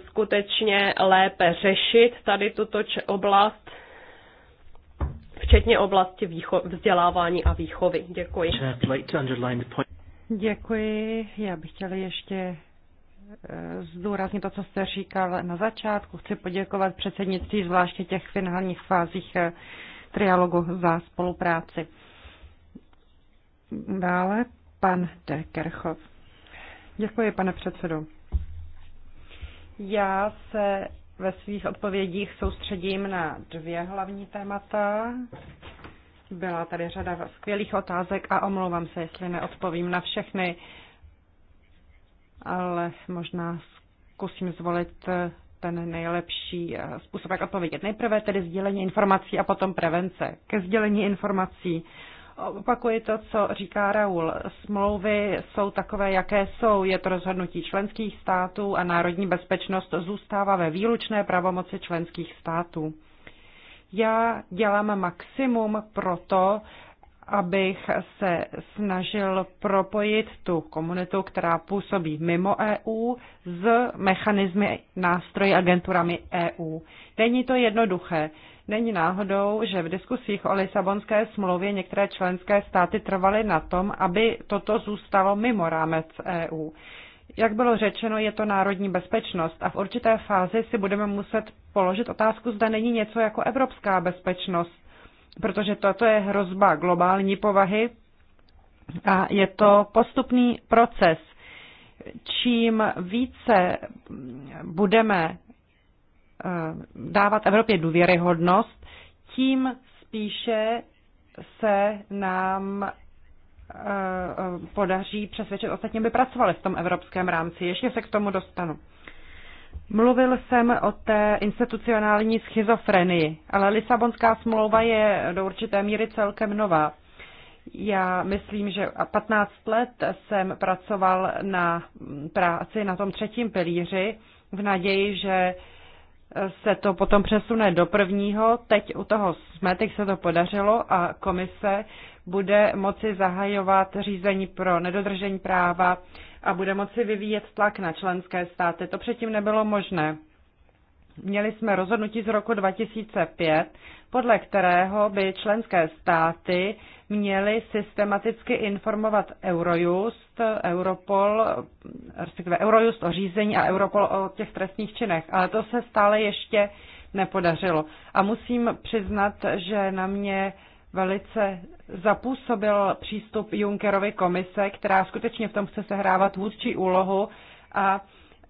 skutečně lépe řešit tady tuto oblast včetně oblasti výcho- vzdělávání a výchovy. Děkuji. Děkuji. Já bych chtěla ještě zdůraznit to, co jste říkal na začátku. Chci poděkovat předsednictví, zvláště těch finálních fázích eh, trialogu za spolupráci. Dále pan Dekerchov. Děkuji, pane předsedo. Já se ve svých odpovědích soustředím na dvě hlavní témata. Byla tady řada skvělých otázek a omlouvám se, jestli neodpovím na všechny. Uh, ale možná zkusím zvolit eh, ten nejlepší eh, způsob, jak odpovědět. Nejprve tedy sdělení informací a potom prevence. Ke sdělení informací. Opakuji to, co říká Raul. Smlouvy jsou takové, jaké jsou. Je to rozhodnutí členských států a národní bezpečnost zůstává ve výlučné pravomoci členských států. Já dělám maximum pro to, abych se snažil propojit tu komunitu, která působí mimo EU, s mechanizmy, nástroji, agenturami EU. Není to jednoduché. Není náhodou, že v diskusích o Lisabonské smlouvě některé členské státy trvaly na tom, aby toto zůstalo mimo rámec EU. Jak bylo řečeno, je to národní bezpečnost a v určité fázi si budeme muset položit otázku, zda není něco jako evropská bezpečnost protože toto je hrozba globální povahy a je to postupný proces. Čím více budeme eh, dávat Evropě důvěryhodnost, tím spíše se nám eh, eh, podaří přesvědčit ostatní, by pracovali v tom evropském rámci. Ještě se k tomu dostanu. Mluvil jsem o té institucionální schizofrenii, ale Lisabonská smlouva je do určité míry celkem nová. Já myslím, že 15 let jsem pracoval na práci na tom třetím pilíři v naději, že se to potom přesune do prvního. Teď u toho jsme, teď se to podařilo a komise bude moci zahajovat řízení pro nedodržení práva a bude moci vyvíjet tlak na členské státy. To předtím nebylo možné. Měli jsme rozhodnutí z roku 2005, podle kterého by členské státy měly systematicky informovat Eurojust, Europol, respektive Eurojust o řízení a Europol o těch trestních činech, ale to se stále ještě nepodařilo. A musím přiznat, že na mě velice zapůsobil přístup Junckerovy komise, která skutečně v tom chce sehrávat vůdčí úlohu a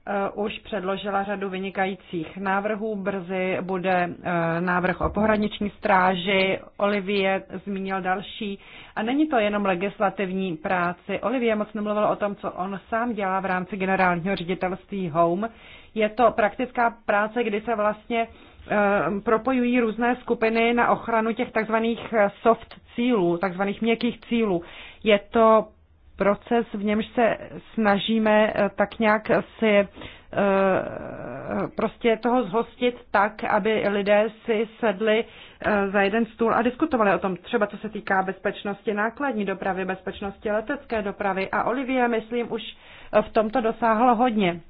Eh, už předložila řadu vynikajících návrhů. Brzy bude eh, návrh o pohraniční stráži. Olivie zmínil další. A není to jenom legislativní práci. Olivie moc nemluvil o tom, co on sám dělá v rámci generálního ředitelství Home. Je to praktická práce, kdy se vlastně eh, propojují různé skupiny na ochranu těch takzvaných soft cílů, takzvaných měkkých cílů. Je to proces, v němž se snažíme eh, tak nějak si eh, prostě toho zhostit tak, aby lidé si sedli eh, za jeden stůl a diskutovali o tom, třeba co se týká bezpečnosti nákladní dopravy, bezpečnosti letecké dopravy. A Olivie, myslím, už v tomto dosáhlo hodně.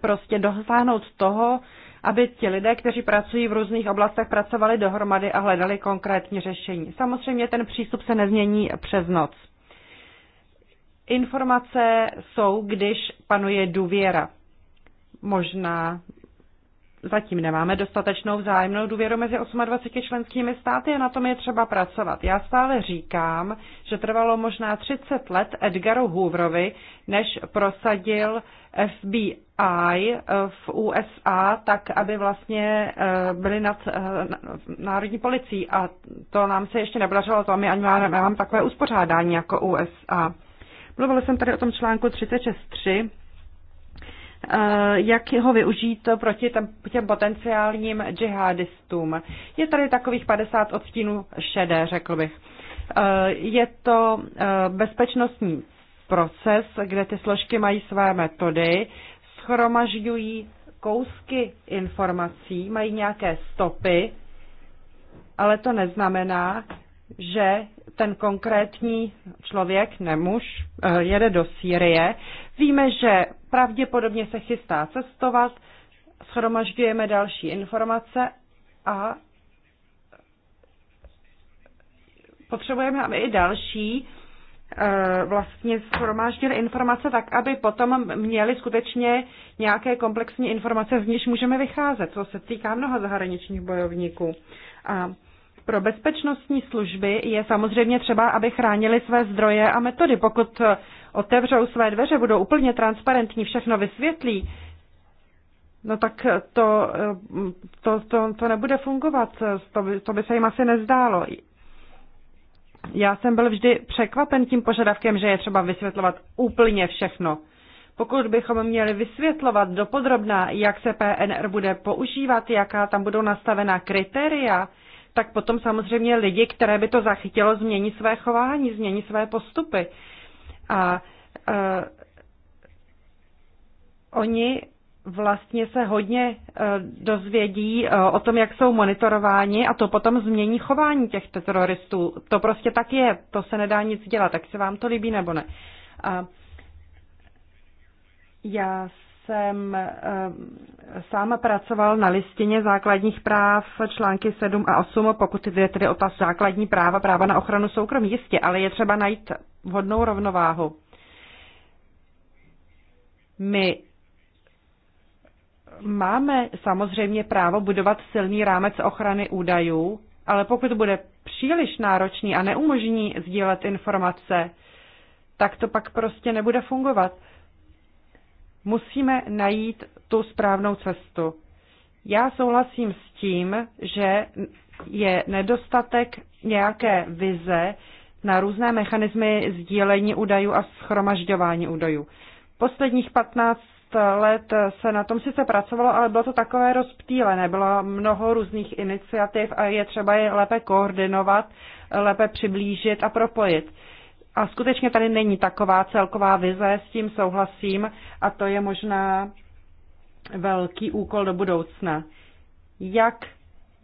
Prostě dosáhnout toho, aby ti lidé, kteří pracují v různých oblastech, pracovali dohromady a hledali konkrétní řešení. Samozřejmě ten přístup se nezmění přes noc. Informace jsou, když panuje důvěra. Možná zatím nemáme dostatečnou vzájemnou důvěru mezi 28 členskými státy a na tom je třeba pracovat. Já stále říkám, že trvalo možná 30 let Edgaru Hooverovi, než prosadil FBI eh, v USA, tak aby vlastně eh, byli eh, nad národní policií a to nám se ještě nepodařilo, to my ani máme, máme takové uspořádání jako USA. Mluvila jsem tady o tom článku 36.3, eh, jak ho využít proti těm potenciálním džihadistům. Je tady takových 50 odstínů šedé, řekl bych. Eh, je to eh, bezpečnostní proces, kde ty složky mají své metody, schromažďují kousky informací, mají nějaké stopy, ale to neznamená, že ten konkrétní člověk, nemuž, eh, jede do Sýrie. Víme, že pravděpodobně se chystá cestovat, schromažďujeme další informace a potřebujeme, aby i další eh, vlastně shromáždili informace tak, aby potom měli skutečně nějaké komplexní informace, z níž můžeme vycházet, co se týká mnoha zahraničních bojovníků. A pro bezpečnostní služby je samozřejmě třeba, aby chránili své zdroje a metody. Pokud otevřou své dveře, budou úplně transparentní, všechno vysvětlí, no tak to, to, to, to nebude fungovat. To by, to by se jim asi nezdálo. Já jsem byl vždy překvapen tím požadavkem, že je třeba vysvětlovat úplně všechno. Pokud bychom měli vysvětlovat dopodrobná, jak se PNR bude používat, jaká tam budou nastavená kritéria, tak potom samozřejmě lidi, které by to zachytilo, změní své chování, změní své postupy. A uh, oni vlastně se hodně e, dozvědí e, o tom, jak jsou monitorováni a to potom změní chování těch teroristů. To prostě tak je, to se nedá nic dělat, tak se vám to líbí nebo ne. Uh, já jsem eh, sám pracoval na listině základních práv články 7 a 8, pokud je tedy o základní práva, práva na ochranu soukromí, jistě, ale je třeba najít vhodnou rovnováhu. My máme samozřejmě právo budovat silný rámec ochrany údajů, ale pokud bude příliš náročný a neumožní sdílet informace, tak to pak prostě nebude fungovat. Musíme najít tu správnou cestu. Já souhlasím s tím, že je nedostatek nějaké vize na různé mechanismy sdílení údajů a schromažďování údajů. Posledních 15 let se na tom sice pracovalo, ale bylo to takové rozptýlené. Bylo mnoho různých iniciativ a je třeba je lépe koordinovat, lépe přiblížit a propojit. A skutečně tady není taková celková vize, s tím souhlasím a to je možná velký úkol do budoucna. Jak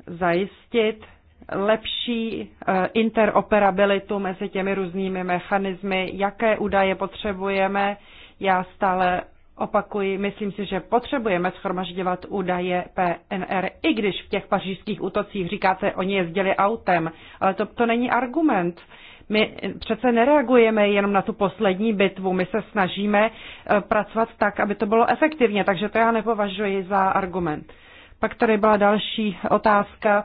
zajistit lepší eh, interoperabilitu mezi těmi různými mechanismy, jaké údaje potřebujeme. Já stále opakuji, myslím si, že potřebujeme schromažďovat údaje PNR, i když v těch pařížských útocích říkáte, oni jezdili autem, ale to, to není argument. Uh, my přece nereagujeme jenom na tu poslední bitvu, my se snažíme eh, pracovat tak, aby to bylo efektivně, takže to já nepovažuji za argument. Pak tady byla další otázka.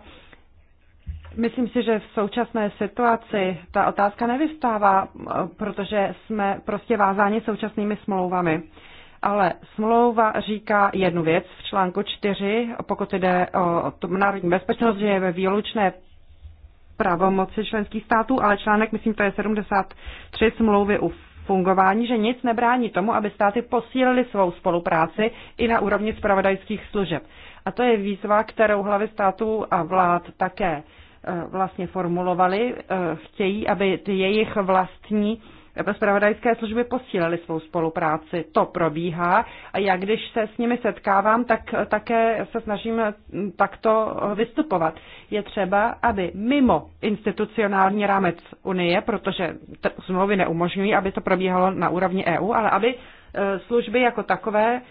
Myslím si, že v současné situaci ta otázka nevystává, eh, protože jsme prostě vázáni současnými smlouvami. Ale smlouva říká jednu věc v článku 4, pokud jde o národní bezpečnost, že je ve výlučné pravomoci členských států, ale článek, myslím, to je 73 smlouvy u fungování, že nic nebrání tomu, aby státy posílily svou spolupráci i na úrovni spravodajských služeb. A to je výzva, kterou hlavy států a vlád také eh, vlastně formulovali. Eh, chtějí, aby ty jejich vlastní jako zpravodajské služby posílily svou spolupráci. To probíhá a já když se s nimi setkávám, tak také se snažím takto vystupovat. Je třeba, aby mimo institucionální rámec Unie, protože smlouvy neumožňují, aby to probíhalo na úrovni EU, ale aby e, služby jako takové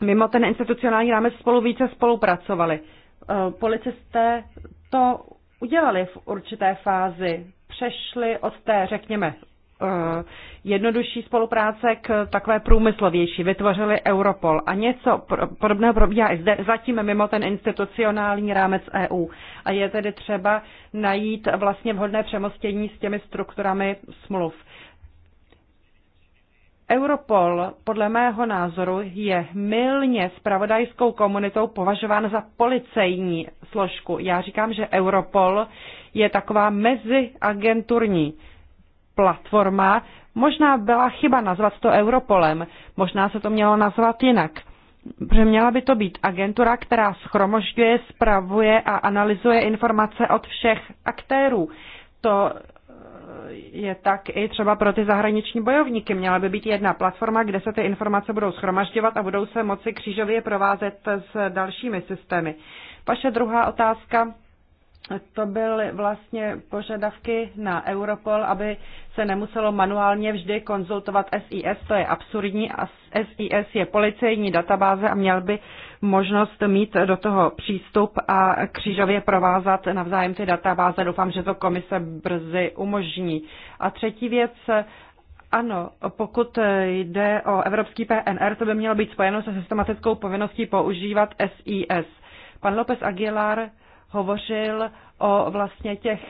mimo ten institucionální rámec spolu více spolupracovali. E, policisté to udělali v určité fázi, přešli od té, řekněme, Eh, jednodušší spolupráce k takové průmyslovější. Vytvořili Europol a něco podobného probíhá i zde, zatím mimo ten institucionální rámec EU. A je tedy třeba najít vlastně vhodné přemostění s těmi strukturami smluv. Europol podle mého názoru je mylně spravodajskou komunitou považován za policejní složku. Já říkám, že Europol je taková meziagenturní platforma. Možná byla chyba nazvat to Europolem, možná se to mělo nazvat jinak. Protože měla by to být agentura, která schromožďuje, spravuje a analyzuje informace od všech aktérů. To eh, je tak i třeba pro ty zahraniční bojovníky. Měla by být jedna platforma, kde se ty informace budou schromažďovat a budou se moci křížově provázet s dalšími systémy. Vaše druhá otázka to byly vlastně požadavky na Europol, aby se nemuselo manuálně vždy konzultovat SIS, to je absurdní a SIS je policejní databáze a měl by možnost mít do toho přístup a křížově provázat navzájem ty databáze. Doufám, že to komise brzy umožní. A třetí věc, ano, pokud jde o evropský PNR, to by mělo být spojeno se systematickou povinností používat SIS. Pan López Aguilar hovořil o vlastně těch,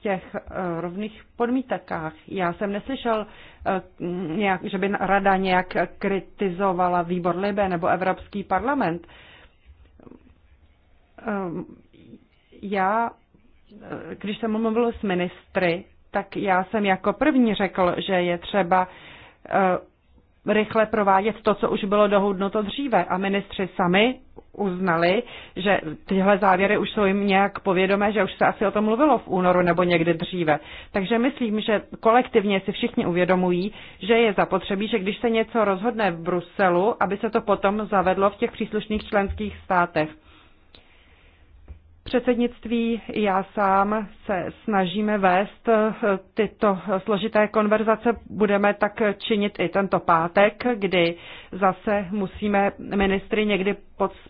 těch eh, rovných podmítakách. Já jsem neslyšel, eh, nějak, že by rada nějak kritizovala výbor Libe nebo Evropský parlament. Eh, já, když jsem mluvil s ministry, tak já jsem jako první řekl, že je třeba rychle provádět to, co už bylo dohodnuto dříve. A ministři sami uznali, že tyhle závěry už jsou jim nějak povědomé, že už se asi o tom mluvilo v únoru nebo někdy dříve. Takže myslím, že kolektivně si všichni uvědomují, že je zapotřebí, že když se něco rozhodne v Bruselu, aby se to potom zavedlo v těch příslušných členských státech předsednictví i já sám se snažíme vést eh, tyto složité konverzace. Budeme tak činit i tento pátek, kdy zase musíme ministry někdy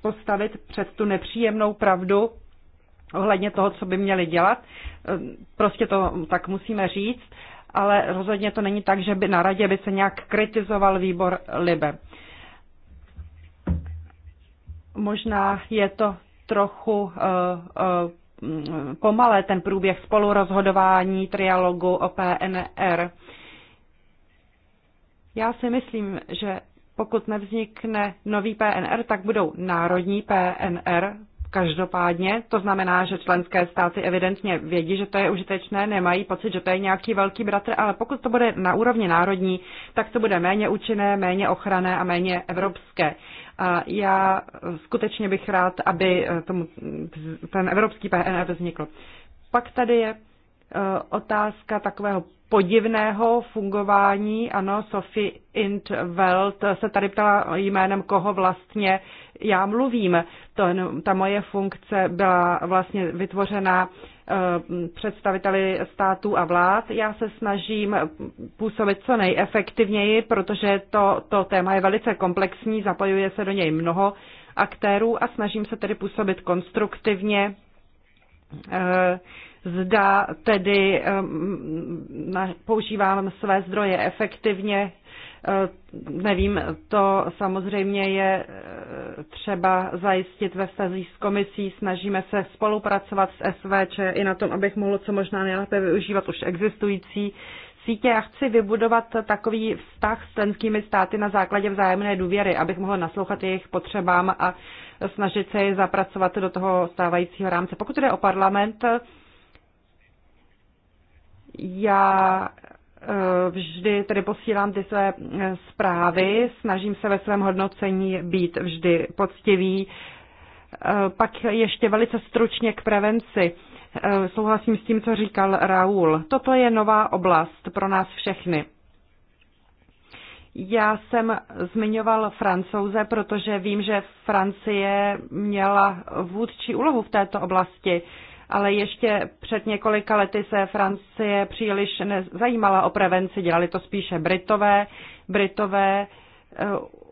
postavit před tu nepříjemnou pravdu ohledně toho, co by měli dělat. Eh, prostě to tak musíme říct, ale rozhodně to není tak, že by na radě by se nějak kritizoval výbor Libe. Možná je to trochu eh, eh, pomalé ten průběh spolurozhodování trialogu o PNR. Já si myslím, že pokud nevznikne nový PNR, tak budou národní PNR každopádně. To znamená, že členské státy evidentně vědí, že to je užitečné, nemají pocit, že to je nějaký velký bratr, ale pokud to bude na úrovni národní, tak to bude méně účinné, méně ochranné a méně evropské. A já skutečně bych rád, aby eh, tomu, ten evropský PNR vznikl. Pak tady je eh, otázka takového podivného fungování. Ano, Sophie Intveld se tady ptala jménem, koho vlastně já mluvím. To, ta moje funkce byla vlastně vytvořena eh, představiteli států a vlád. Já se snažím působit co nejefektivněji, protože to, to téma je velice komplexní, zapojuje se do něj mnoho aktérů a snažím se tedy působit konstruktivně eh, zda tedy používám své zdroje efektivně, eh, nevím, to samozřejmě je eh, třeba zajistit ve vztazích s komisí. Snažíme se spolupracovat s SVČ i na tom, abych mohl co možná nejlépe využívat už existující sítě Já chci vybudovat takový vztah s členskými státy na základě vzájemné důvěry, abych mohl naslouchat jejich potřebám a snažit se je zapracovat do toho stávajícího rámce. Pokud jde o parlament, já eh, vždy tedy posílám ty své eh, zprávy, snažím se ve svém hodnocení být vždy poctivý. Eh, pak ještě velice stručně k prevenci. Souhlasím s tím, co říkal Raul. Toto je nová oblast pro nás všechny. Já jsem zmiňoval francouze, protože vím, že Francie měla vůdčí úlohu v této oblasti. Uh, ale ještě před několika lety se Francie příliš nezajímala o prevenci, dělali to spíše Britové. Britové eh,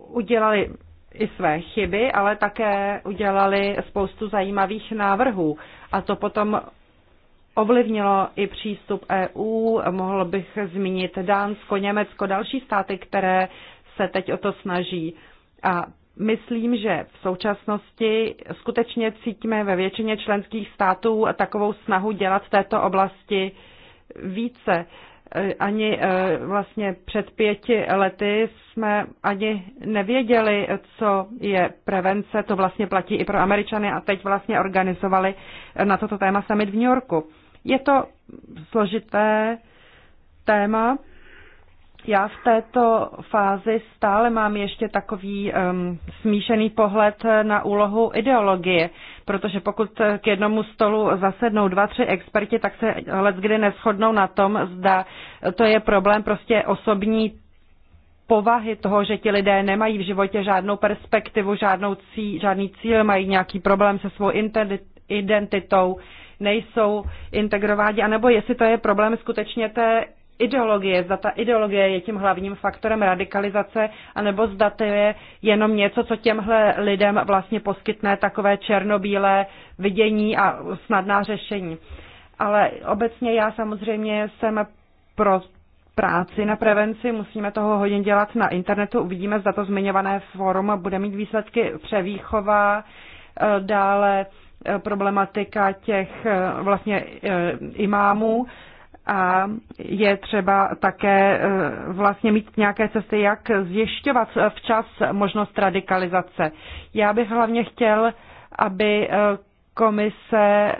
udělali i své chyby, ale také udělali spoustu zajímavých návrhů. A to potom ovlivnilo i přístup EU, mohl bych zmínit Dánsko, Německo, další státy, které se teď o to snaží. A myslím, že v současnosti skutečně cítíme ve většině členských států takovou snahu dělat v této oblasti více. Ani eh, vlastně před pěti lety jsme ani nevěděli, co je prevence. To vlastně platí i pro Američany a teď vlastně organizovali eh, na toto téma summit v New Yorku. Je to složité téma, já v této fázi stále mám ještě takový um, smíšený pohled na úlohu ideologie, protože pokud k jednomu stolu zasednou dva, tři experti, tak se let kdy neschodnou na tom, zda to je problém prostě osobní povahy toho, že ti lidé nemají v životě žádnou perspektivu, žádnou cí, žádný cíl, mají nějaký problém se svou identitou, nejsou integrováni, anebo jestli to je problém skutečně té ideologie, zda ta ideologie je tím hlavním faktorem radikalizace, anebo zda to je jenom něco, co těmhle lidem vlastně poskytne takové černobílé vidění a snadná řešení. Ale obecně já samozřejmě jsem pro práci na prevenci, musíme toho hodně dělat na internetu, uvidíme, zda to zmiňované fórum bude mít výsledky převýchova, eh, dále eh, problematika těch eh, vlastně imámů, a je třeba také e, vlastně mít nějaké cesty, jak zjišťovat včas možnost radikalizace. Já bych hlavně chtěl, aby e, komise e,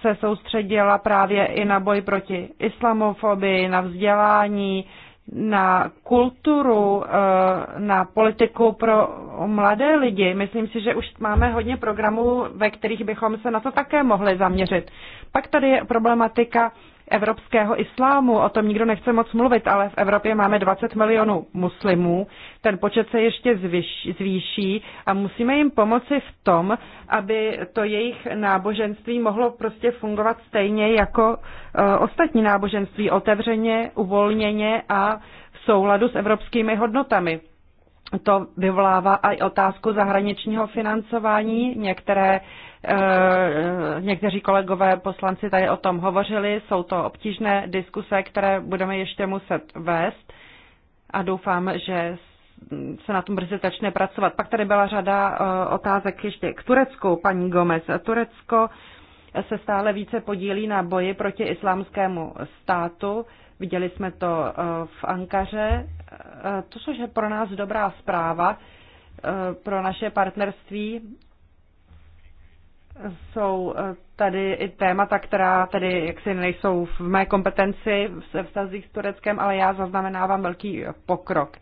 se soustředila právě i na boj proti islamofobii, na vzdělání, na kulturu, na politiku pro mladé lidi. Myslím si, že už máme hodně programů, ve kterých bychom se na to také mohli zaměřit. Pak tady je problematika evropského islámu, o tom nikdo nechce moc mluvit, ale v Evropě máme 20 milionů muslimů, ten počet se ještě zvýší a musíme jim pomoci v tom, aby to jejich náboženství mohlo prostě fungovat stejně jako eh, ostatní náboženství, otevřeně, uvolněně a v souladu s evropskými hodnotami. To vyvolává i otázku zahraničního financování. Některé uh, Eh, někteří kolegové poslanci tady o tom hovořili, jsou to obtížné diskuse, které budeme ještě muset vést a doufám, že se na tom brzy začne pracovat. Pak tady byla řada eh, otázek ještě k Turecku, paní Gomez. Turecko se stále více podílí na boji proti islámskému státu. Viděli jsme to eh, v Ankaře. To což je pro nás dobrá zpráva pro naše partnerství jsou eh, tady i témata, která tedy jaksi nejsou v mé kompetenci se vztazích s Tureckem, ale já zaznamenávám velký eh, pokrok.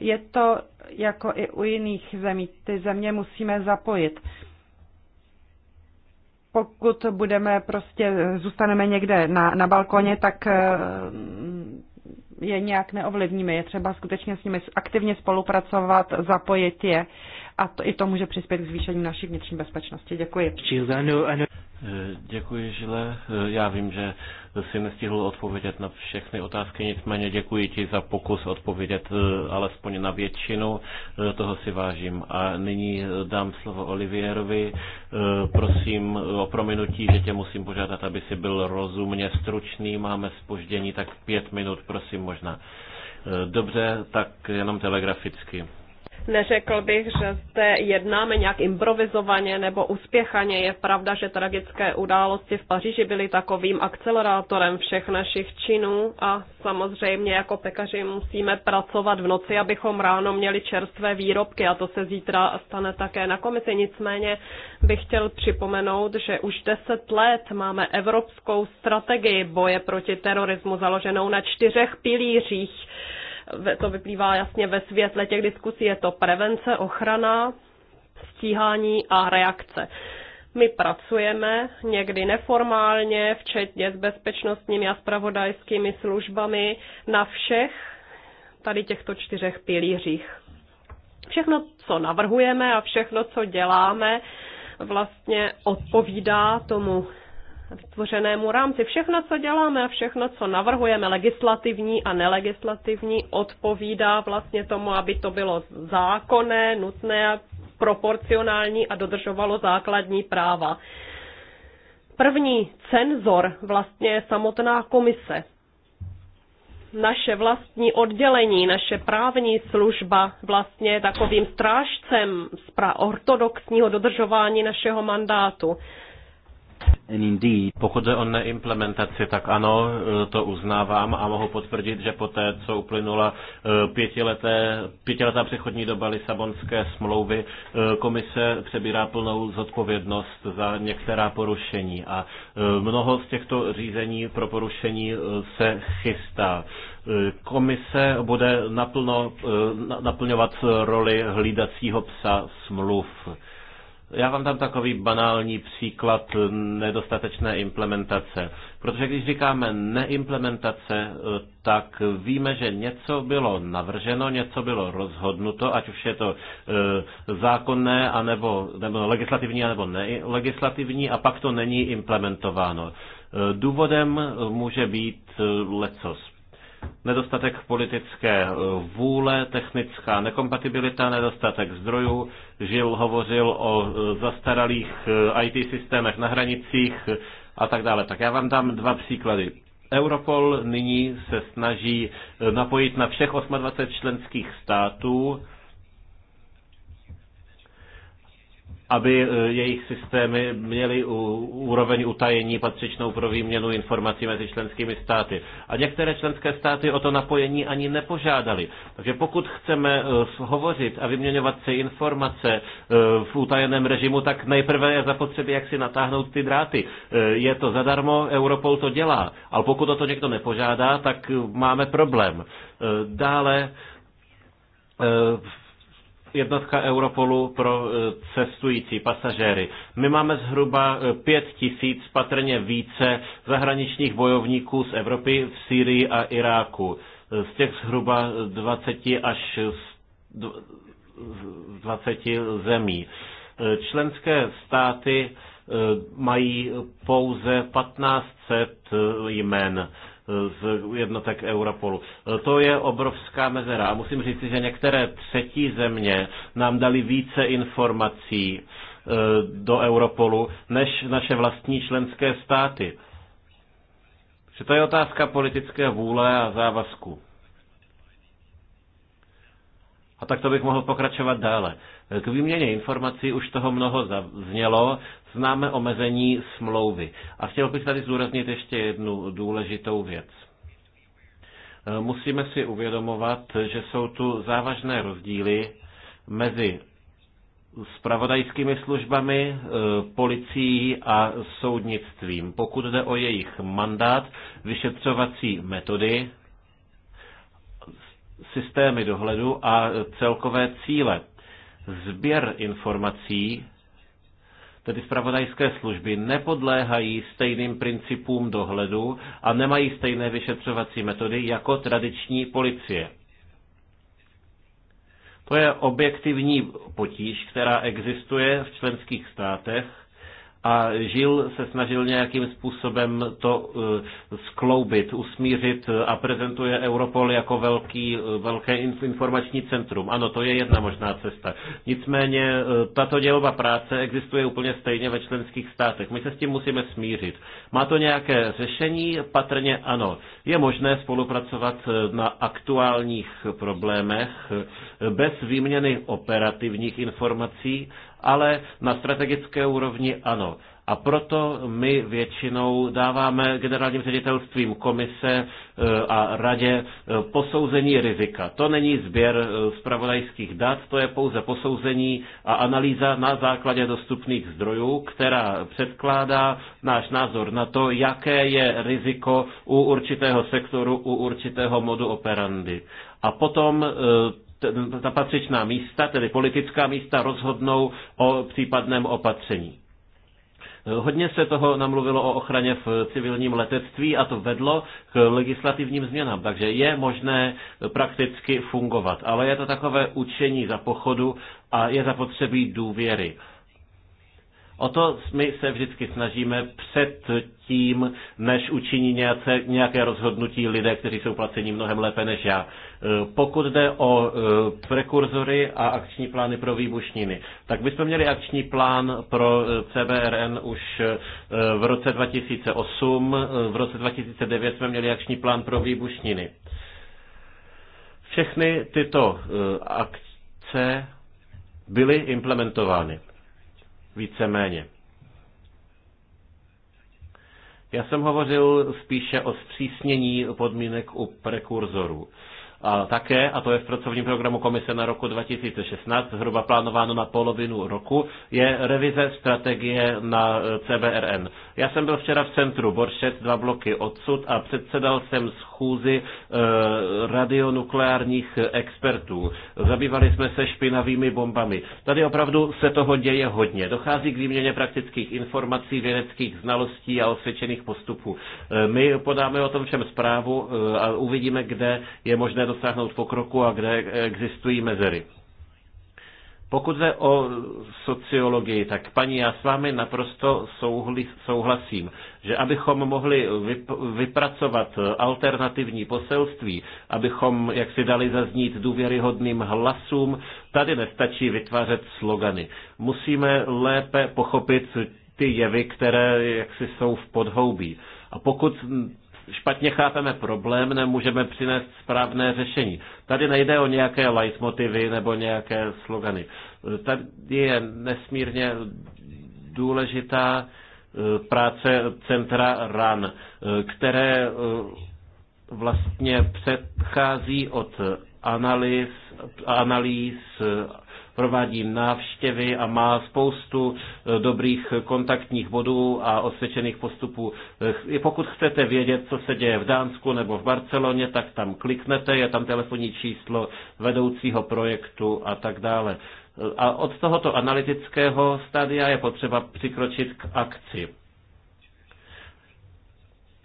Je to jako i u jiných zemí. Ty země musíme zapojit. Pokud budeme prostě, eh, zůstaneme někde na, na balkoně, tak je nějak neovlivníme. Je třeba skutečně s nimi aktivně spolupracovat, zapojit je a to, i to může přispět k zvýšení naší vnitřní bezpečnosti. Děkuji. Děkuji, Žile. Já vím, že si nestihl odpovědět na všechny otázky, nicméně děkuji ti za pokus odpovědět eh, alespoň na většinu. Eh, toho si vážím. A nyní eh, dám slovo Olivierovi. Prosím o prominutí, že tě musím požádat, aby si byl rozumně stručný. Máme spoždění tak pět minut, prosím možná. Dobře, tak jenom telegraficky. Neřekl bych, že zde jednáme nějak improvizovaně nebo uspěchaně. Je pravda, že tragické události v Paříži byly takovým akcelerátorem všech našich činů a samozřejmě jako pekaři musíme pracovat v noci, abychom ráno měli čerstvé výrobky a to se zítra stane také na komisi. Nicméně bych chtěl připomenout, že už deset let máme evropskou strategii boje proti terorismu založenou na čtyřech pilířích to vyplývá jasně ve světle těch diskusí, je to prevence, ochrana, stíhání a reakce. My pracujeme někdy neformálně, včetně s bezpečnostními a spravodajskými službami na všech tady těchto čtyřech pilířích. Všechno, co navrhujeme a všechno, co děláme, vlastně odpovídá tomu vytvořenému rámci. Všechno, co děláme a všechno, co navrhujeme, legislativní a nelegislativní, odpovídá vlastně tomu, aby to bylo zákonné, nutné, proporcionální a dodržovalo základní práva. První cenzor vlastně je samotná komise. Naše vlastní oddělení, naše právní služba vlastně je takovým strážcem ortodoxního dodržování našeho mandátu. Pokud jde o neimplementaci, tak ano, e, to uznávám a mohu potvrdit, že poté, co uplynula e, pětileté, pětiletá přechodní doba Lisabonské smlouvy, e, komise přebírá plnou zodpovědnost za některá porušení a mnoho z těchto řízení pro porušení se chystá. Komise bude naplno, naplňovat roli hlídacího psa smluv já vám dám takový banální příklad nedostatečné implementace. Protože když říkáme neimplementace, tak víme, že něco bylo navrženo, něco bylo rozhodnuto, ať už je to e, zákonné, anebo, nebo legislativní, anebo nelegislativní, a pak to není implementováno. E, důvodem může být e, lecos nedostatek politické eh, vůle, technická nekompatibilita, nedostatek zdrojů. Žil hovořil o eh, zastaralých eh, IT systémech na hranicích a tak dále. Tak já vám dám dva příklady. Europol nyní se snaží napojit na všech 28 členských států aby e, jejich systémy měly úroveň utajení patřičnou pro výměnu informací mezi členskými státy. A některé členské státy o to napojení ani nepožádali. Takže pokud chceme e, hovořit a vyměňovat si informace e, v utajeném režimu, tak nejprve je zapotřebí, jak si natáhnout ty dráty. Je to zadarmo, Europol to dělá. Ale pokud o to někdo nepožádá, tak máme problém. Dále jednotka Europolu pro e, cestující pasažéry. My máme zhruba e, pět tisíc, patrně více, zahraničních bojovníků z Evropy v Sýrii a Iráku. E, z těch zhruba 20 až 20 zemí. Členské státy mají pouze 1500 jmen z jednotek Europolu. To je obrovská mezera. A musím říct, že některé třetí země nám dali více informací e, do Europolu než naše vlastní členské státy. Že to je otázka politické vůle a závazku tak to bych mohl pokračovat dále. K výměně informací už toho mnoho znělo, známe omezení smlouvy. A chtěl bych tady zúraznit ještě jednu důležitou věc. Musíme si uvědomovat, že jsou tu závažné rozdíly mezi spravodajskými službami, e, policií a soudnictvím, pokud jde o jejich mandát, vyšetřovací metody systémy dohledu a celkové cíle. Sběr informací, tedy zpravodajské služby, nepodléhají stejným principům dohledu a nemají stejné vyšetřovací metody jako tradiční policie. To je objektivní potíž, která existuje v členských státech a Žil se snažil nějakým způsobem to eh, skloubit, usmířit a prezentuje Europol jako velký, eh, velké informační centrum. Ano, to je jedna možná cesta. Nicméně eh, tato dělba práce existuje úplně stejně ve členských státech. My se s tím musíme smířit. Má to nějaké řešení? Patrně ano. Je možné spolupracovat na aktuálních problémech bez výměny operativních informací, ale na strategické úrovni ano. A proto my většinou dáváme generálním ředitelstvím komise eh, a radě eh, posouzení rizika. To není sběr eh, zpravodajských dat, to je pouze posouzení a analýza na základě dostupných zdrojů, která předkládá náš názor na to, jaké je riziko u určitého sektoru, u určitého modu operandy. A potom ta patřičná místa, tedy politická místa, rozhodnou o případném opatření. Hodně se toho namluvilo o ochraně v civilním letectví a to vedlo k legislativním změnám, takže je možné prakticky fungovat, ale je to takové učení za pochodu a je zapotřebí důvěry. O to my se vždycky snažíme před tím, než učiní nějaké, nějaké rozhodnutí lidé, kteří jsou placeni mnohem lépe než já. E, pokud jde o e, prekurzory a akční plány pro výbušniny, tak bychom měli akční plán pro e, CBRN už v roce 2008, v roce 2009 jsme měli akční plán pro výbušniny. Všechny tyto akce byly implementovány víceméně. Já jsem hovořil spíše o zpřísnění podmínek u prekurzorů. A také, a to je v pracovním programu komise na roku 2016, zhruba plánováno na polovinu roku, je revize strategie na CBRN. Já jsem byl včera v centru Boršet, dva bloky odsud a předsedal jsem schůzi e, radionukleárních expertů. Zabývali jsme se špinavými bombami. Tady opravdu se toho děje hodně. Dochází k výměně praktických informací, vědeckých znalostí a osvědčených postupů. E, my podáme o tom všem zprávu e, a uvidíme, kde je možné dosáhnout pokroku a kde existují mezery. Pokud jde o sociologii, tak paní, já s vámi naprosto souhlasím, že abychom mohli vypracovat alternativní poselství, abychom jak si dali zaznít důvěryhodným hlasům, tady nestačí vytvářet slogany. Musíme lépe pochopit ty jevy, které jaksi jsou v podhoubí. A pokud špatně chápeme problém, nemůžeme přinést správné řešení. Tady nejde o nějaké leitmotivy nebo nějaké slogany. Tady je nesmírně důležitá e, práce centra RAN, e, které e, vlastně předchází od analýz, analýz provádím návštěvy a má spoustu eh, dobrých kontaktních bodů a osvědčených postupů. Eh, pokud chcete vědět, co se děje v Dánsku nebo v Barceloně, tak tam kliknete, je tam telefonní číslo vedoucího projektu a tak dále. Eh, a od tohoto analytického stadia je potřeba přikročit k akci.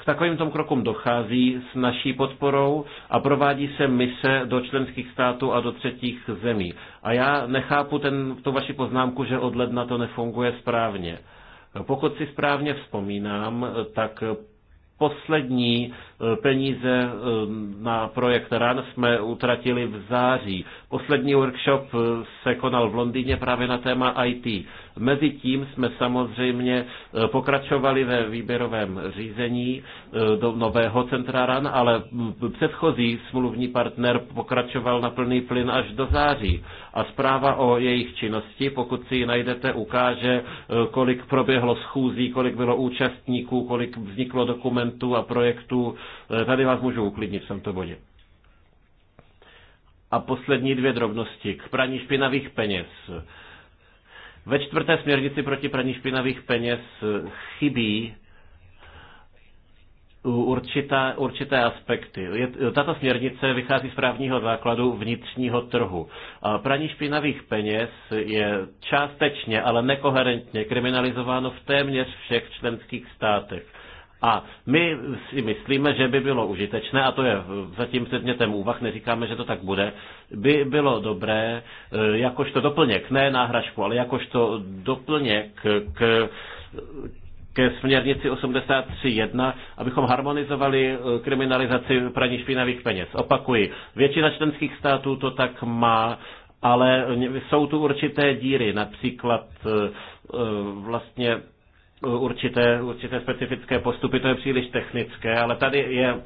K takovým tom krokům dochází s naší podporou a provádí se mise do členských států a do třetích zemí. A já nechápu ten, tu vaši poznámku, že od ledna to nefunguje správně. Pokud si správně vzpomínám, tak poslední Peníze eh, na projekt RAN jsme utratili v září. Poslední workshop eh, se konal v Londýně právě na téma IT. Mezitím jsme samozřejmě eh, pokračovali ve výběrovém řízení do nového centra RAN, ale předchozí smluvní partner pokračoval na plný plyn až do září. A zpráva o jejich činnosti, pokud si ji najdete, ukáže, kolik proběhlo schůzí, kolik bylo účastníků, kolik vzniklo dokumentů a projektů Eh, tady vás můžu uklidnit v tomto bodě. A poslední dvě drobnosti k praní špinavých peněz. Ve čtvrté směrnici proti praní špinavých peněz eh, chybí určité, určité aspekty. Je, tato směrnice vychází z právního základu vnitřního trhu. A praní špinavých peněz je částečně, ale nekoherentně kriminalizováno v téměř všech členských státech. A my si myslíme, že by bylo užitečné, a to je zatím předmětem úvah, neříkáme, že to tak bude, by bylo dobré e, jakožto doplněk, ne náhražku, ale jakožto doplněk k, ke směrnici 83.1, abychom harmonizovali e, kriminalizaci praní špinavých peněz. Opakuji, většina členských států to tak má, ale jsou tu určité díry, například e, vlastně určité, určité specifické postupy, to je příliš technické, ale tady je e,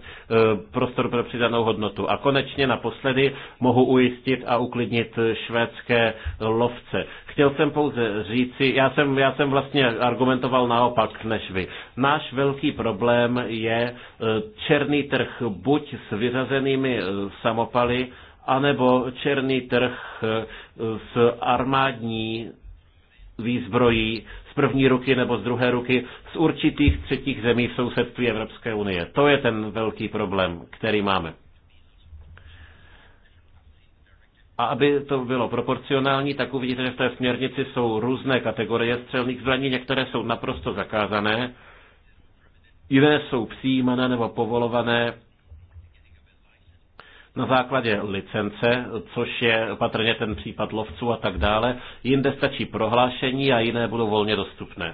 prostor pro přidanou hodnotu. A konečně naposledy mohu ujistit a uklidnit švédské lovce. Chtěl jsem pouze říci, já jsem, já jsem vlastně argumentoval naopak než vy. Náš velký problém je e, černý trh buď s vyřazenými e, samopaly, anebo černý trh s armádní výzbrojí, první ruky nebo z druhé ruky z určitých třetích zemí v sousedství Evropské unie. To je ten velký problém, který máme. A aby to bylo proporcionální, tak uvidíte, že v té směrnici jsou různé kategorie střelných zbraní, některé jsou naprosto zakázané, jiné jsou přijímané nebo povolované na základě licence, což je patrně ten případ lovců a tak dále. Jinde stačí prohlášení a jiné budou volně dostupné.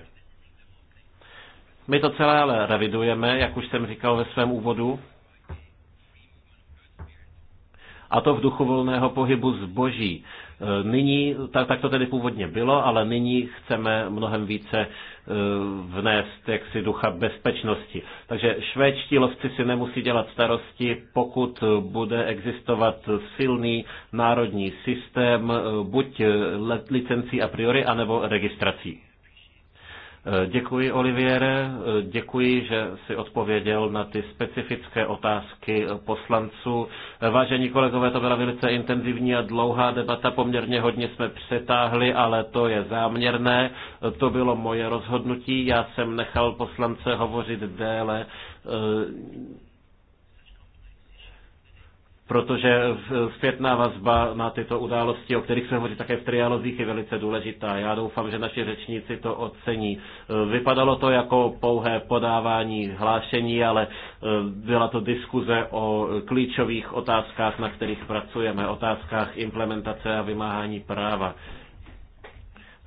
My to celé ale revidujeme, jak už jsem říkal ve svém úvodu a to v duchu volného pohybu zboží. E, nyní, tak, tak to tedy původně bylo, ale nyní chceme mnohem více e, vnést jaksi ducha bezpečnosti. Takže švédští lovci si nemusí dělat starosti, pokud bude existovat silný národní systém e, buď licencí a priori, anebo registrací. Děkuji, Oliviere, děkuji, že si odpověděl na ty specifické otázky poslanců. Vážení kolegové, to byla velice intenzivní a dlouhá debata, poměrně hodně jsme přetáhli, ale to je záměrné. To bylo moje rozhodnutí, já jsem nechal poslance hovořit déle protože zpětná vazba na tyto události, o kterých se hovoří také v trialozích, je velice důležitá. Já doufám, že naši řečníci to ocení. Vypadalo to jako pouhé podávání hlášení, ale e, byla to diskuze o klíčových otázkách, na kterých pracujeme, otázkách implementace a vymáhání práva.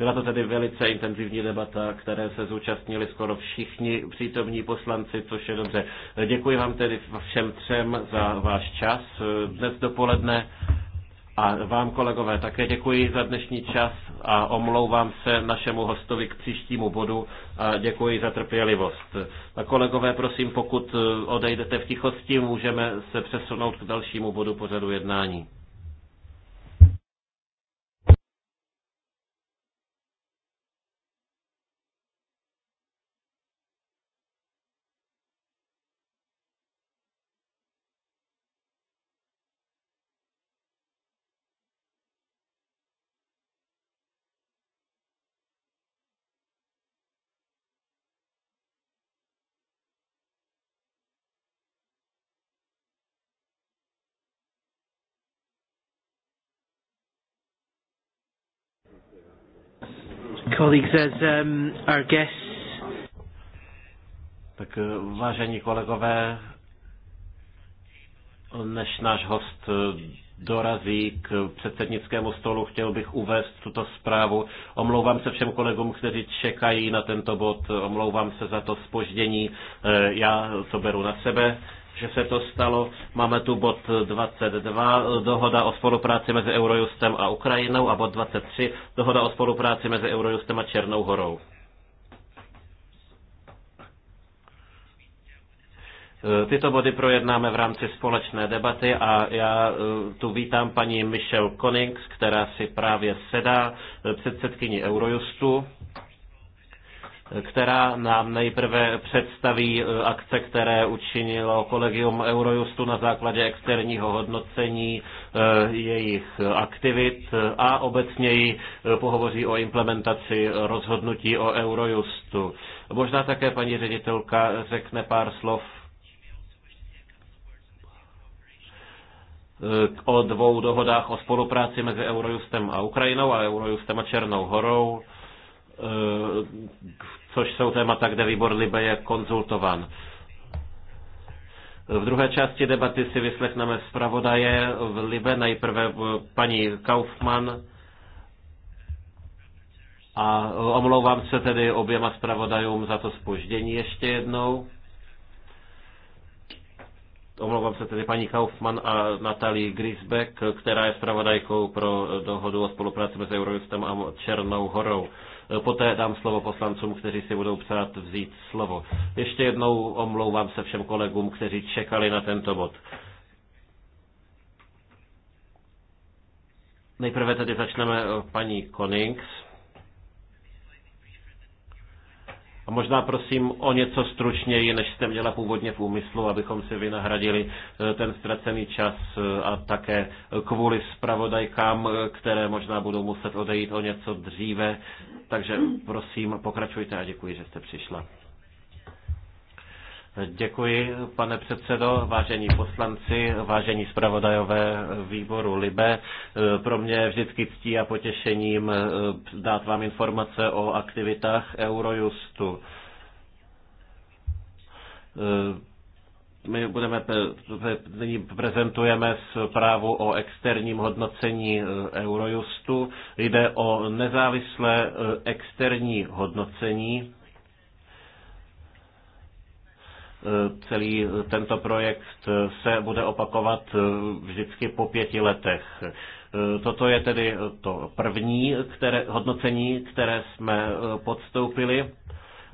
Byla to tedy velice intenzivní debata, které se zúčastnili skoro všichni přítomní poslanci, což je dobře. Děkuji vám tedy všem třem za váš čas eh, dnes dopoledne. A vám, kolegové, také děkuji za dnešní čas a omlouvám se našemu hostovi k příštímu bodu a děkuji za trpělivost. A kolegové, prosím, pokud eh, odejdete v tichosti, můžeme se přesunout k dalšímu bodu pořadu jednání. colleagues, as um, our guests. Tak eh, vážení kolegové, než náš host eh, dorazí k předsednickému stolu, chtěl bych uvést tuto zprávu. Omlouvám se všem kolegům, kteří čekají na tento bod, omlouvám se za to spoždění, eh, já to beru na sebe že se to stalo. Máme tu bod 22, dohoda o spolupráci mezi Eurojustem a Ukrajinou a bod 23, dohoda o spolupráci mezi Eurojustem a Černou horou. E, tyto body projednáme v rámci společné debaty a já e, tu vítám paní Michelle Konings, která si právě sedá e, předsedkyni Eurojustu která nám nejprve představí e, akce, které učinilo kolegium Eurojustu na základě externího hodnocení e, jejich aktivit a obecněji e, pohovoří o implementaci rozhodnutí o Eurojustu. Možná také paní ředitelka řekne pár slov o dvou dohodách o spolupráci mezi Eurojustem a Ukrajinou a Eurojustem a Černou horou Eh, což jsou témata, kde výbor Libe je konzultován. V druhé části debaty si vyslechneme zpravodaje v Libe, nejprve paní Kaufmann a omlouvám se tedy oběma zpravodajům za to spoždění ještě jednou. Omlouvám se tedy paní Kaufmann a Natalii Grisbeck, která je zpravodajkou pro dohodu o spolupráci mezi Eurojustem a Černou horou. Eh, poté dám slovo poslancům, kteří si budou přát vzít slovo. Ještě jednou omlouvám se všem kolegům, kteří čekali na tento bod. Nejprve tedy začneme eh, paní Konings. A možná prosím o něco stručněji, než jste měla původně v úmyslu, abychom si vynahradili eh, ten ztracený čas eh, a také kvůli zpravodajkám, eh, které možná budou muset odejít o něco dříve. Takže prosím, pokračujte a děkuji, že jste přišla. Děkuji, pane předsedo, vážení poslanci, vážení zpravodajové výboru Libe. Pro mě je vždycky ctí a potěšením eh, dát vám informace o aktivitách Eurojustu. Eh, my budeme, nyní prezentujeme zprávu o externím hodnocení eh, Eurojustu. Jde o nezávislé externí hodnocení E, celý tento projekt se bude opakovat e, vždycky po pěti letech. E, toto je tedy to první které, hodnocení, které jsme podstoupili.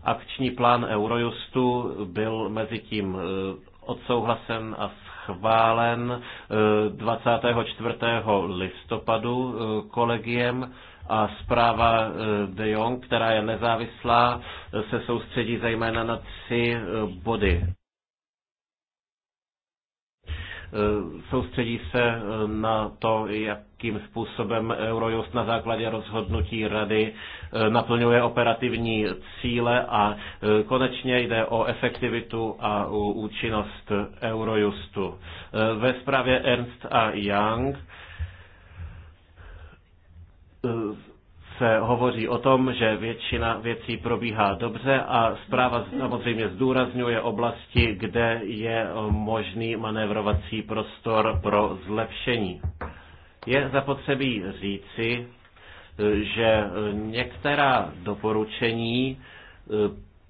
Akční plán Eurojustu byl mezi tím odsouhlasen a schválen schválen 24. Eh, listopadu eh, kolegiem a zpráva eh, De Jong, která je nezávislá, se soustředí zejména na tři body. Eh, soustředí se eh, na to, jakým způsobem Eurojust na základě rozhodnutí rady eh, naplňuje operativní cíle a konečně jde o efektivitu a účinnost Eurojustu. Ve zprávě Ernst a Young se hovoří o tom, že většina věcí probíhá dobře a zpráva samozřejmě zdůrazňuje oblasti, kde je možný manévrovací prostor pro zlepšení. Je zapotřebí říci, že některá doporučení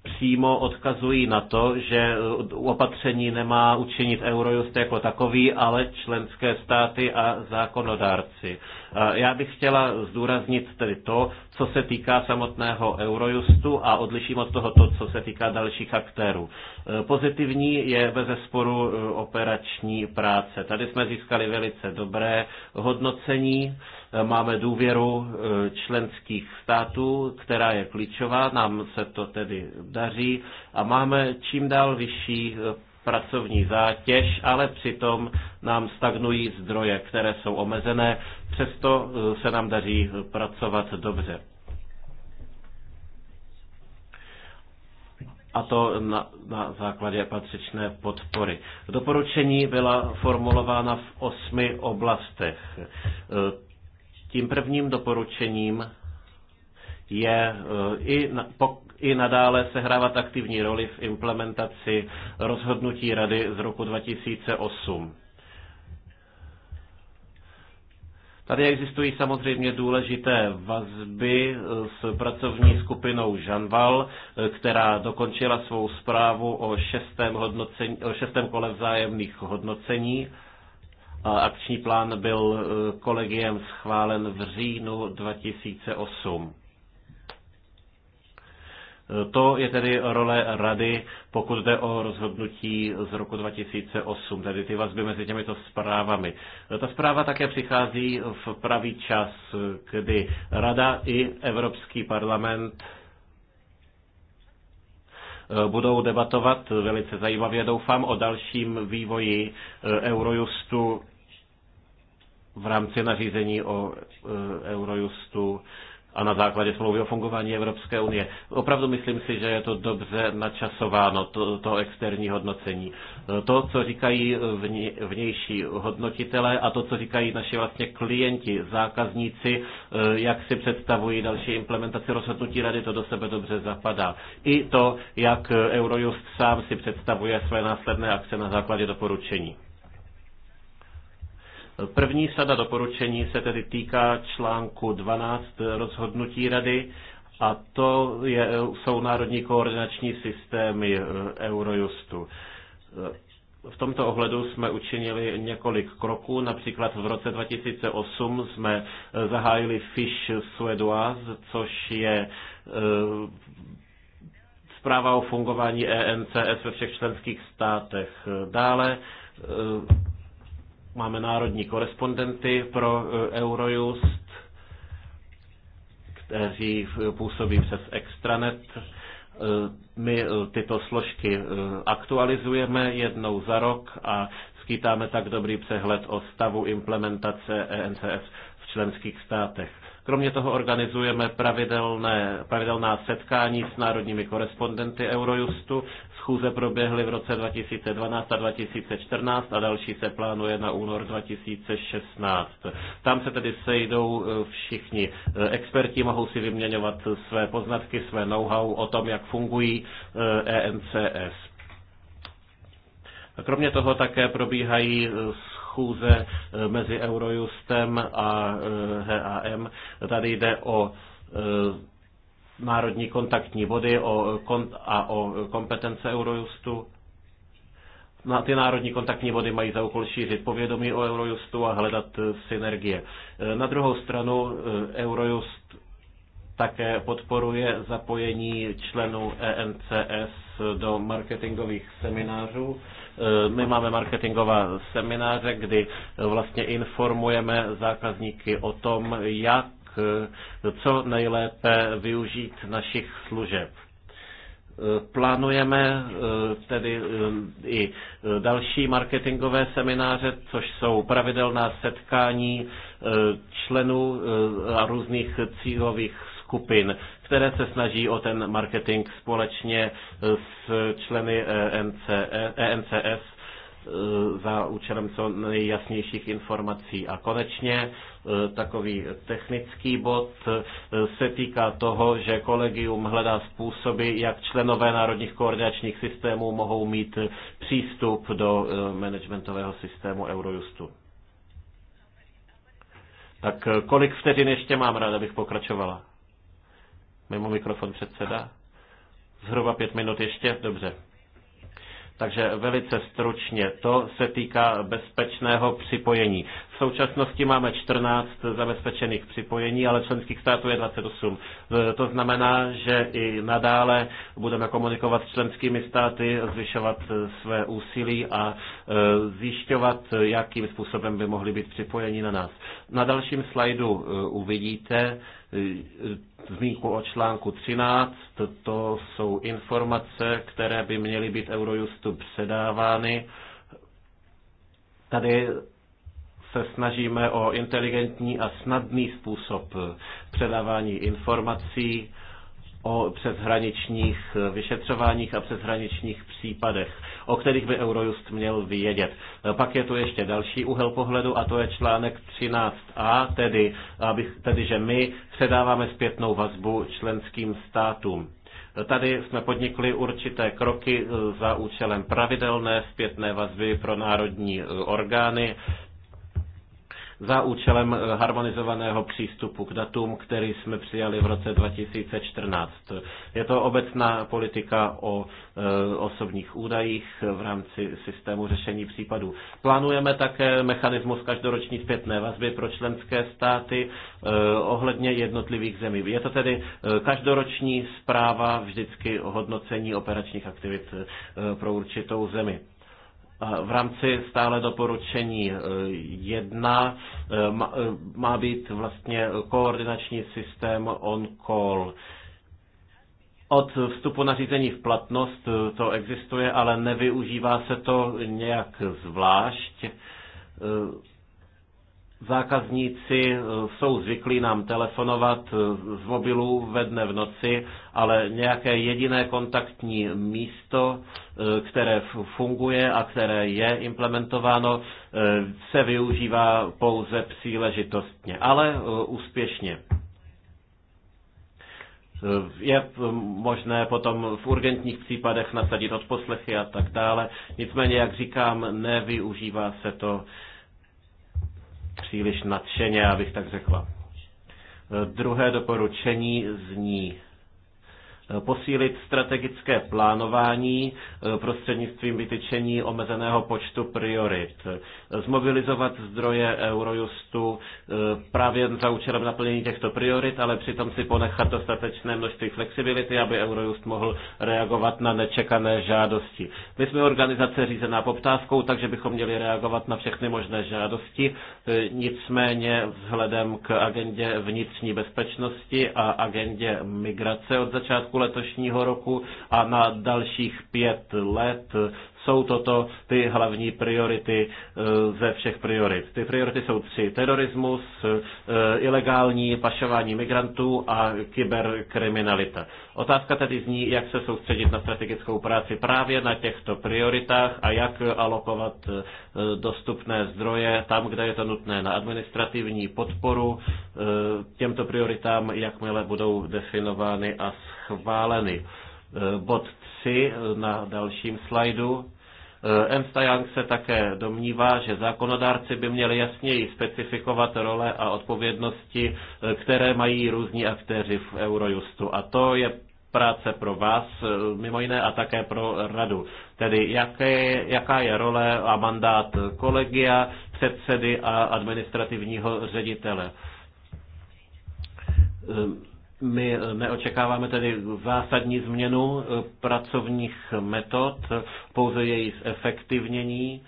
přímo odkazují na to, že eh, opatření nemá učinit Eurojust jako takový, ale členské státy a zákonodárci. Eh, já bych chtěla zdůraznit tedy to, co se týká samotného Eurojustu a odliším od toho to, co se týká dalších aktérů. Eh, pozitivní je ve zesporu operační práce. Tady jsme získali velice dobré hodnocení Máme důvěru eh, členských států, která je klíčová, nám se to tedy daří a máme čím dál vyšší eh, pracovní zátěž, ale přitom nám stagnují zdroje, které jsou omezené, přesto eh, se nám daří pracovat dobře. a to na, na základě patřičné podpory. Doporučení byla formulována v osmi oblastech. Tím prvním doporučením je e, i, po, i nadále sehrávat aktivní roli v implementaci rozhodnutí Rady z roku 2008. Tady existují samozřejmě důležité vazby e, s pracovní skupinou Žanval, e, která dokončila svou zprávu o šestém, hodnocení, o šestém kole vzájemných hodnocení. Akční plán byl e, kolegiem schválen v říjnu 2008. E, to je tedy role rady, pokud jde o rozhodnutí z roku 2008, tedy ty vazby mezi těmito zprávami. E, ta zpráva také přichází v pravý čas, kdy rada i Evropský parlament budou debatovat velice zajímavě, doufám, o dalším vývoji Eurojustu v rámci nařízení o e, Eurojustu a na základě smlouvy o fungování Evropské unie. Opravdu myslím si, že je to dobře načasováno, to, to externí hodnocení. E, to, co říkají vnější hodnotitelé a to, co říkají naši vlastně klienti, zákazníci, e, jak si představují další implementaci rozhodnutí rady, to do sebe dobře zapadá. I to, jak Eurojust sám si představuje své následné akce na základě doporučení. První sada doporučení se tedy týká článku 12 rozhodnutí rady a to je, jsou národní koordinační systémy eh, Eurojustu. V tomto ohledu jsme učinili několik kroků, například v roce 2008 jsme eh, zahájili FISH Suédoise, což je eh, zpráva o fungování ENCS ve všech členských státech. Dále Máme národní korespondenty pro e, Eurojust, kteří působí přes extranet. E, my e, tyto složky aktualizujeme jednou za rok a skýtáme tak dobrý přehled o stavu implementace ENCS v členských státech. Kromě toho organizujeme pravidelné, pravidelná setkání s národními korespondenty Eurojustu, schůze proběhly v roce 2012 a 2014 a další se plánuje na únor 2016. Tam se tedy sejdou e, všichni. E, experti mohou si vyměňovat své poznatky, své know-how o tom, jak fungují ENCS. E Kromě toho také probíhají schůze mezi Eurojustem a HAM. Tady jde o národní kontaktní body o, a o kompetence Eurojustu. Na ty národní kontaktní body mají za úkol šířit povědomí o Eurojustu a hledat synergie. Na druhou stranu eh, Eurojust také podporuje zapojení členů ENCS do marketingových seminářů. Eh, my máme marketingová semináře, kdy vlastně informujeme zákazníky o tom, jak Eh, co nejlépe využít našich služeb. Eh, plánujeme eh, tedy i další marketingové semináře, což jsou pravidelná setkání členů a různých cílových skupin, které se snaží o ten marketing společně s členy ENCS e, e Eh, za účelem co nejjasnějších informací. A konečně eh, takový technický bod eh, se týká toho, že kolegium hledá způsoby, jak členové národních koordinačních systémů mohou mít přístup do managementového systému Eurojustu. Tak kolik vteřin ještě mám rád, abych pokračovala? Mimo mikrofon předseda. Zhruba pět minut ještě? Dobře. Takže velice stručně, to se týká bezpečného připojení. V současnosti máme 14 zabezpečených připojení, ale členských států je 28. To znamená, že i nadále budeme komunikovat s členskými státy, zvyšovat e, své úsilí a e, zjišťovat, jakým způsobem by mohli být připojeni na nás. Na dalším slajdu e, uvidíte, E, zmínku o článku 13. To jsou informace, které by měly být Eurojustu předávány. Tady se snažíme o inteligentní a snadný způsob předávání informací o přeshraničních vyšetřováních a přeshraničních případech, o kterých by Eurojust měl vědět. Pak je tu ještě další úhel pohledu a to je článek 13a, tedy, aby, tedy že my předáváme zpětnou vazbu členským státům. Tady jsme podnikli určité kroky e, za účelem pravidelné zpětné vazby pro národní e, orgány za účelem eh, harmonizovaného přístupu k datům, který jsme přijali v roce 2014. Je to obecná politika o eh, osobních údajích v rámci systému řešení případů. Plánujeme také mechanismus každoroční zpětné vazby pro členské státy eh, ohledně jednotlivých zemí. Je to tedy každoroční zpráva vždycky o hodnocení operačních aktivit pro určitou zemi v rámci stále doporučení 1 eh, eh, eh, má být vlastně koordinační systém on-call. Od vstupu nařízení v platnost to existuje, ale nevyužívá se to nějak zvlášť. Zákazníci eh, jsou zvyklí nám telefonovat eh, z mobilů ve dne v noci, ale nějaké jediné kontaktní místo, eh, které funguje a které je implementováno, se využívá pouze příležitostně, ale úspěšně je možné potom v urgentních případech nasadit odposlechy a tak dále. Nicméně, jak říkám, nevyužívá se to příliš nadšeně, abych tak řekla. Eh, druhé doporučení zní Eh, posílit strategické plánování eh, prostřednictvím vytyčení omezeného počtu priorit, eh, zmobilizovat zdroje Eurojustu právě za účelem naplnění těchto priorit, ale přitom si ponechat dostatečné množství flexibility, aby Eurojust mohl reagovat na nečekané žádosti. My jsme organizace řízená poptávkou, takže bychom měli reagovat na všechny možné žádosti, nicméně vzhledem k agendě vnitřní bezpečnosti a agendě migrace od začátku letošního roku a na dalších pět let jsou toto ty hlavní priority eh, ze všech priorit. Ty priority jsou tři. Terorismus, eh, ilegální pašování migrantů a kyberkriminalita. Otázka tedy zní, jak se soustředit na strategickou práci právě na těchto prioritách a jak alokovat eh, dostupné zdroje tam, kde je to nutné na administrativní podporu těmto prioritám, jakmile budou definovány a schváleny. Bod 3 eh, na dalším slajdu. Eh, Ernst Young se také domnívá, že zákonodárci by měli jasněji specifikovat role a odpovědnosti, eh, které mají různí aktéři v Eurojustu. A to je práce pro vás, mimo jiné, a také pro radu. Tedy jaké, jaká je role a mandát kolegia, předsedy a administrativního ředitele. My neočekáváme tedy zásadní změnu eh, pracovních metod, pouze její zefektivnění.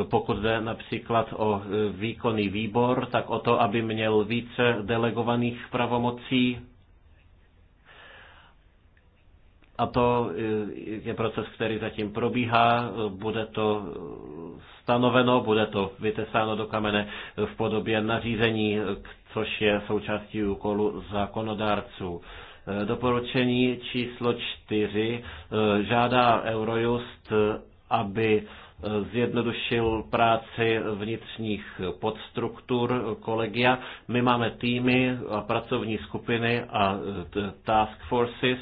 Eh, pokud jde například o eh, výkonný výbor, tak o to, aby měl více delegovaných pravomocí. A to je proces, který zatím probíhá. Bude to stanoveno, bude to vytesáno do kamene v podobě nařízení, což je součástí úkolu zákonodárců. E, doporučení číslo čtyři e, žádá Eurojust, e, aby zjednodušil práci vnitřních podstruktur kolegia. My máme týmy a pracovní skupiny a task forces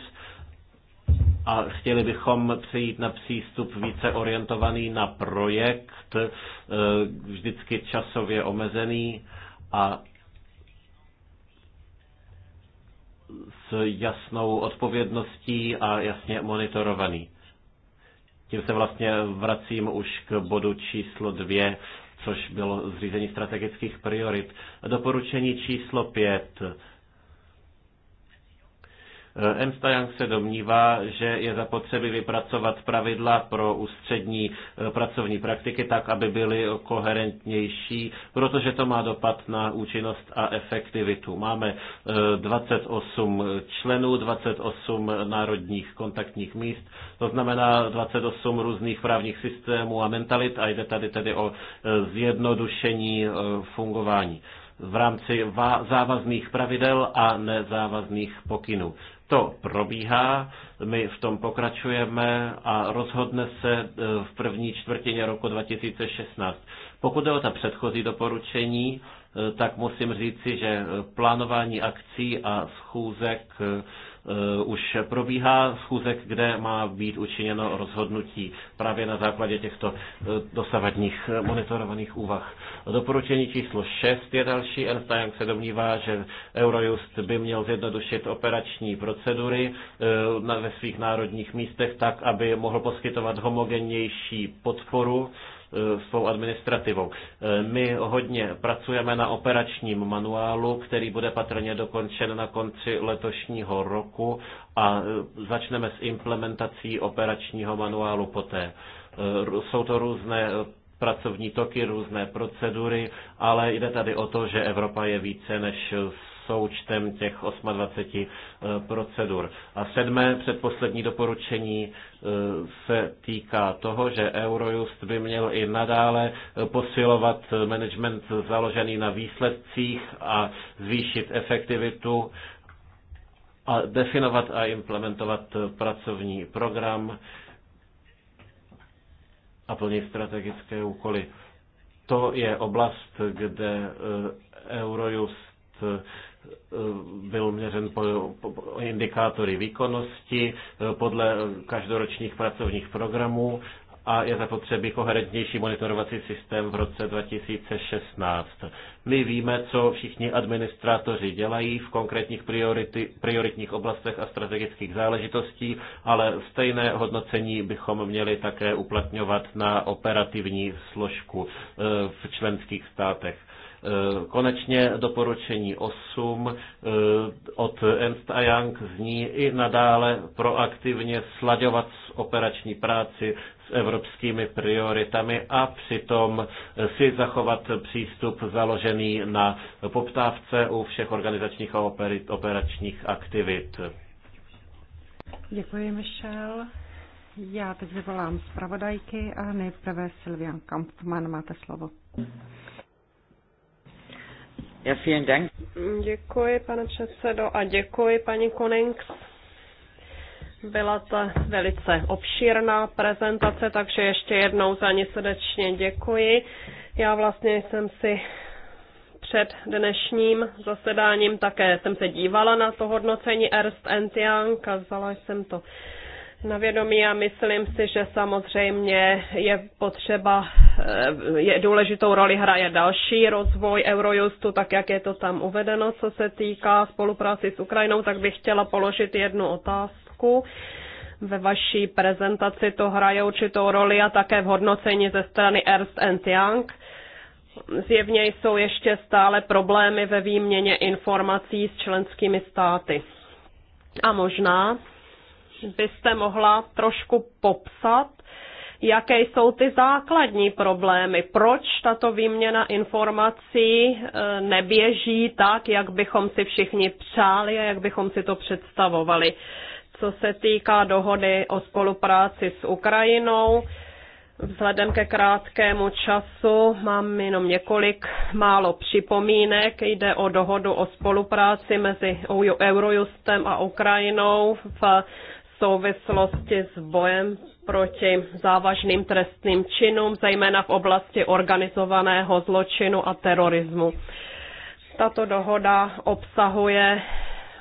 a chtěli bychom přejít na přístup více orientovaný na projekt, vždycky časově omezený a s jasnou odpovědností a jasně monitorovaný. Tím se vlastně vracím už k bodu číslo dvě, což bylo zřízení strategických priorit. Doporučení číslo pět Eh, Ernst Young se domnívá, že je zapotřebí vypracovat pravidla pro ústřední eh, pracovní praktiky tak, aby byly koherentnější, protože to má dopad na účinnost a efektivitu. Máme 28 eh, členů, 28 národních kontaktních míst, to znamená 28 různých právních systémů a mentalit a jde tady tedy o zjednodušení fungování v rámci závazných pravidel a nezávazných pokynů. To probíhá, my v tom pokračujeme a rozhodne se e, v první čtvrtině roku 2016. Pokud jde o ta předchozí doporučení, e, tak musím říci, že plánování akcí a schůzek e, Eh, už probíhá schůzek, kde má být učiněno rozhodnutí právě na základě těchto eh, dosavadních eh, monitorovaných úvah. Doporučení číslo 6 je další. Ernst Young se domnívá, že Eurojust by měl zjednodušit operační procedury ve svých národních místech tak, aby mohl poskytovat homogennější podporu E, svou administrativou. E, my hodně pracujeme na operačním manuálu, který bude patrně dokončen na konci letošního roku a e, začneme s implementací operačního manuálu poté. Jsou to různé pracovní toky, různé procedury, ale jde tady o to, že Evropa je více než součtem těch 28 eh, procedur. A sedmé předposlední doporučení eh, se týká toho, že Eurojust by měl i nadále eh, posilovat management založený na výsledcích a zvýšit efektivitu a definovat a implementovat pracovní program a plnit strategické úkoly. To je oblast, kde Eurojust Eh, byl měřen po, po, indikátory výkonnosti eh, podle každoročních pracovních programů a je zapotřebí koherentnější monitorovací systém v roce 2016. My víme, co všichni administrátoři dělají v konkrétních priority, prioritních oblastech a strategických záležitostí, ale stejné hodnocení bychom měli také uplatňovat na operativní složku eh, v členských státech. Eh, konečně doporučení 8 eh, od Ernst a Young zní i nadále proaktivně slaďovat operační práci s evropskými prioritami a přitom eh, si zachovat přístup založený na poptávce u všech organizačních a operačních aktivit. Děkuji, Michel. Já teď vyvolám zpravodajky a nejprve Silvian Kampfman, máte slovo. Ja, vielen Dank. Děkuji, pane předsedo, a děkuji, paní Konings. Byla to velice obšírná prezentace, takže ještě jednou za ní srdečně děkuji. Já vlastně jsem si před dnešním zasedáním také jsem se dívala na to hodnocení Ernst Young a vzala jsem to na vědomí a myslím si, že samozřejmě je potřeba, eh, je důležitou roli hraje další rozvoj Eurojustu, tak jak je to tam uvedeno, co se týká spolupráci s Ukrajinou, tak bych chtěla položit jednu otázku ve vaší prezentaci to hraje určitou roli a také v hodnocení ze strany Ernst and Young. Zjevně jsou ještě stále problémy ve výměně informací s členskými státy. A možná byste mohla trošku popsat, jaké jsou ty základní problémy, proč tato výměna informací e, neběží tak, jak bychom si všichni přáli a jak bychom si to představovali. Co se týká dohody o spolupráci s Ukrajinou, Vzhledem ke krátkému času mám jenom několik málo připomínek. Jde o dohodu o spolupráci mezi Eurojustem a Ukrajinou v souvislosti s bojem proti závažným trestným činům, zejména v oblasti organizovaného zločinu a terorismu. Tato dohoda obsahuje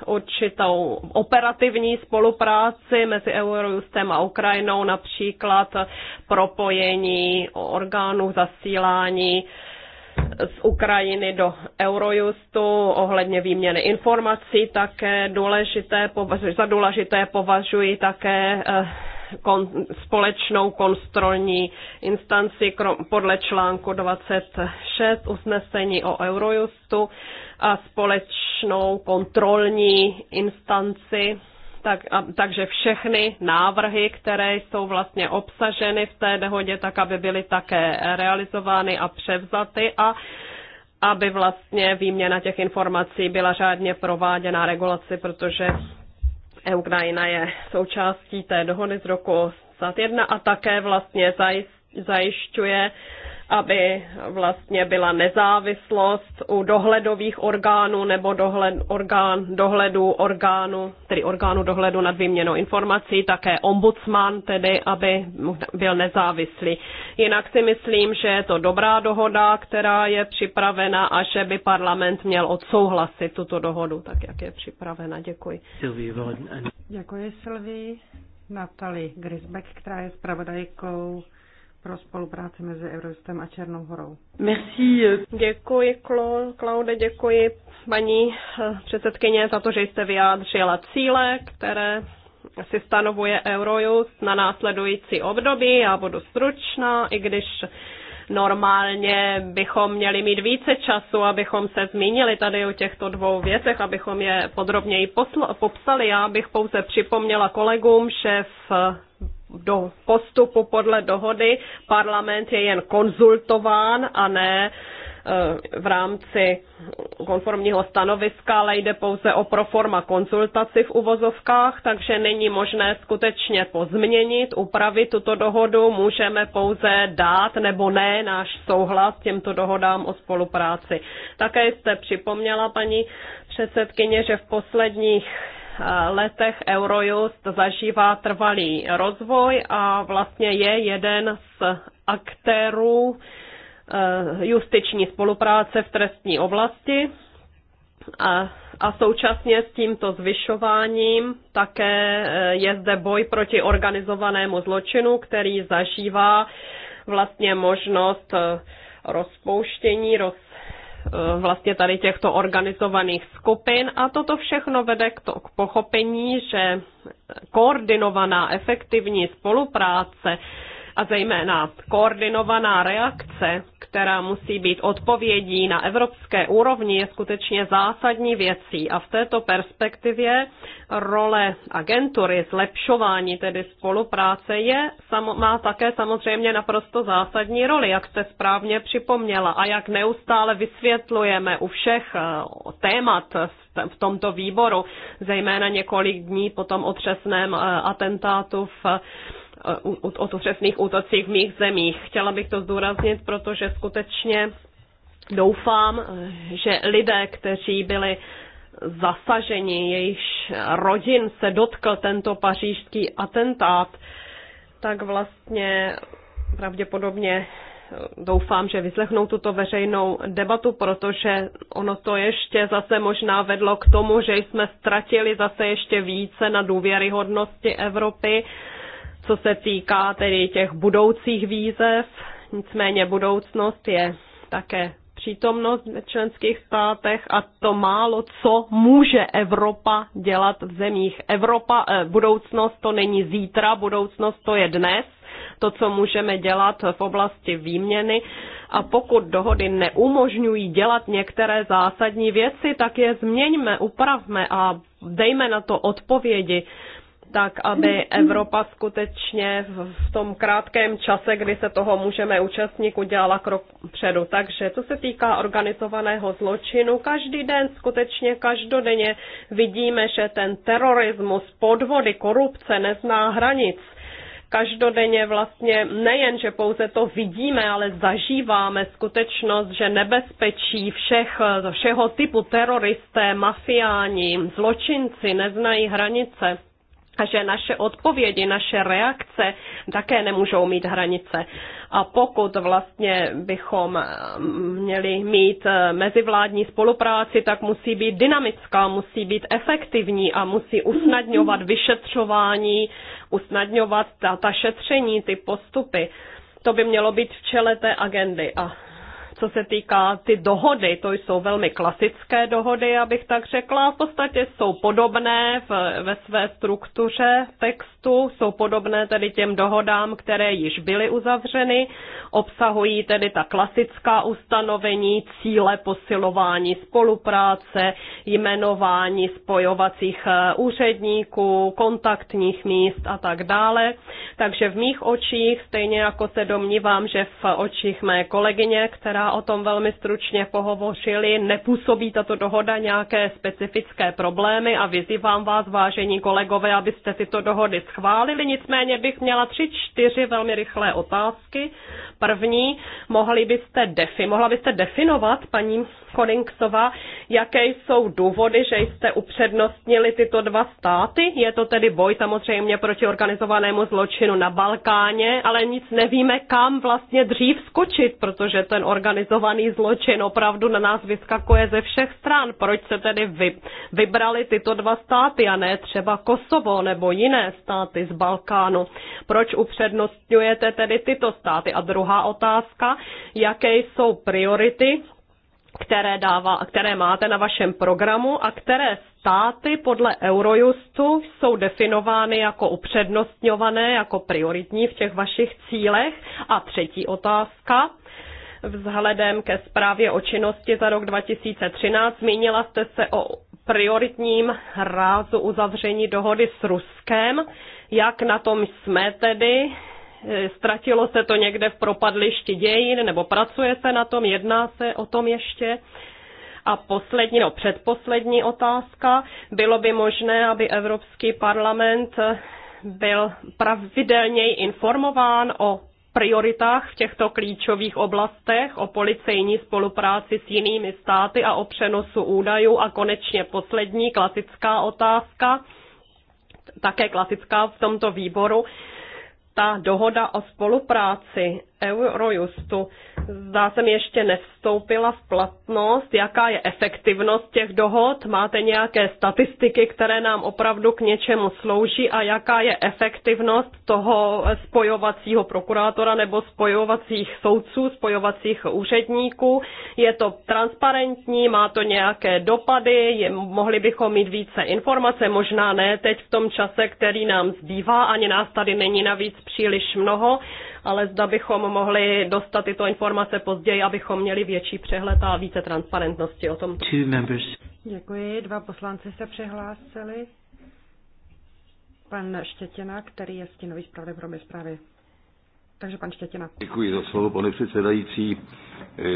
určitou operativní spolupráci mezi Eurojustem a Ukrajinou, například propojení orgánů zasílání z Ukrajiny do Eurojustu ohledně výměny informací také důležité, za důležité považuji také eh, kon, společnou kontrolní instanci krom, podle článku 26 usnesení o Eurojustu a společnou kontrolní instanci tak, a, takže všechny návrhy, které jsou vlastně obsaženy v té dohodě, tak aby byly také realizovány a převzaty a aby vlastně výměna těch informací byla řádně prováděna regulaci, protože Ukrajina je součástí té dohody z roku 1981 a také vlastně zajišťuje aby vlastně byla nezávislost u dohledových orgánů nebo dohled, orgán, dohledu orgánu, tedy orgánu dohledu nad výměnou informací, také ombudsman, tedy aby byl nezávislý. Jinak si myslím, že je to dobrá dohoda, která je připravena a že by parlament měl odsouhlasit tuto dohodu, tak jak je připravena. Děkuji. Děkuji Sylvie. Natali Grisbeck, která je zpravodajkou pro spolupráci mezi Eurostem a Černou horou. Merci. Eh. Děkuji, Klaude, děkuji paní eh, předsedkyně za to, že jste vyjádřila cíle, které si stanovuje Eurojust na následující období. Já budu stručná, i když normálně bychom měli mít více času, abychom se zmínili tady o těchto dvou věcech, abychom je podrobněji posl- popsali. Já bych pouze připomněla kolegům, že v do postupu podle dohody parlament je jen konzultován a ne e, v rámci konformního stanoviska, ale jde pouze o proforma konzultaci v uvozovkách, takže není možné skutečně pozměnit, upravit tuto dohodu, můžeme pouze dát nebo ne náš souhlas těmto dohodám o spolupráci. Také jste připomněla, paní předsedkyně, že v posledních letech Eurojust zažívá trvalý rozvoj a vlastně je jeden z aktérů eh, justiční spolupráce v trestní oblasti. A, a současně s tímto zvyšováním také eh, je zde boj proti organizovanému zločinu, který zažívá vlastně možnost eh, rozpouštění, roz, Eh, vlastně tady těchto organizovaných skupin a toto všechno vede k, to, k pochopení, že koordinovaná efektivní spolupráce a zejména koordinovaná reakce, která musí být odpovědí na evropské úrovni, je skutečně zásadní věcí. A v této perspektivě role agentury, zlepšování tedy spolupráce, je, má také samozřejmě naprosto zásadní roli, jak jste správně připomněla a jak neustále vysvětlujeme u všech eh, témat v tomto výboru, zejména několik dní po tom otřesném eh, atentátu v o otřesných útocích v mých zemích. Chtěla bych to zdůraznit, protože skutečně doufám, že lidé, kteří byli zasaženi, jejichž rodin se dotkl tento pařížský atentát, tak vlastně pravděpodobně doufám, že vyslechnou tuto veřejnou debatu, protože ono to ještě zase možná vedlo k tomu, že jsme ztratili zase ještě více na důvěryhodnosti Evropy co se týká tedy těch budoucích výzev, nicméně budoucnost je také přítomnost v členských státech a to málo, co může Evropa dělat v zemích. Evropa, eh, budoucnost to není zítra, budoucnost to je dnes, to, co můžeme dělat v oblasti výměny. A pokud dohody neumožňují dělat některé zásadní věci, tak je změňme, upravme a dejme na to odpovědi. Eh, tak aby Evropa skutečně v tom krátkém čase, kdy se toho můžeme účastnit, udělala krok předu. Takže co se týká organizovaného zločinu, každý den, skutečně každodenně vidíme, že ten terorismus, podvody, korupce nezná hranic každodenně vlastně nejen, že pouze to vidíme, ale zažíváme skutečnost, že nebezpečí všech, všeho typu teroristé, mafiáni, zločinci neznají hranice a že naše odpovědi, naše reakce také nemůžou mít hranice. A pokud vlastně bychom mm, měli mít eh, mezivládní spolupráci, tak musí být dynamická, musí být efektivní a musí usnadňovat vyšetřování, usnadňovat ta, ta šetření, ty postupy. To by mělo být v čele té agendy. A co se týká ty dohody, to jsou velmi klasické dohody, abych tak řekla. V podstatě jsou podobné v, ve své struktuře textu textu jsou podobné tedy těm dohodám, které již byly uzavřeny, obsahují tedy ta klasická ustanovení, cíle posilování spolupráce, jmenování spojovacích eh, úředníků, kontaktních míst a tak dále. Takže v mých očích, stejně jako se domnívám, že v očích mé kolegyně, která o tom velmi stručně pohovořili, nepůsobí tato dohoda nějaké specifické problémy a vyzývám vás, vážení kolegové, abyste tyto dohody schválili, nicméně bych měla tři, čtyři velmi rychlé otázky. První, mohli byste defi, mohla byste definovat, paní Koningsova, jaké jsou důvody, že jste upřednostnili tyto dva státy? Je to tedy boj samozřejmě proti organizovanému zločinu na Balkáně, ale nic nevíme, kam vlastně dřív skočit, protože ten organizovaný zločin opravdu na nás vyskakuje ze všech stran. Proč se tedy vy, vybrali tyto dva státy a ne třeba Kosovo nebo jiné státy z Balkánu? Proč upřednostňujete tedy tyto státy? A druhá otázka, jaké jsou priority které, dává, které máte na vašem programu a které státy podle Eurojustu jsou definovány jako upřednostňované, jako prioritní v těch vašich cílech. A třetí otázka. Vzhledem ke zprávě o činnosti za rok 2013 zmínila jste se o prioritním rázu uzavření dohody s Ruskem. Jak na tom jsme tedy ztratilo se to někde v propadlišti dějin, nebo pracuje se na tom, jedná se o tom ještě. A poslední, no předposlední otázka. Bylo by možné, aby Evropský parlament byl pravidelněji informován o prioritách v těchto klíčových oblastech, o policejní spolupráci s jinými státy a o přenosu údajů. A konečně poslední klasická otázka, také klasická v tomto výboru ta dohoda o spolupráci Eurojustu zdá se mi ještě nevstoupila v platnost. Jaká je efektivnost těch dohod? Máte nějaké statistiky, které nám opravdu k něčemu slouží a jaká je efektivnost toho spojovacího prokurátora nebo spojovacích soudců, spojovacích úředníků? Je to transparentní, má to nějaké dopady, je, mohli bychom mít více informace, možná ne teď v tom čase, který nám zbývá, ani nás tady není navíc příliš mnoho ale zda bychom mohli dostat tyto informace později, abychom měli větší přehled a více transparentnosti o tom. Děkuji, dva poslanci se přihlásili. Pan Štětina, který je stínový zpravodaj pro bezprávy. Takže pan Štětina. Děkuji za slovo, pane předsedající.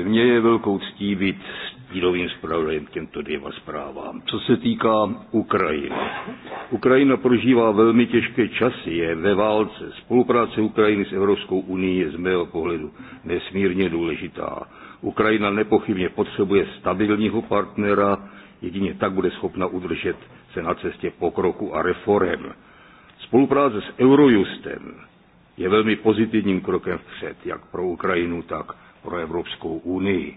Mně je velkou ctí být stínovým zpravodajem těmto dvěma zprávám. Co se týká Ukrajiny. Ukrajina prožívá velmi těžké časy, je ve válce. Spolupráce Ukrajiny s Evropskou unii je z mého pohledu nesmírně důležitá. Ukrajina nepochybně potřebuje stabilního partnera, jedině tak bude schopna udržet se na cestě pokroku a reform. Spolupráce s Eurojustem je velmi pozitivním krokem vpřed, jak pro Ukrajinu, tak pro Evropskou unii.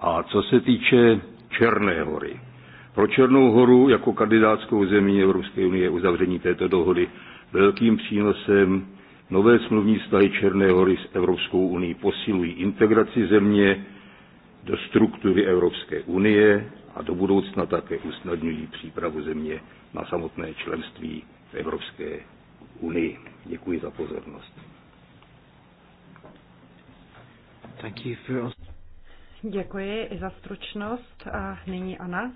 A co se týče Černé hory, pro Černou horu jako kandidátskou zemí Evropské unie je uzavření této dohody velkým přínosem. Nové smluvní vztahy Černé hory s Evropskou unii posilují integraci země do struktury Evropské unie a do budoucna také usnadňují přípravu země na samotné členství v Evropské unii. Děkuji za pozornost. Děkuji i za stručnost. A nyní Ana.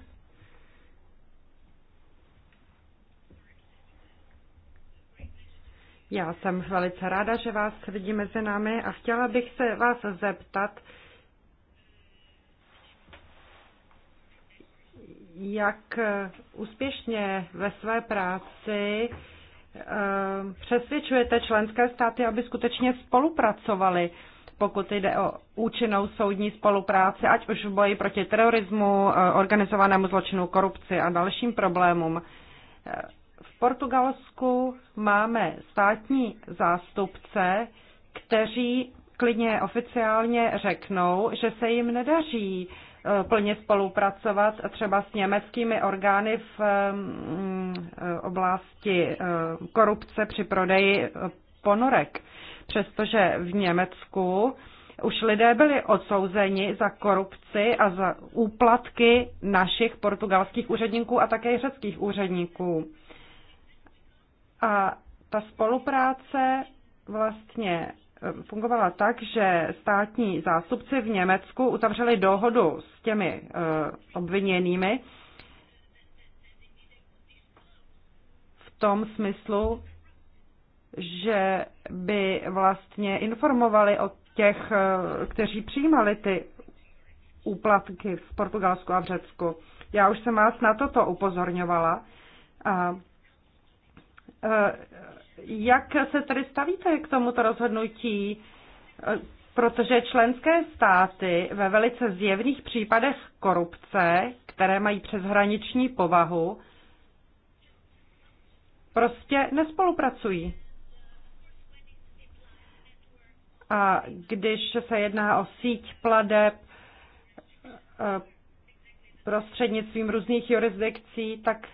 Já jsem velice ráda, že vás vidí mezi námi a chtěla bych se vás zeptat, jak úspěšně ve své práci Ehm, přesvědčujete členské státy, aby skutečně spolupracovali, pokud jde o účinnou soudní spolupráci, ať už v boji proti terorismu, eh, organizovanému zločinu, korupci a dalším problémům. Eh, v Portugalsku máme státní zástupce, kteří klidně oficiálně řeknou, že se jim nedaří Eh, plně spolupracovat třeba s německými orgány v mm, eh, oblasti eh, korupce při prodeji ponorek. Přestože v Německu už lidé byli odsouzeni za korupci a za úplatky našich portugalských úředníků a také řeckých úředníků. A ta spolupráce vlastně fungovala tak, že státní zástupci v Německu uzavřeli dohodu s těmi eh, obviněnými v tom smyslu, že by vlastně informovali o těch, eh, kteří přijímali ty úplatky v Portugalsku a v Řecku. Já už jsem vás na toto upozorňovala. A, eh, jak se tedy stavíte k tomuto rozhodnutí? Protože členské státy ve velice zjevných případech korupce, které mají přeshraniční povahu, prostě nespolupracují. A když se jedná o síť pladeb eh, prostřednictvím různých jurisdikcí, tak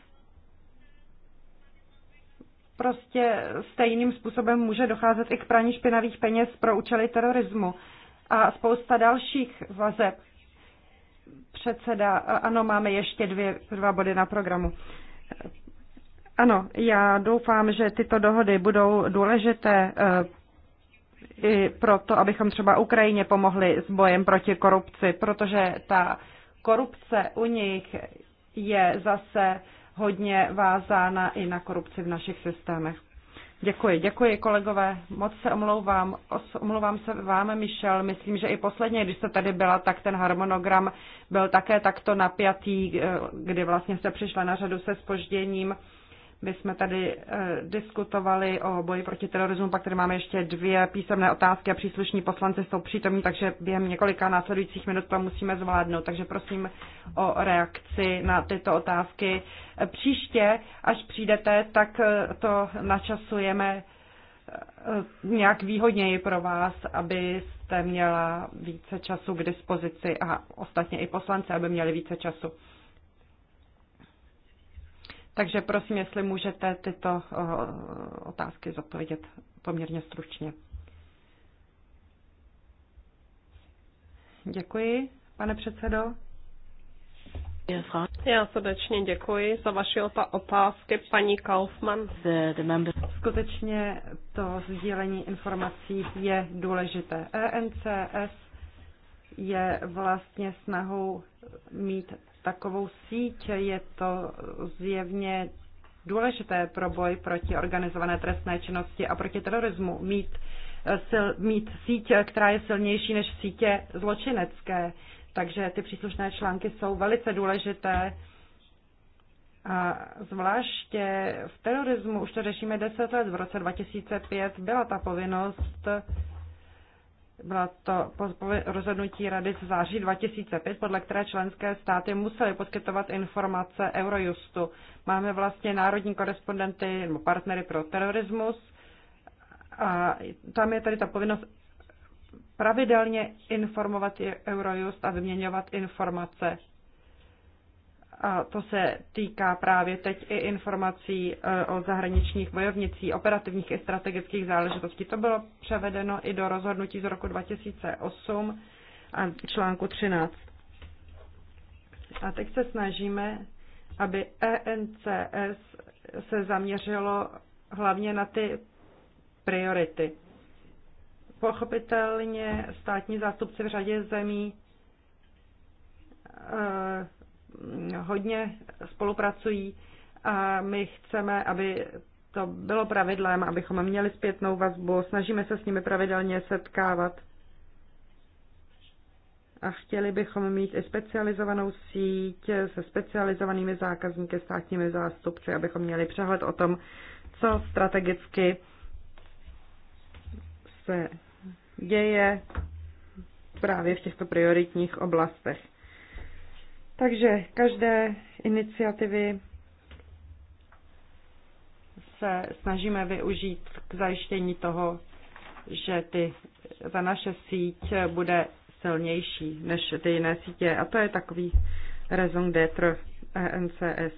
prostě stejným způsobem může docházet i k praní špinavých peněz pro účely terorismu a spousta dalších vazeb. Předseda, ano, máme ještě dvě, dva body na programu. Ano, já doufám, že tyto dohody budou důležité eh, i proto, abychom třeba Ukrajině pomohli s bojem proti korupci, protože ta korupce u nich je zase hodně vázána i na korupci v našich systémech. Děkuji, děkuji kolegové. Moc se omlouvám. Os, omlouvám se vám, Michel. Myslím, že i posledně, když jste tady byla, tak ten harmonogram byl také takto napjatý, eh, kdy vlastně jste přišla na řadu se spožděním. My jsme tady eh, diskutovali o boji proti terorismu, pak tady máme ještě dvě písemné otázky a příslušní poslanci jsou přítomní, takže během několika následujících minut to musíme zvládnout. Takže prosím o reakci na tyto otázky. Eh, příště, až přijdete, tak eh, to načasujeme nějak výhodněji pro vás, abyste měla více času k dispozici a ostatně i poslanci, aby měli více času. Takže prosím, jestli můžete tyto eh, otázky zodpovědět poměrně stručně. Děkuji, pane předsedo. Já srdečně děkuji za vaše otázky, paní Kaufmann. Skutečně to sdílení informací je důležité. ENCS je vlastně snahou mít takovou síť. Je to zjevně důležité pro boj proti organizované trestné činnosti a proti terorismu mít, eh, sil, mít síť, eh, která je silnější než sítě zločinecké. Takže ty příslušné články jsou velice důležité. A zvláště v terorismu už to řešíme 10 let. V roce 2005 byla ta povinnost bylo to rozhodnutí Rady z září 2005, podle které členské státy musely poskytovat informace Eurojustu. Máme vlastně národní korespondenty nebo partnery pro terorismus a tam je tady ta povinnost pravidelně informovat Eurojust a vyměňovat informace a to se týká právě teď i informací e, o zahraničních bojovnicích, operativních i strategických záležitostí. To bylo převedeno i do rozhodnutí z roku 2008 a článku 13. A teď se snažíme, aby ENCS se zaměřilo hlavně na ty priority. Pochopitelně státní zástupci v řadě zemí e, hodně spolupracují a my chceme, aby to bylo pravidlem, abychom měli zpětnou vazbu, snažíme se s nimi pravidelně setkávat a chtěli bychom mít i specializovanou síť se specializovanými zákazníky, státními zástupci, abychom měli přehled o tom, co strategicky se děje právě v těchto prioritních oblastech. Takže každé iniciativy se snažíme využít k zajištění toho, že ty, ta naše síť bude silnější než ty jiné sítě. A to je takový raison d'être NCS.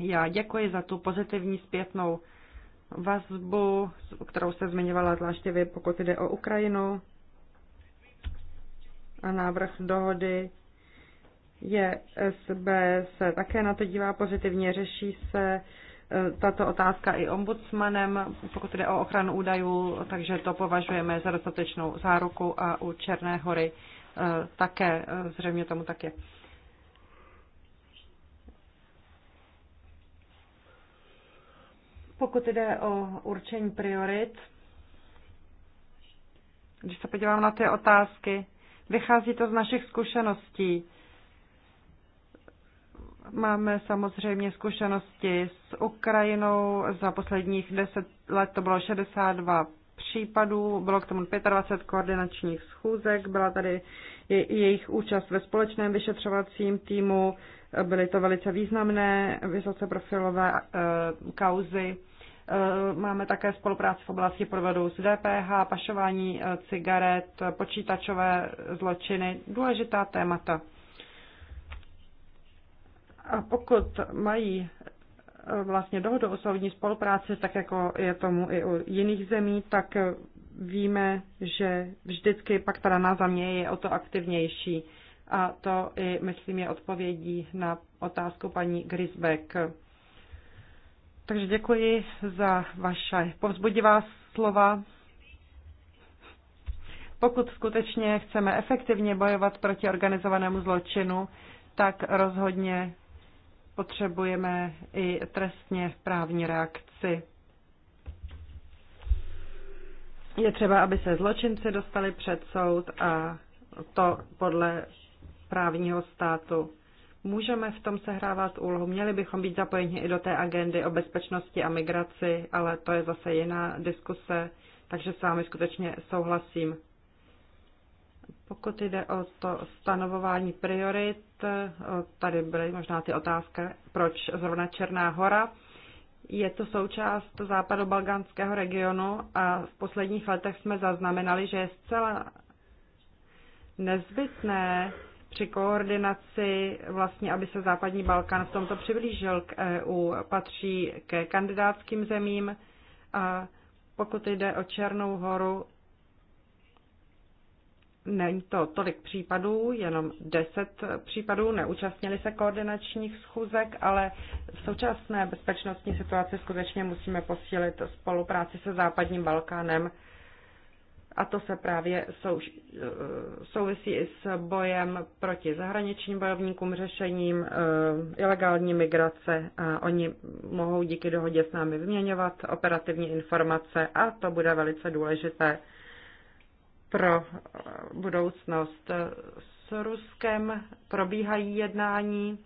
Já děkuji za tu pozitivní zpětnou vazbu, kterou se zmiňovala zvláště vy, pokud jde o Ukrajinu a návrh dohody je SB se také na to dívá pozitivně, řeší se e, tato otázka i ombudsmanem, pokud jde o ochranu údajů, takže to považujeme za dostatečnou záruku a u Černé hory e, také e, zřejmě tomu tak je. Pokud jde o určení priorit, když se podívám na ty otázky, vychází to z našich zkušeností. Máme samozřejmě zkušenosti s Ukrajinou. Za posledních 10 let to bylo 62 případů, bylo k tomu 25 koordinačních schůzek, byla tady jejich účast ve společném vyšetřovacím týmu, byly to velice významné, vysoce profilové e, kauzy. Eh, máme také spolupráci v oblasti podvodů s DPH, pašování eh, cigaret, počítačové zločiny, důležitá témata. A pokud mají e, vlastně dohodu o soudní spolupráci, tak jako je tomu i u jiných zemí, tak víme, že vždycky pak strana na země je o to aktivnější. A to i, myslím, je odpovědí na otázku paní Grisbeck. Takže děkuji za vaše povzbudivá slova. Pokud skutečně chceme efektivně bojovat proti organizovanému zločinu, tak rozhodně potřebujeme i trestně právní reakci. Je třeba, aby se zločinci dostali před soud a to podle právního státu. Můžeme v tom sehrávat úlohu. Měli bychom být zapojeni i do té agendy o bezpečnosti a migraci, ale to je zase jiná diskuse, takže s vámi skutečně souhlasím. Pokud jde o to stanovování priorit, eh, tady byly možná ty otázky, proč zrovna Černá hora. Je to součást západobalgánského regionu a v posledních letech jsme zaznamenali, že je zcela nezbytné při koordinaci, vlastně, aby se západní Balkán v tomto přiblížil k EU, patří ke kandidátským zemím a pokud jde o Černou horu, Není to tolik případů, jenom 10 případů, neúčastnili se koordinačních schůzek, ale v současné bezpečnostní situaci skutečně musíme posílit spolupráci se západním Balkánem. A to se právě sou, eh, souvisí i s bojem proti zahraničním bojovníkům, řešením eh, ilegální migrace. A oni mohou díky dohodě s námi vyměňovat operativní informace a to bude velice důležité pro eh, budoucnost. S Ruskem probíhají jednání,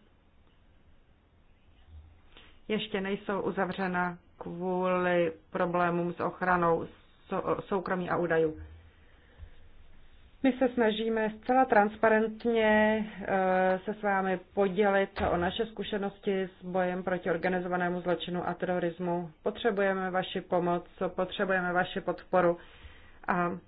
ještě nejsou uzavřena kvůli problémům s ochranou soukromí a údajů. My se snažíme zcela transparentně eh, se s vámi podělit o naše zkušenosti s bojem proti organizovanému zločinu a terorismu. Potřebujeme vaši pomoc, potřebujeme vaši podporu a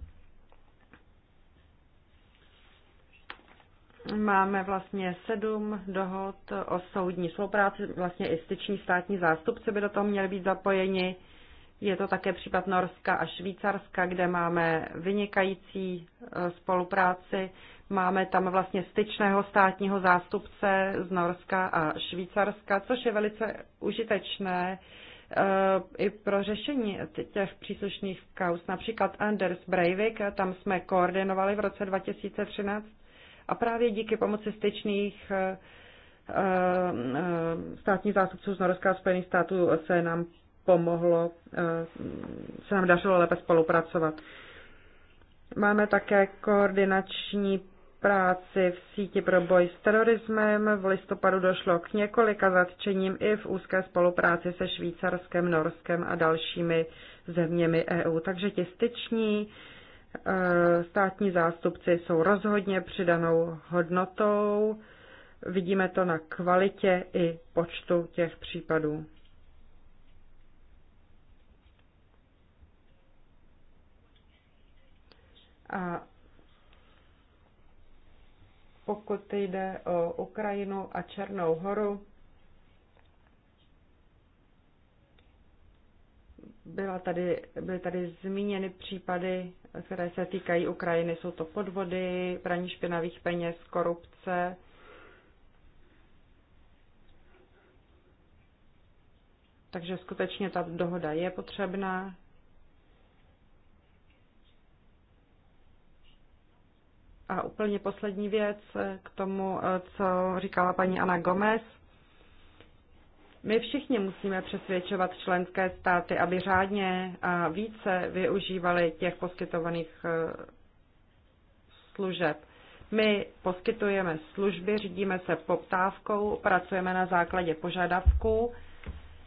máme vlastně sedm dohod o soudní spolupráci, vlastně i styční státní zástupci by do toho měli být zapojeni. Je to také případ Norska a Švýcarska, kde máme vynikající e, spolupráci. Máme tam vlastně styčného státního zástupce z Norska a Švýcarska, což je velice užitečné e, i pro řešení těch příslušných kaus. Například Anders Breivik, tam jsme koordinovali v roce 2013 a právě díky pomoci styčných eh, eh, státních zástupců z Norska a Spojených států se nám pomohlo, eh, se nám dařilo lépe spolupracovat. Máme také koordinační práci v síti pro boj s terorismem. V listopadu došlo k několika zatčením i v úzké spolupráci se Švýcarskem, Norskem a dalšími zeměmi EU. Takže ti styční Eh, státní zástupci jsou rozhodně přidanou hodnotou. Vidíme to na kvalitě i počtu těch případů. A pokud jde o Ukrajinu a Černou horu, Byla tady, byly tady zmíněny případy, které se týkají Ukrajiny. Jsou to podvody, praní špinavých peněz, korupce. Takže skutečně ta dohoda je potřebná. A úplně poslední věc k tomu, co říkala paní Ana Gomez my všichni musíme přesvědčovat členské státy, aby řádně a více využívali těch poskytovaných eh, služeb. My poskytujeme služby, řídíme se poptávkou, pracujeme na základě požadavků.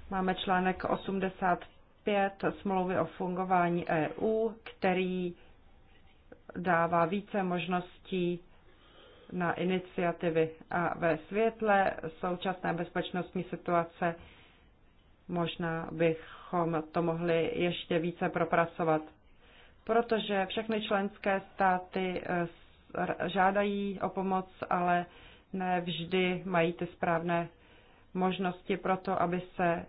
Máme článek 85 smlouvy o fungování EU, který dává více možností na iniciativy a ve světle současné bezpečnostní situace možná bychom to mohli ještě více propracovat, protože všechny členské státy eh, žádají o pomoc, ale ne vždy mají ty správné možnosti pro to, aby se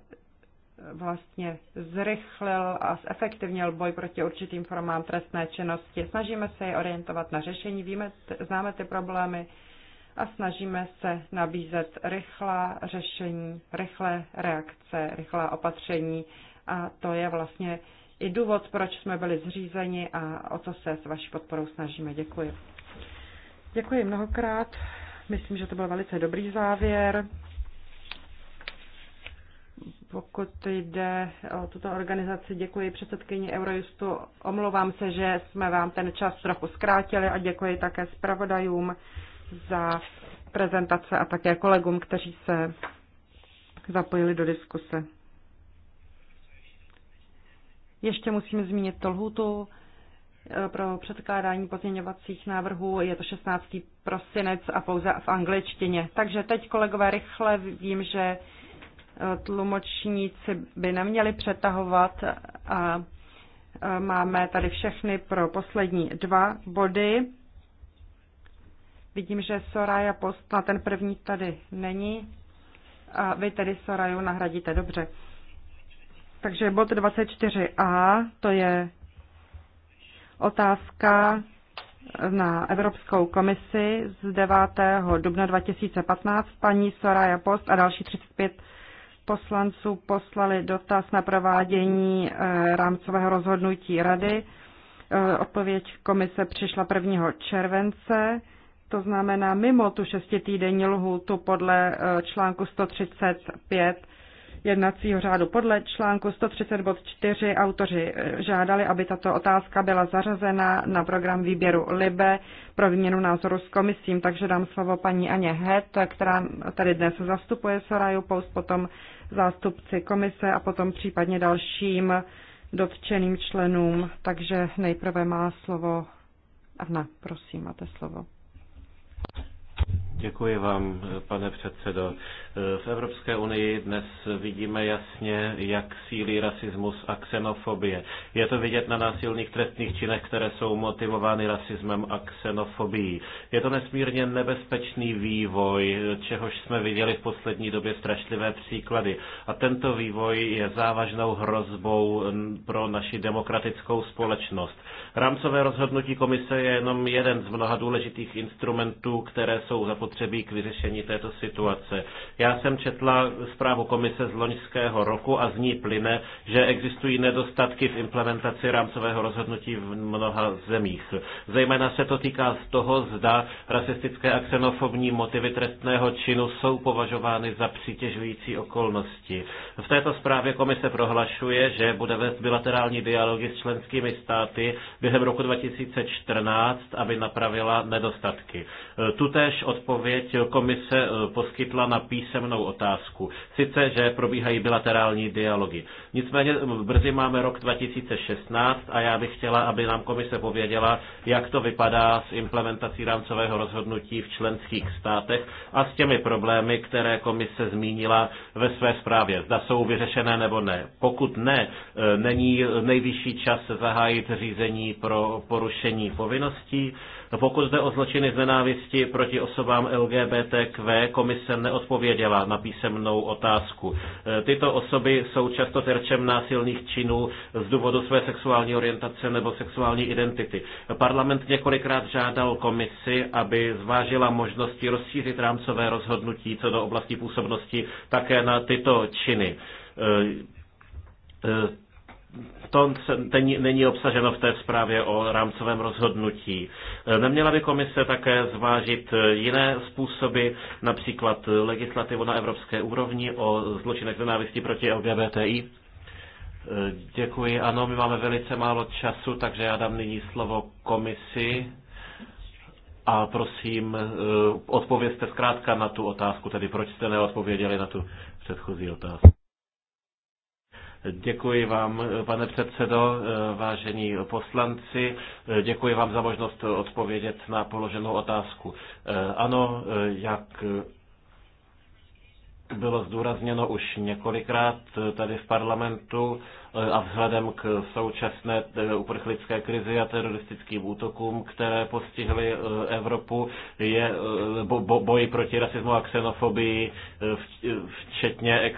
vlastně zrychlil a zefektivnil boj proti určitým formám trestné činnosti. Snažíme se je orientovat na řešení, víme, známe ty problémy a snažíme se nabízet rychlá řešení, rychlé reakce, rychlá opatření a to je vlastně i důvod, proč jsme byli zřízeni a o co se s vaší podporou snažíme. Děkuji. Děkuji mnohokrát. Myslím, že to byl velice dobrý závěr. Pokud jde o tuto organizaci, děkuji předsedkyni Eurojustu. Omlouvám se, že jsme vám ten čas trochu zkrátili a děkuji také zpravodajům za prezentace a také kolegům, kteří se zapojili do diskuse. Ještě musím zmínit to lhutu eh, pro předkládání pozměňovacích návrhů. Je to 16. prosinec a pouze v angličtině. Takže teď, kolegové, rychle vím, že tlumočníci by neměli přetahovat a máme tady všechny pro poslední dva body. Vidím, že Soraya Post na ten první tady není. A vy tedy Soraju nahradíte dobře. Takže bod 24a, to je otázka na Evropskou komisi z 9. dubna 2015. Paní Soraya Post a další 35 poslanců poslali dotaz na provádění eh, rámcového rozhodnutí rady. Eh, odpověď komise přišla 1. července, to znamená mimo tu šestitýdenní lhůtu podle eh, článku 135 jednacího řádu. Podle článku 130 bod 4 autoři žádali, aby tato otázka byla zařazena na program výběru LIBE pro výměnu názoru s komisím, takže dám slovo paní Aně Het, která tady dnes zastupuje Soraju Post, potom zástupci komise a potom případně dalším dotčeným členům. Takže nejprve má slovo Avna, prosím, máte slovo. Děkuji vám, pane předsedo. V Evropské unii dnes vidíme jasně, jak sílí rasismus a xenofobie. Je to vidět na násilných trestných činech, které jsou motivovány rasismem a xenofobií. Je to nesmírně nebezpečný vývoj, čehož jsme viděli v poslední době strašlivé příklady. A tento vývoj je závažnou hrozbou pro naši demokratickou společnost. Rámcové rozhodnutí komise je jenom jeden z mnoha důležitých instrumentů, které jsou zapotřebí zapotřebí k vyřešení této situace. Já jsem četla zprávu komise z loňského roku a z ní plyne, že existují nedostatky v implementaci rámcového rozhodnutí v mnoha zemích. Zejména se to týká z toho, zda rasistické a xenofobní motivy trestného činu jsou považovány za přitěžující okolnosti. V této zprávě komise prohlašuje, že bude vést bilaterální dialogy s členskými státy během roku 2014, aby napravila nedostatky. Tutéž odpověď odpověď komise eh, poskytla na písemnou otázku. Sice, že probíhají bilaterální dialogy. Nicméně eh, brzy máme rok 2016 a já bych chtěla, aby nám komise pověděla, jak to vypadá s implementací rámcového rozhodnutí v členských státech a s těmi problémy, které komise zmínila ve své zprávě. Zda jsou vyřešené nebo ne. Pokud ne, eh, není nejvyšší čas zahájit řízení pro porušení povinností No pokud jde o zločiny z nenávisti proti osobám LGBTQ, komise neodpověděla na písemnou otázku. E, tyto osoby jsou často terčem násilných činů z důvodu své sexuální orientace nebo sexuální identity. Parlament několikrát žádal komisi, aby zvážila možnosti rozšířit rámcové rozhodnutí co do oblasti působnosti také na tyto činy e, e, to není, není obsaženo v té zprávě o rámcovém rozhodnutí. E, neměla by komise také zvážit e, jiné způsoby, například legislativu na evropské úrovni o zločinech nenávistí proti LGBTI? E, děkuji. Ano, my máme velice málo času, takže já dám nyní slovo komisi. A prosím, odpovězte zkrátka na tu otázku, tedy proč jste neodpověděli na tu předchozí otázku. Děkuji vám, pane předsedo, vážení poslanci. Děkuji vám za možnost odpovědět na položenou otázku. Ano, jak bylo zdůrazněno už několikrát tady v parlamentu, Eh, a vzhledem k současné eh, uprchlické krizi a teroristickým útokům, které postihly eh, Evropu, je boj proti rasismu a xenofobii, včetně,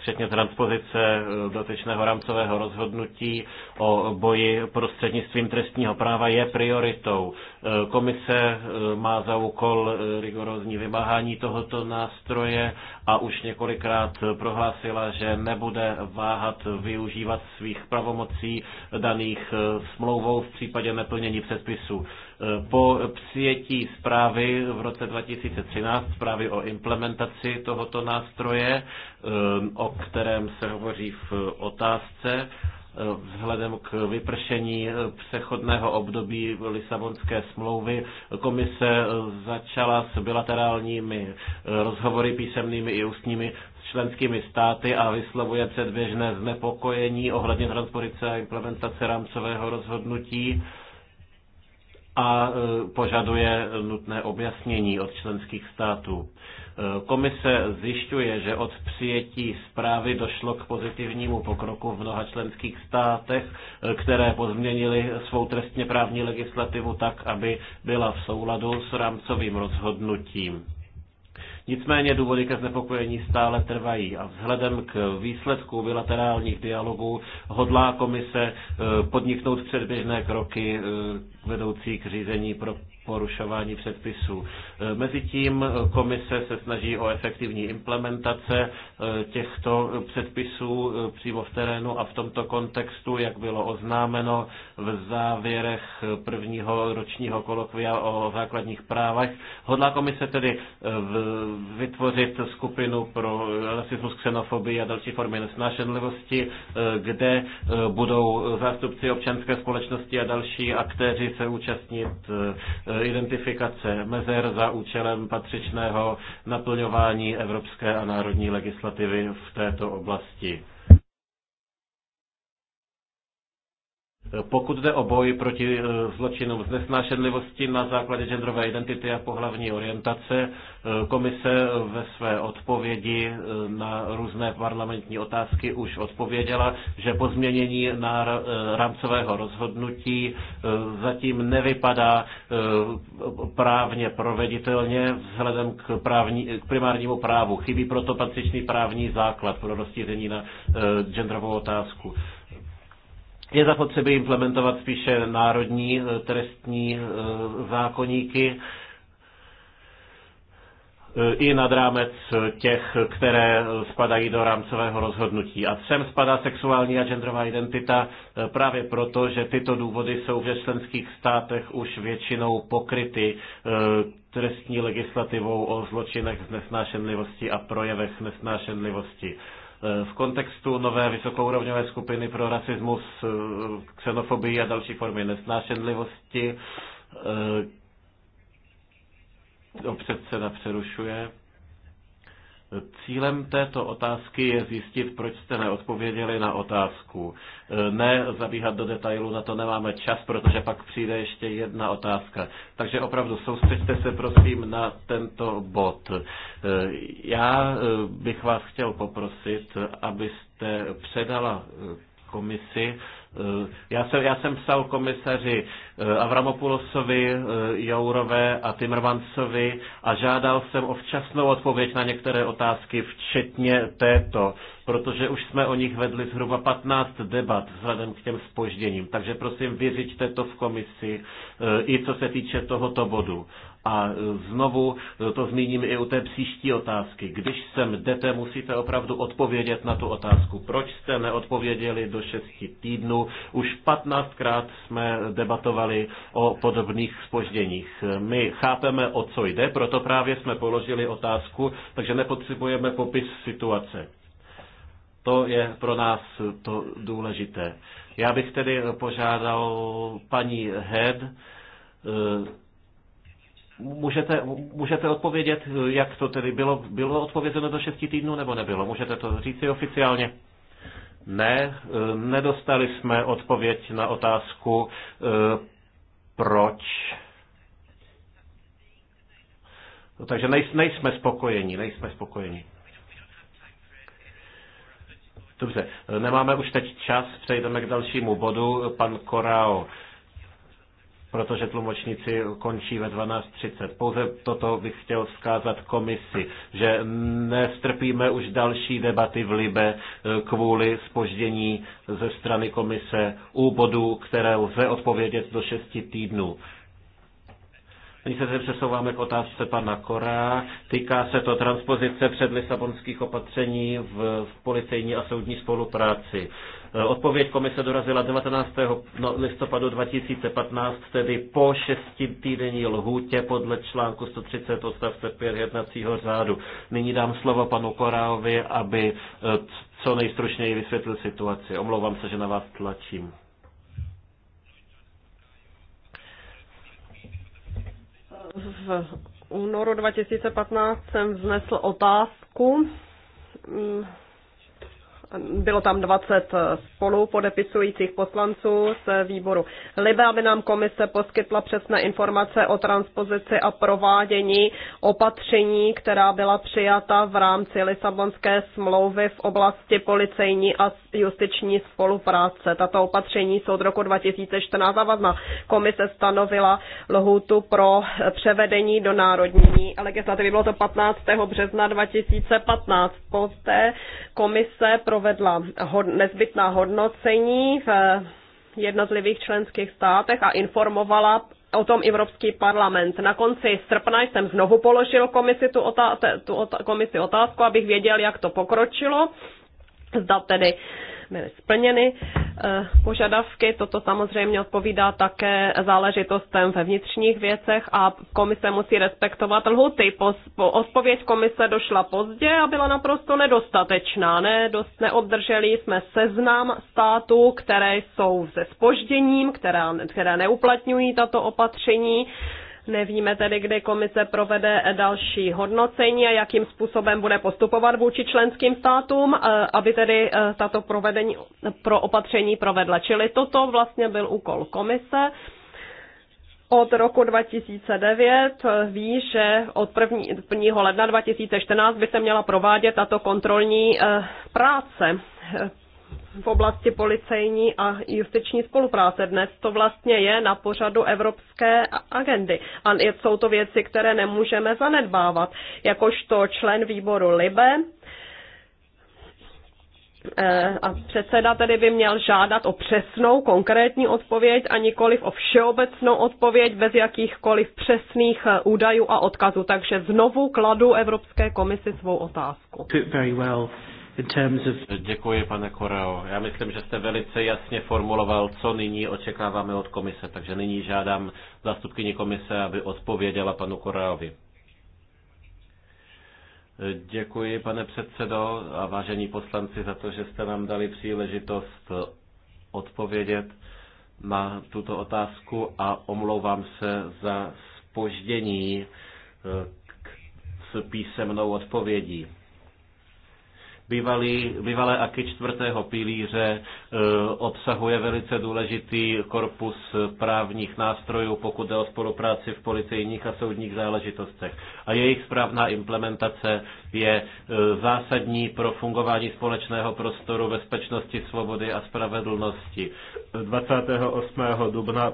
včetně transpozice dotyčného rámcového rozhodnutí o boji prostřednictvím trestního práva je prioritou. Komise má za úkol rigorózní vymáhání tohoto nástroje a už několikrát prohlásila, že nebude váhat využít využívat svých pravomocí daných eh, smlouvou v případě neplnění předpisů. Eh, po přijetí zprávy v roce 2013, zprávy o implementaci tohoto nástroje, eh, o kterém se hovoří v otázce, vzhledem k vypršení přechodného období Lisabonské smlouvy. Komise začala s bilaterálními rozhovory písemnými i ústními členskými státy a vyslovuje předběžné znepokojení ohledně transpozice a implementace rámcového rozhodnutí a e, požaduje nutné objasnění od členských států. E, komise zjišťuje, že od přijetí zprávy došlo k pozitivnímu pokroku v mnoha členských státech, e, které pozměnili svou trestně právní legislativu tak, aby byla v souladu s rámcovým rozhodnutím. Nicméně důvody ke znepokojení stále trvají a vzhledem k výsledku bilaterálních dialogů hodlá komise eh, podniknout předběžné kroky eh, vedoucí k řízení pro porušování předpisů. E, mezitím komise se snaží o efektivní implementace e, těchto předpisů e, přímo v terénu a v tomto kontextu, jak bylo oznámeno v závěrech prvního ročního kolokvia o základních právech, hodlá komise tedy vytvořit skupinu pro rasismus, xenofobii a další formy nesnášenlivosti, kde budou zástupci občanské společnosti a další aktéři se účastnit identifikace mezer za účelem patřičného naplňování evropské a národní legislativy v této oblasti. Pokud jde o boj proti eh, zločinům z nesnášenlivosti na základě genderové identity a pohlavní orientace, eh, komise ve své odpovědi eh, na různé parlamentní otázky už odpověděla, že po změnění na rámcového rozhodnutí zatím nevypadá právně proveditelně vzhledem k, právní, k primárnímu právu. Chybí proto patřičný právní základ pro rozšíření na genderovou otázku je zapotřebí implementovat spíše národní eh, trestní eh, zákoníky eh, i nad rámec těch, které spadají do rámcového rozhodnutí. A sem spadá sexuální a genderová identita právě proto, že tyto důvody jsou v členských státech už většinou pokryty trestní legislativou o zločinech z nesnášenlivosti a projevech nesnášenlivosti. V kontextu nové vysokourovňové skupiny pro rasismus, xenofobii a další formy nesnášenlivosti, se přerušuje. Cílem této otázky je zjistit, proč jste neodpověděli na otázku. Ne zabíhat do detailu, na to nemáme čas, protože pak přijde ještě jedna otázka. Takže opravdu soustřeďte se prosím na tento bod. Já eh, bych vás chtěl poprosit, abyste předala eh, komisi Eh, já jsem, já jsem psal komisaři eh, Avramopulosovi, eh, Jourové a Timrvancovi a žádal jsem o včasnou odpověď na některé otázky, včetně této, protože už jsme o nich vedli zhruba 15 debat vzhledem k těm spožděním. Takže prosím, vyřiďte to v komisi, i co se týče tohoto bodu. A e, znovu e, to zmíním i u té příští otázky. Když sem jdete, musíte opravdu odpovědět na tu otázku. Proč jste neodpověděli do 6 týdnů? Už 15krát jsme debatovali o podobných spožděních. My chápeme, o co jde, proto právě jsme položili otázku, takže nepotřebujeme popis situace. To je pro nás to důležité. Já bych tedy požádal paní Head, e, Můžete, můžete odpovědět, jak to tedy bylo? Bylo odpovězeno do 6 týdnů nebo nebylo? Můžete to říct oficiálně? Ne, eh, nedostali jsme odpověď na otázku, eh, proč. Takže nejsme spokojeni, nejsme spokojeni. Dobře, eh, nemáme už teď čas, přejdeme k dalšímu bodu. Pan Korao protože tlumočníci končí ve 12.30. Pouze toto bych chtěl vzkázat komisi, že nestrpíme už další debaty v Libe eh, kvůli spoždění ze strany komise u bodů, které lze odpovědět do 6 týdnů. Nyní se přesouváme k otázce pana Kora. Týká se to transpozice Lisabonských opatření v, v policejní a soudní spolupráci. E, odpověď komise dorazila 19. No, listopadu 2015, tedy po šesti šestitýdenní lhůtě podle článku 130 odstavce 5 jednacího řádu. Nyní dám slovo panu Koráovi, aby e, co nejstručněji vysvětlil situaci. Omlouvám se, že na vás tlačím. V únoru 2015 jsem vznesl otázku mm, bylo tam 20 spolu podepisujících poslanců z výboru Libe, aby nám komise poskytla přesné informace o transpozici a provádění opatření, která byla přijata v rámci Lisabonské smlouvy v oblasti policejní a justiční spolupráce. Tato opatření jsou od roku 2014 zavazná. Komise stanovila lhůtu pro převedení do národní legislativy. Bylo to 15. března 2015. Poté komise pro provedla nezbytná hodnocení v eh, jednotlivých členských státech a informovala o tom Evropský parlament. Na konci srpna jsem znovu položil komisi tu, otá- tu otá- komisi otázku, abych věděl, jak to pokročilo. Zda tedy uh, byly splněny eh, požadavky. Toto samozřejmě odpovídá také záležitostem ve vnitřních věcech a komise musí respektovat lhuty. odpověď komise došla pozdě a byla naprosto nedostatečná. Ne, dost neobdrželi jsme seznam států, které jsou se spožděním, které, které neuplatňují tato opatření. Nevíme tedy, kdy komise provede další hodnocení a jakým způsobem bude postupovat vůči členským státům, eh, aby tedy eh, tato provedení, pro opatření provedla. Čili toto vlastně byl úkol komise. Od roku 2009 eh, ví, že od 1. ledna 2014 by se měla provádět tato kontrolní práce v oblasti policejní a justiční spolupráce. Dnes to vlastně je na pořadu evropské agendy. A jsou to věci, které nemůžeme zanedbávat. Jakožto člen výboru LIBE, eh, a předseda tedy by měl žádat o přesnou, konkrétní odpověď a nikoliv o všeobecnou odpověď bez jakýchkoliv přesných eh, údajů a odkazů. Takže znovu kladu Evropské komisi svou otázku. Very well in terms of... Děkuji, pane Koreo. Já myslím, že jste velice jasně formuloval, co nyní očekáváme od komise, takže nyní žádám zástupkyni komise, aby odpověděla panu Koreovi. Děkuji, pane předsedo a vážení poslanci, za to, že jste nám dali příležitost odpovědět na tuto otázku a omlouvám se za spoždění eh, s písemnou odpovědí. Bývalý, bývalé aky čtvrtého pilíře e, obsahuje velice důležitý korpus právních nástrojů, pokud jde o spolupráci v policejních a soudních záležitostech. A jejich správná implementace je e, zásadní pro fungování společného prostoru bezpečnosti, svobody a spravedlnosti. 28. dubna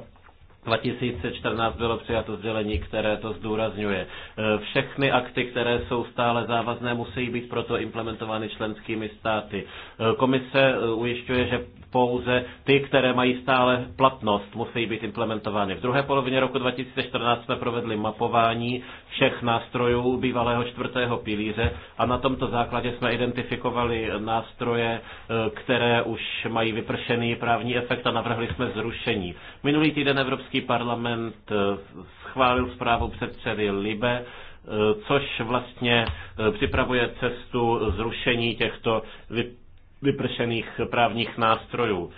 2014 bylo přijato sdělení, které to zdůrazňuje. E, všechny akty, které jsou stále závazné, musí být proto implementovány členskými státy. E, komise e, ujišťuje, že pouze ty, které mají stále platnost, musí být implementovány. V druhé polovině roku 2014 jsme provedli mapování všech nástrojů bývalého čtvrtého pilíře a na tomto základě jsme identifikovali nástroje, které už mají vypršený právní efekt a navrhli jsme zrušení. Minulý týden Evropský Evropský parlament eh, schválil zprávu předsedy Libe, eh, což vlastně eh, připravuje cestu zrušení těchto vypršených právních nástrojů.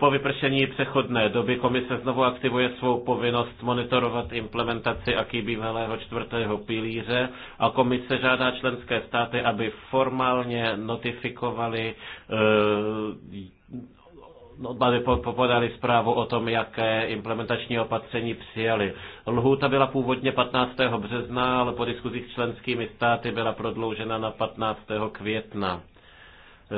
Po vypršení přechodné doby komise znovu aktivuje svou povinnost monitorovat implementaci aký bývalého čtvrtého pilíře a komise žádá členské státy, aby formálně notifikovali No, aby podali zprávu o tom, jaké implementační opatření přijali. Lhůta byla původně 15. března, ale po diskuzích s členskými státy byla prodloužena na 15. května.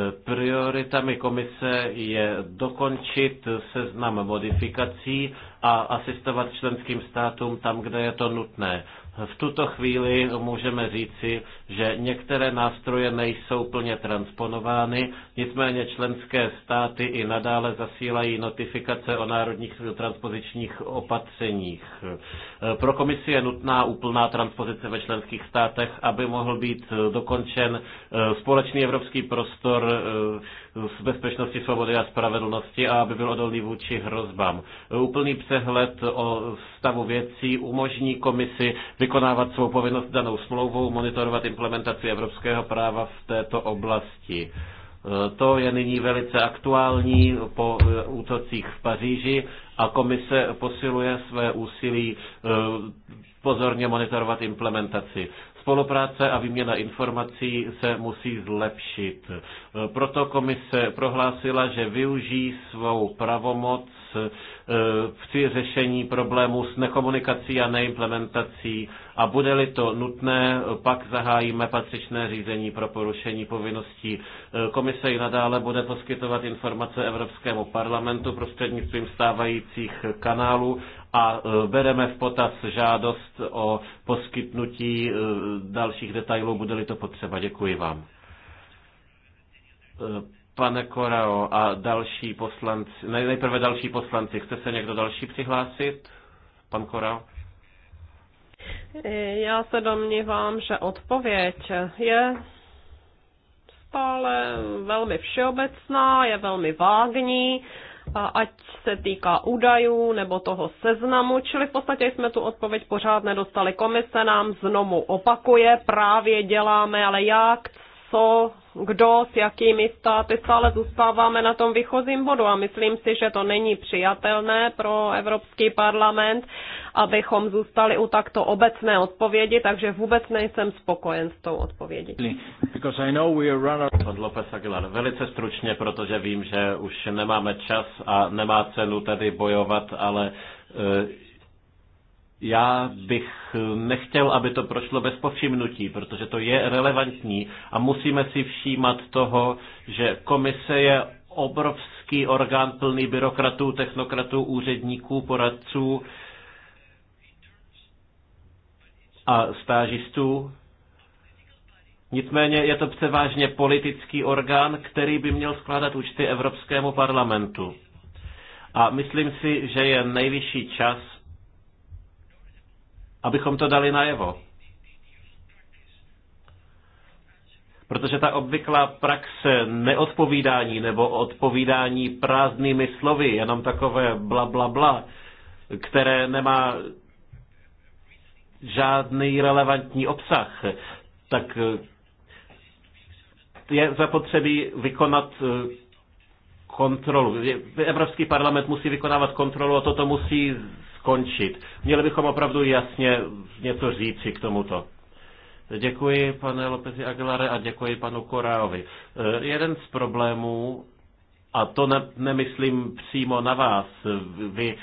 E, prioritami komise je dokončit seznam modifikací a asistovat členským státům tam, kde je to nutné. V tuto chvíli můžeme říci, že některé nástroje nejsou plně transponovány, nicméně členské státy i nadále zasílají notifikace o národních transpozičních opatřeních. Pro komisi je nutná úplná transpozice ve členských státech, aby mohl být dokončen společný evropský prostor z bezpečnosti, svobody a spravedlnosti a aby byl odolný vůči hrozbám. Úplný přehled o stavu věcí umožní komisi vykonávat svou povinnost danou smlouvou, monitorovat implementaci evropského práva v této oblasti. To je nyní velice aktuální po útocích v Paříži a komise posiluje své úsilí eh, pozorně monitorovat implementaci. Spolupráce a výměna informací se musí zlepšit. Proto komise prohlásila, že využijí svou pravomoc eh, při řešení problémů s nekomunikací a neimplementací a bude-li to nutné, pak zahájíme patřičné řízení pro porušení povinností. Eh, komise i nadále bude poskytovat informace Evropskému parlamentu prostřednictvím stávajících kanálů a e, bereme v potaz žádost o poskytnutí e, dalších detailů, bude-li to potřeba. Děkuji vám. E, pane Korao a další poslanci, nejprve další poslanci, chce se někdo další přihlásit? Pan Korao? Já se domnívám, že odpověď je stále velmi všeobecná, je velmi vágní ať se týká údajů nebo toho seznamu, čili v podstatě jsme tu odpověď pořád nedostali. Komise nám znovu opakuje, právě děláme, ale jak, co, kdo s jakými státy stále zůstáváme na tom výchozím bodu a myslím si, že to není přijatelné pro Evropský parlament, abychom zůstali u takto obecné odpovědi, takže vůbec nejsem spokojen s tou odpovědí. López Aguilar, velice stručně, protože vím, že už nemáme čas a nemá cenu tady bojovat, ale eh, já bych eh, nechtěl, aby to prošlo bez povšimnutí, protože to je relevantní a musíme si všímat toho, že komise je obrovský orgán plný byrokratů, technokratů, úředníků, poradců a stážistů. Nicméně je to převážně politický orgán, který by měl skládat účty Evropskému parlamentu. A myslím si, že je nejvyšší čas, abychom to dali najevo. Protože ta obvyklá praxe neodpovídání nebo odpovídání prázdnými slovy, jenom takové bla, bla, bla, které nemá žádný relevantní obsah, tak eh, je zapotřebí vykonat eh, kontrolu. Evropský parlament musí vykonávat kontrolu a toto musí končit. Měli bychom opravdu jasně něco říci k tomuto. Děkuji pane Lopezi Aguilare a děkuji panu Koráovi. Eh, jeden z problémů, a to ne, nemyslím přímo na vás, vy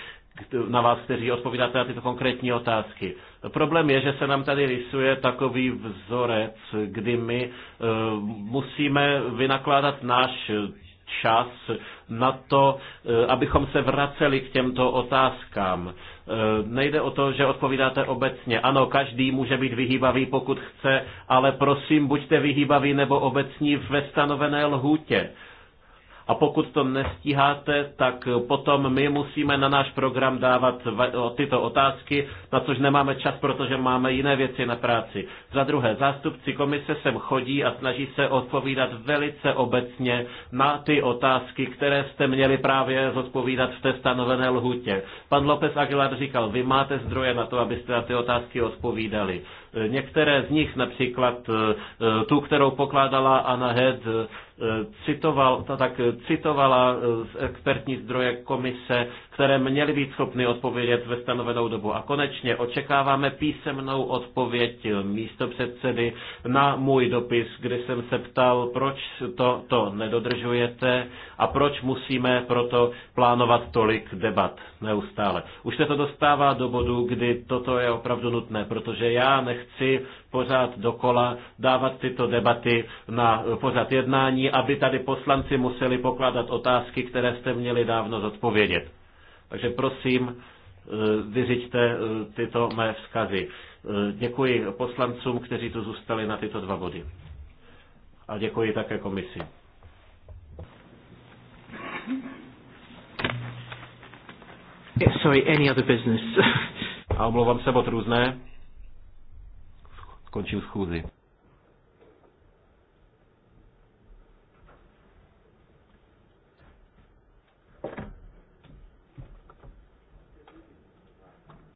na vás, kteří odpovídáte na tyto konkrétní otázky. Problém je, že se nám tady rysuje takový vzorec, kdy my eh, musíme vynakládat náš čas na to, eh, abychom se vraceli k těmto otázkám. Eh, nejde o to, že odpovídáte obecně. Ano, každý může být vyhýbavý, pokud chce, ale prosím, buďte vyhýbaví nebo obecní ve stanovené lhůtě. A pokud to nestíháte, tak potom my musíme na náš program dávat tyto otázky, na což nemáme čas, protože máme jiné věci na práci. Za druhé, zástupci komise sem chodí a snaží se odpovídat velice obecně na ty otázky, které jste měli právě zodpovídat v té stanovené lhutě. Pan López Aguilar říkal, vy máte zdroje na to, abyste na ty otázky odpovídali. E, některé z nich, například e, e, tu, kterou pokládala Anna Head, Eh, citoval, tak eh, citovala eh, z expertní zdroje komise, které měly být schopny odpovědět ve stanovenou dobu. A konečně očekáváme písemnou odpověď místo předsedy na můj dopis, kdy jsem se ptal, proč to, to nedodržujete a proč musíme proto plánovat tolik debat neustále. Už se to dostává do bodu, kdy toto je opravdu nutné, protože já nechci pořád dokola dávat tyto debaty na pořád jednání, aby tady poslanci museli pokládat otázky, které jste měli dávno zodpovědět. Takže prosím, e, vyřiďte e, tyto mé vzkazy. E, děkuji poslancům, kteří tu zůstali na tyto dva body. A děkuji také komisi. Sorry, any other business. A omlouvám se, bod různé končím schůzi.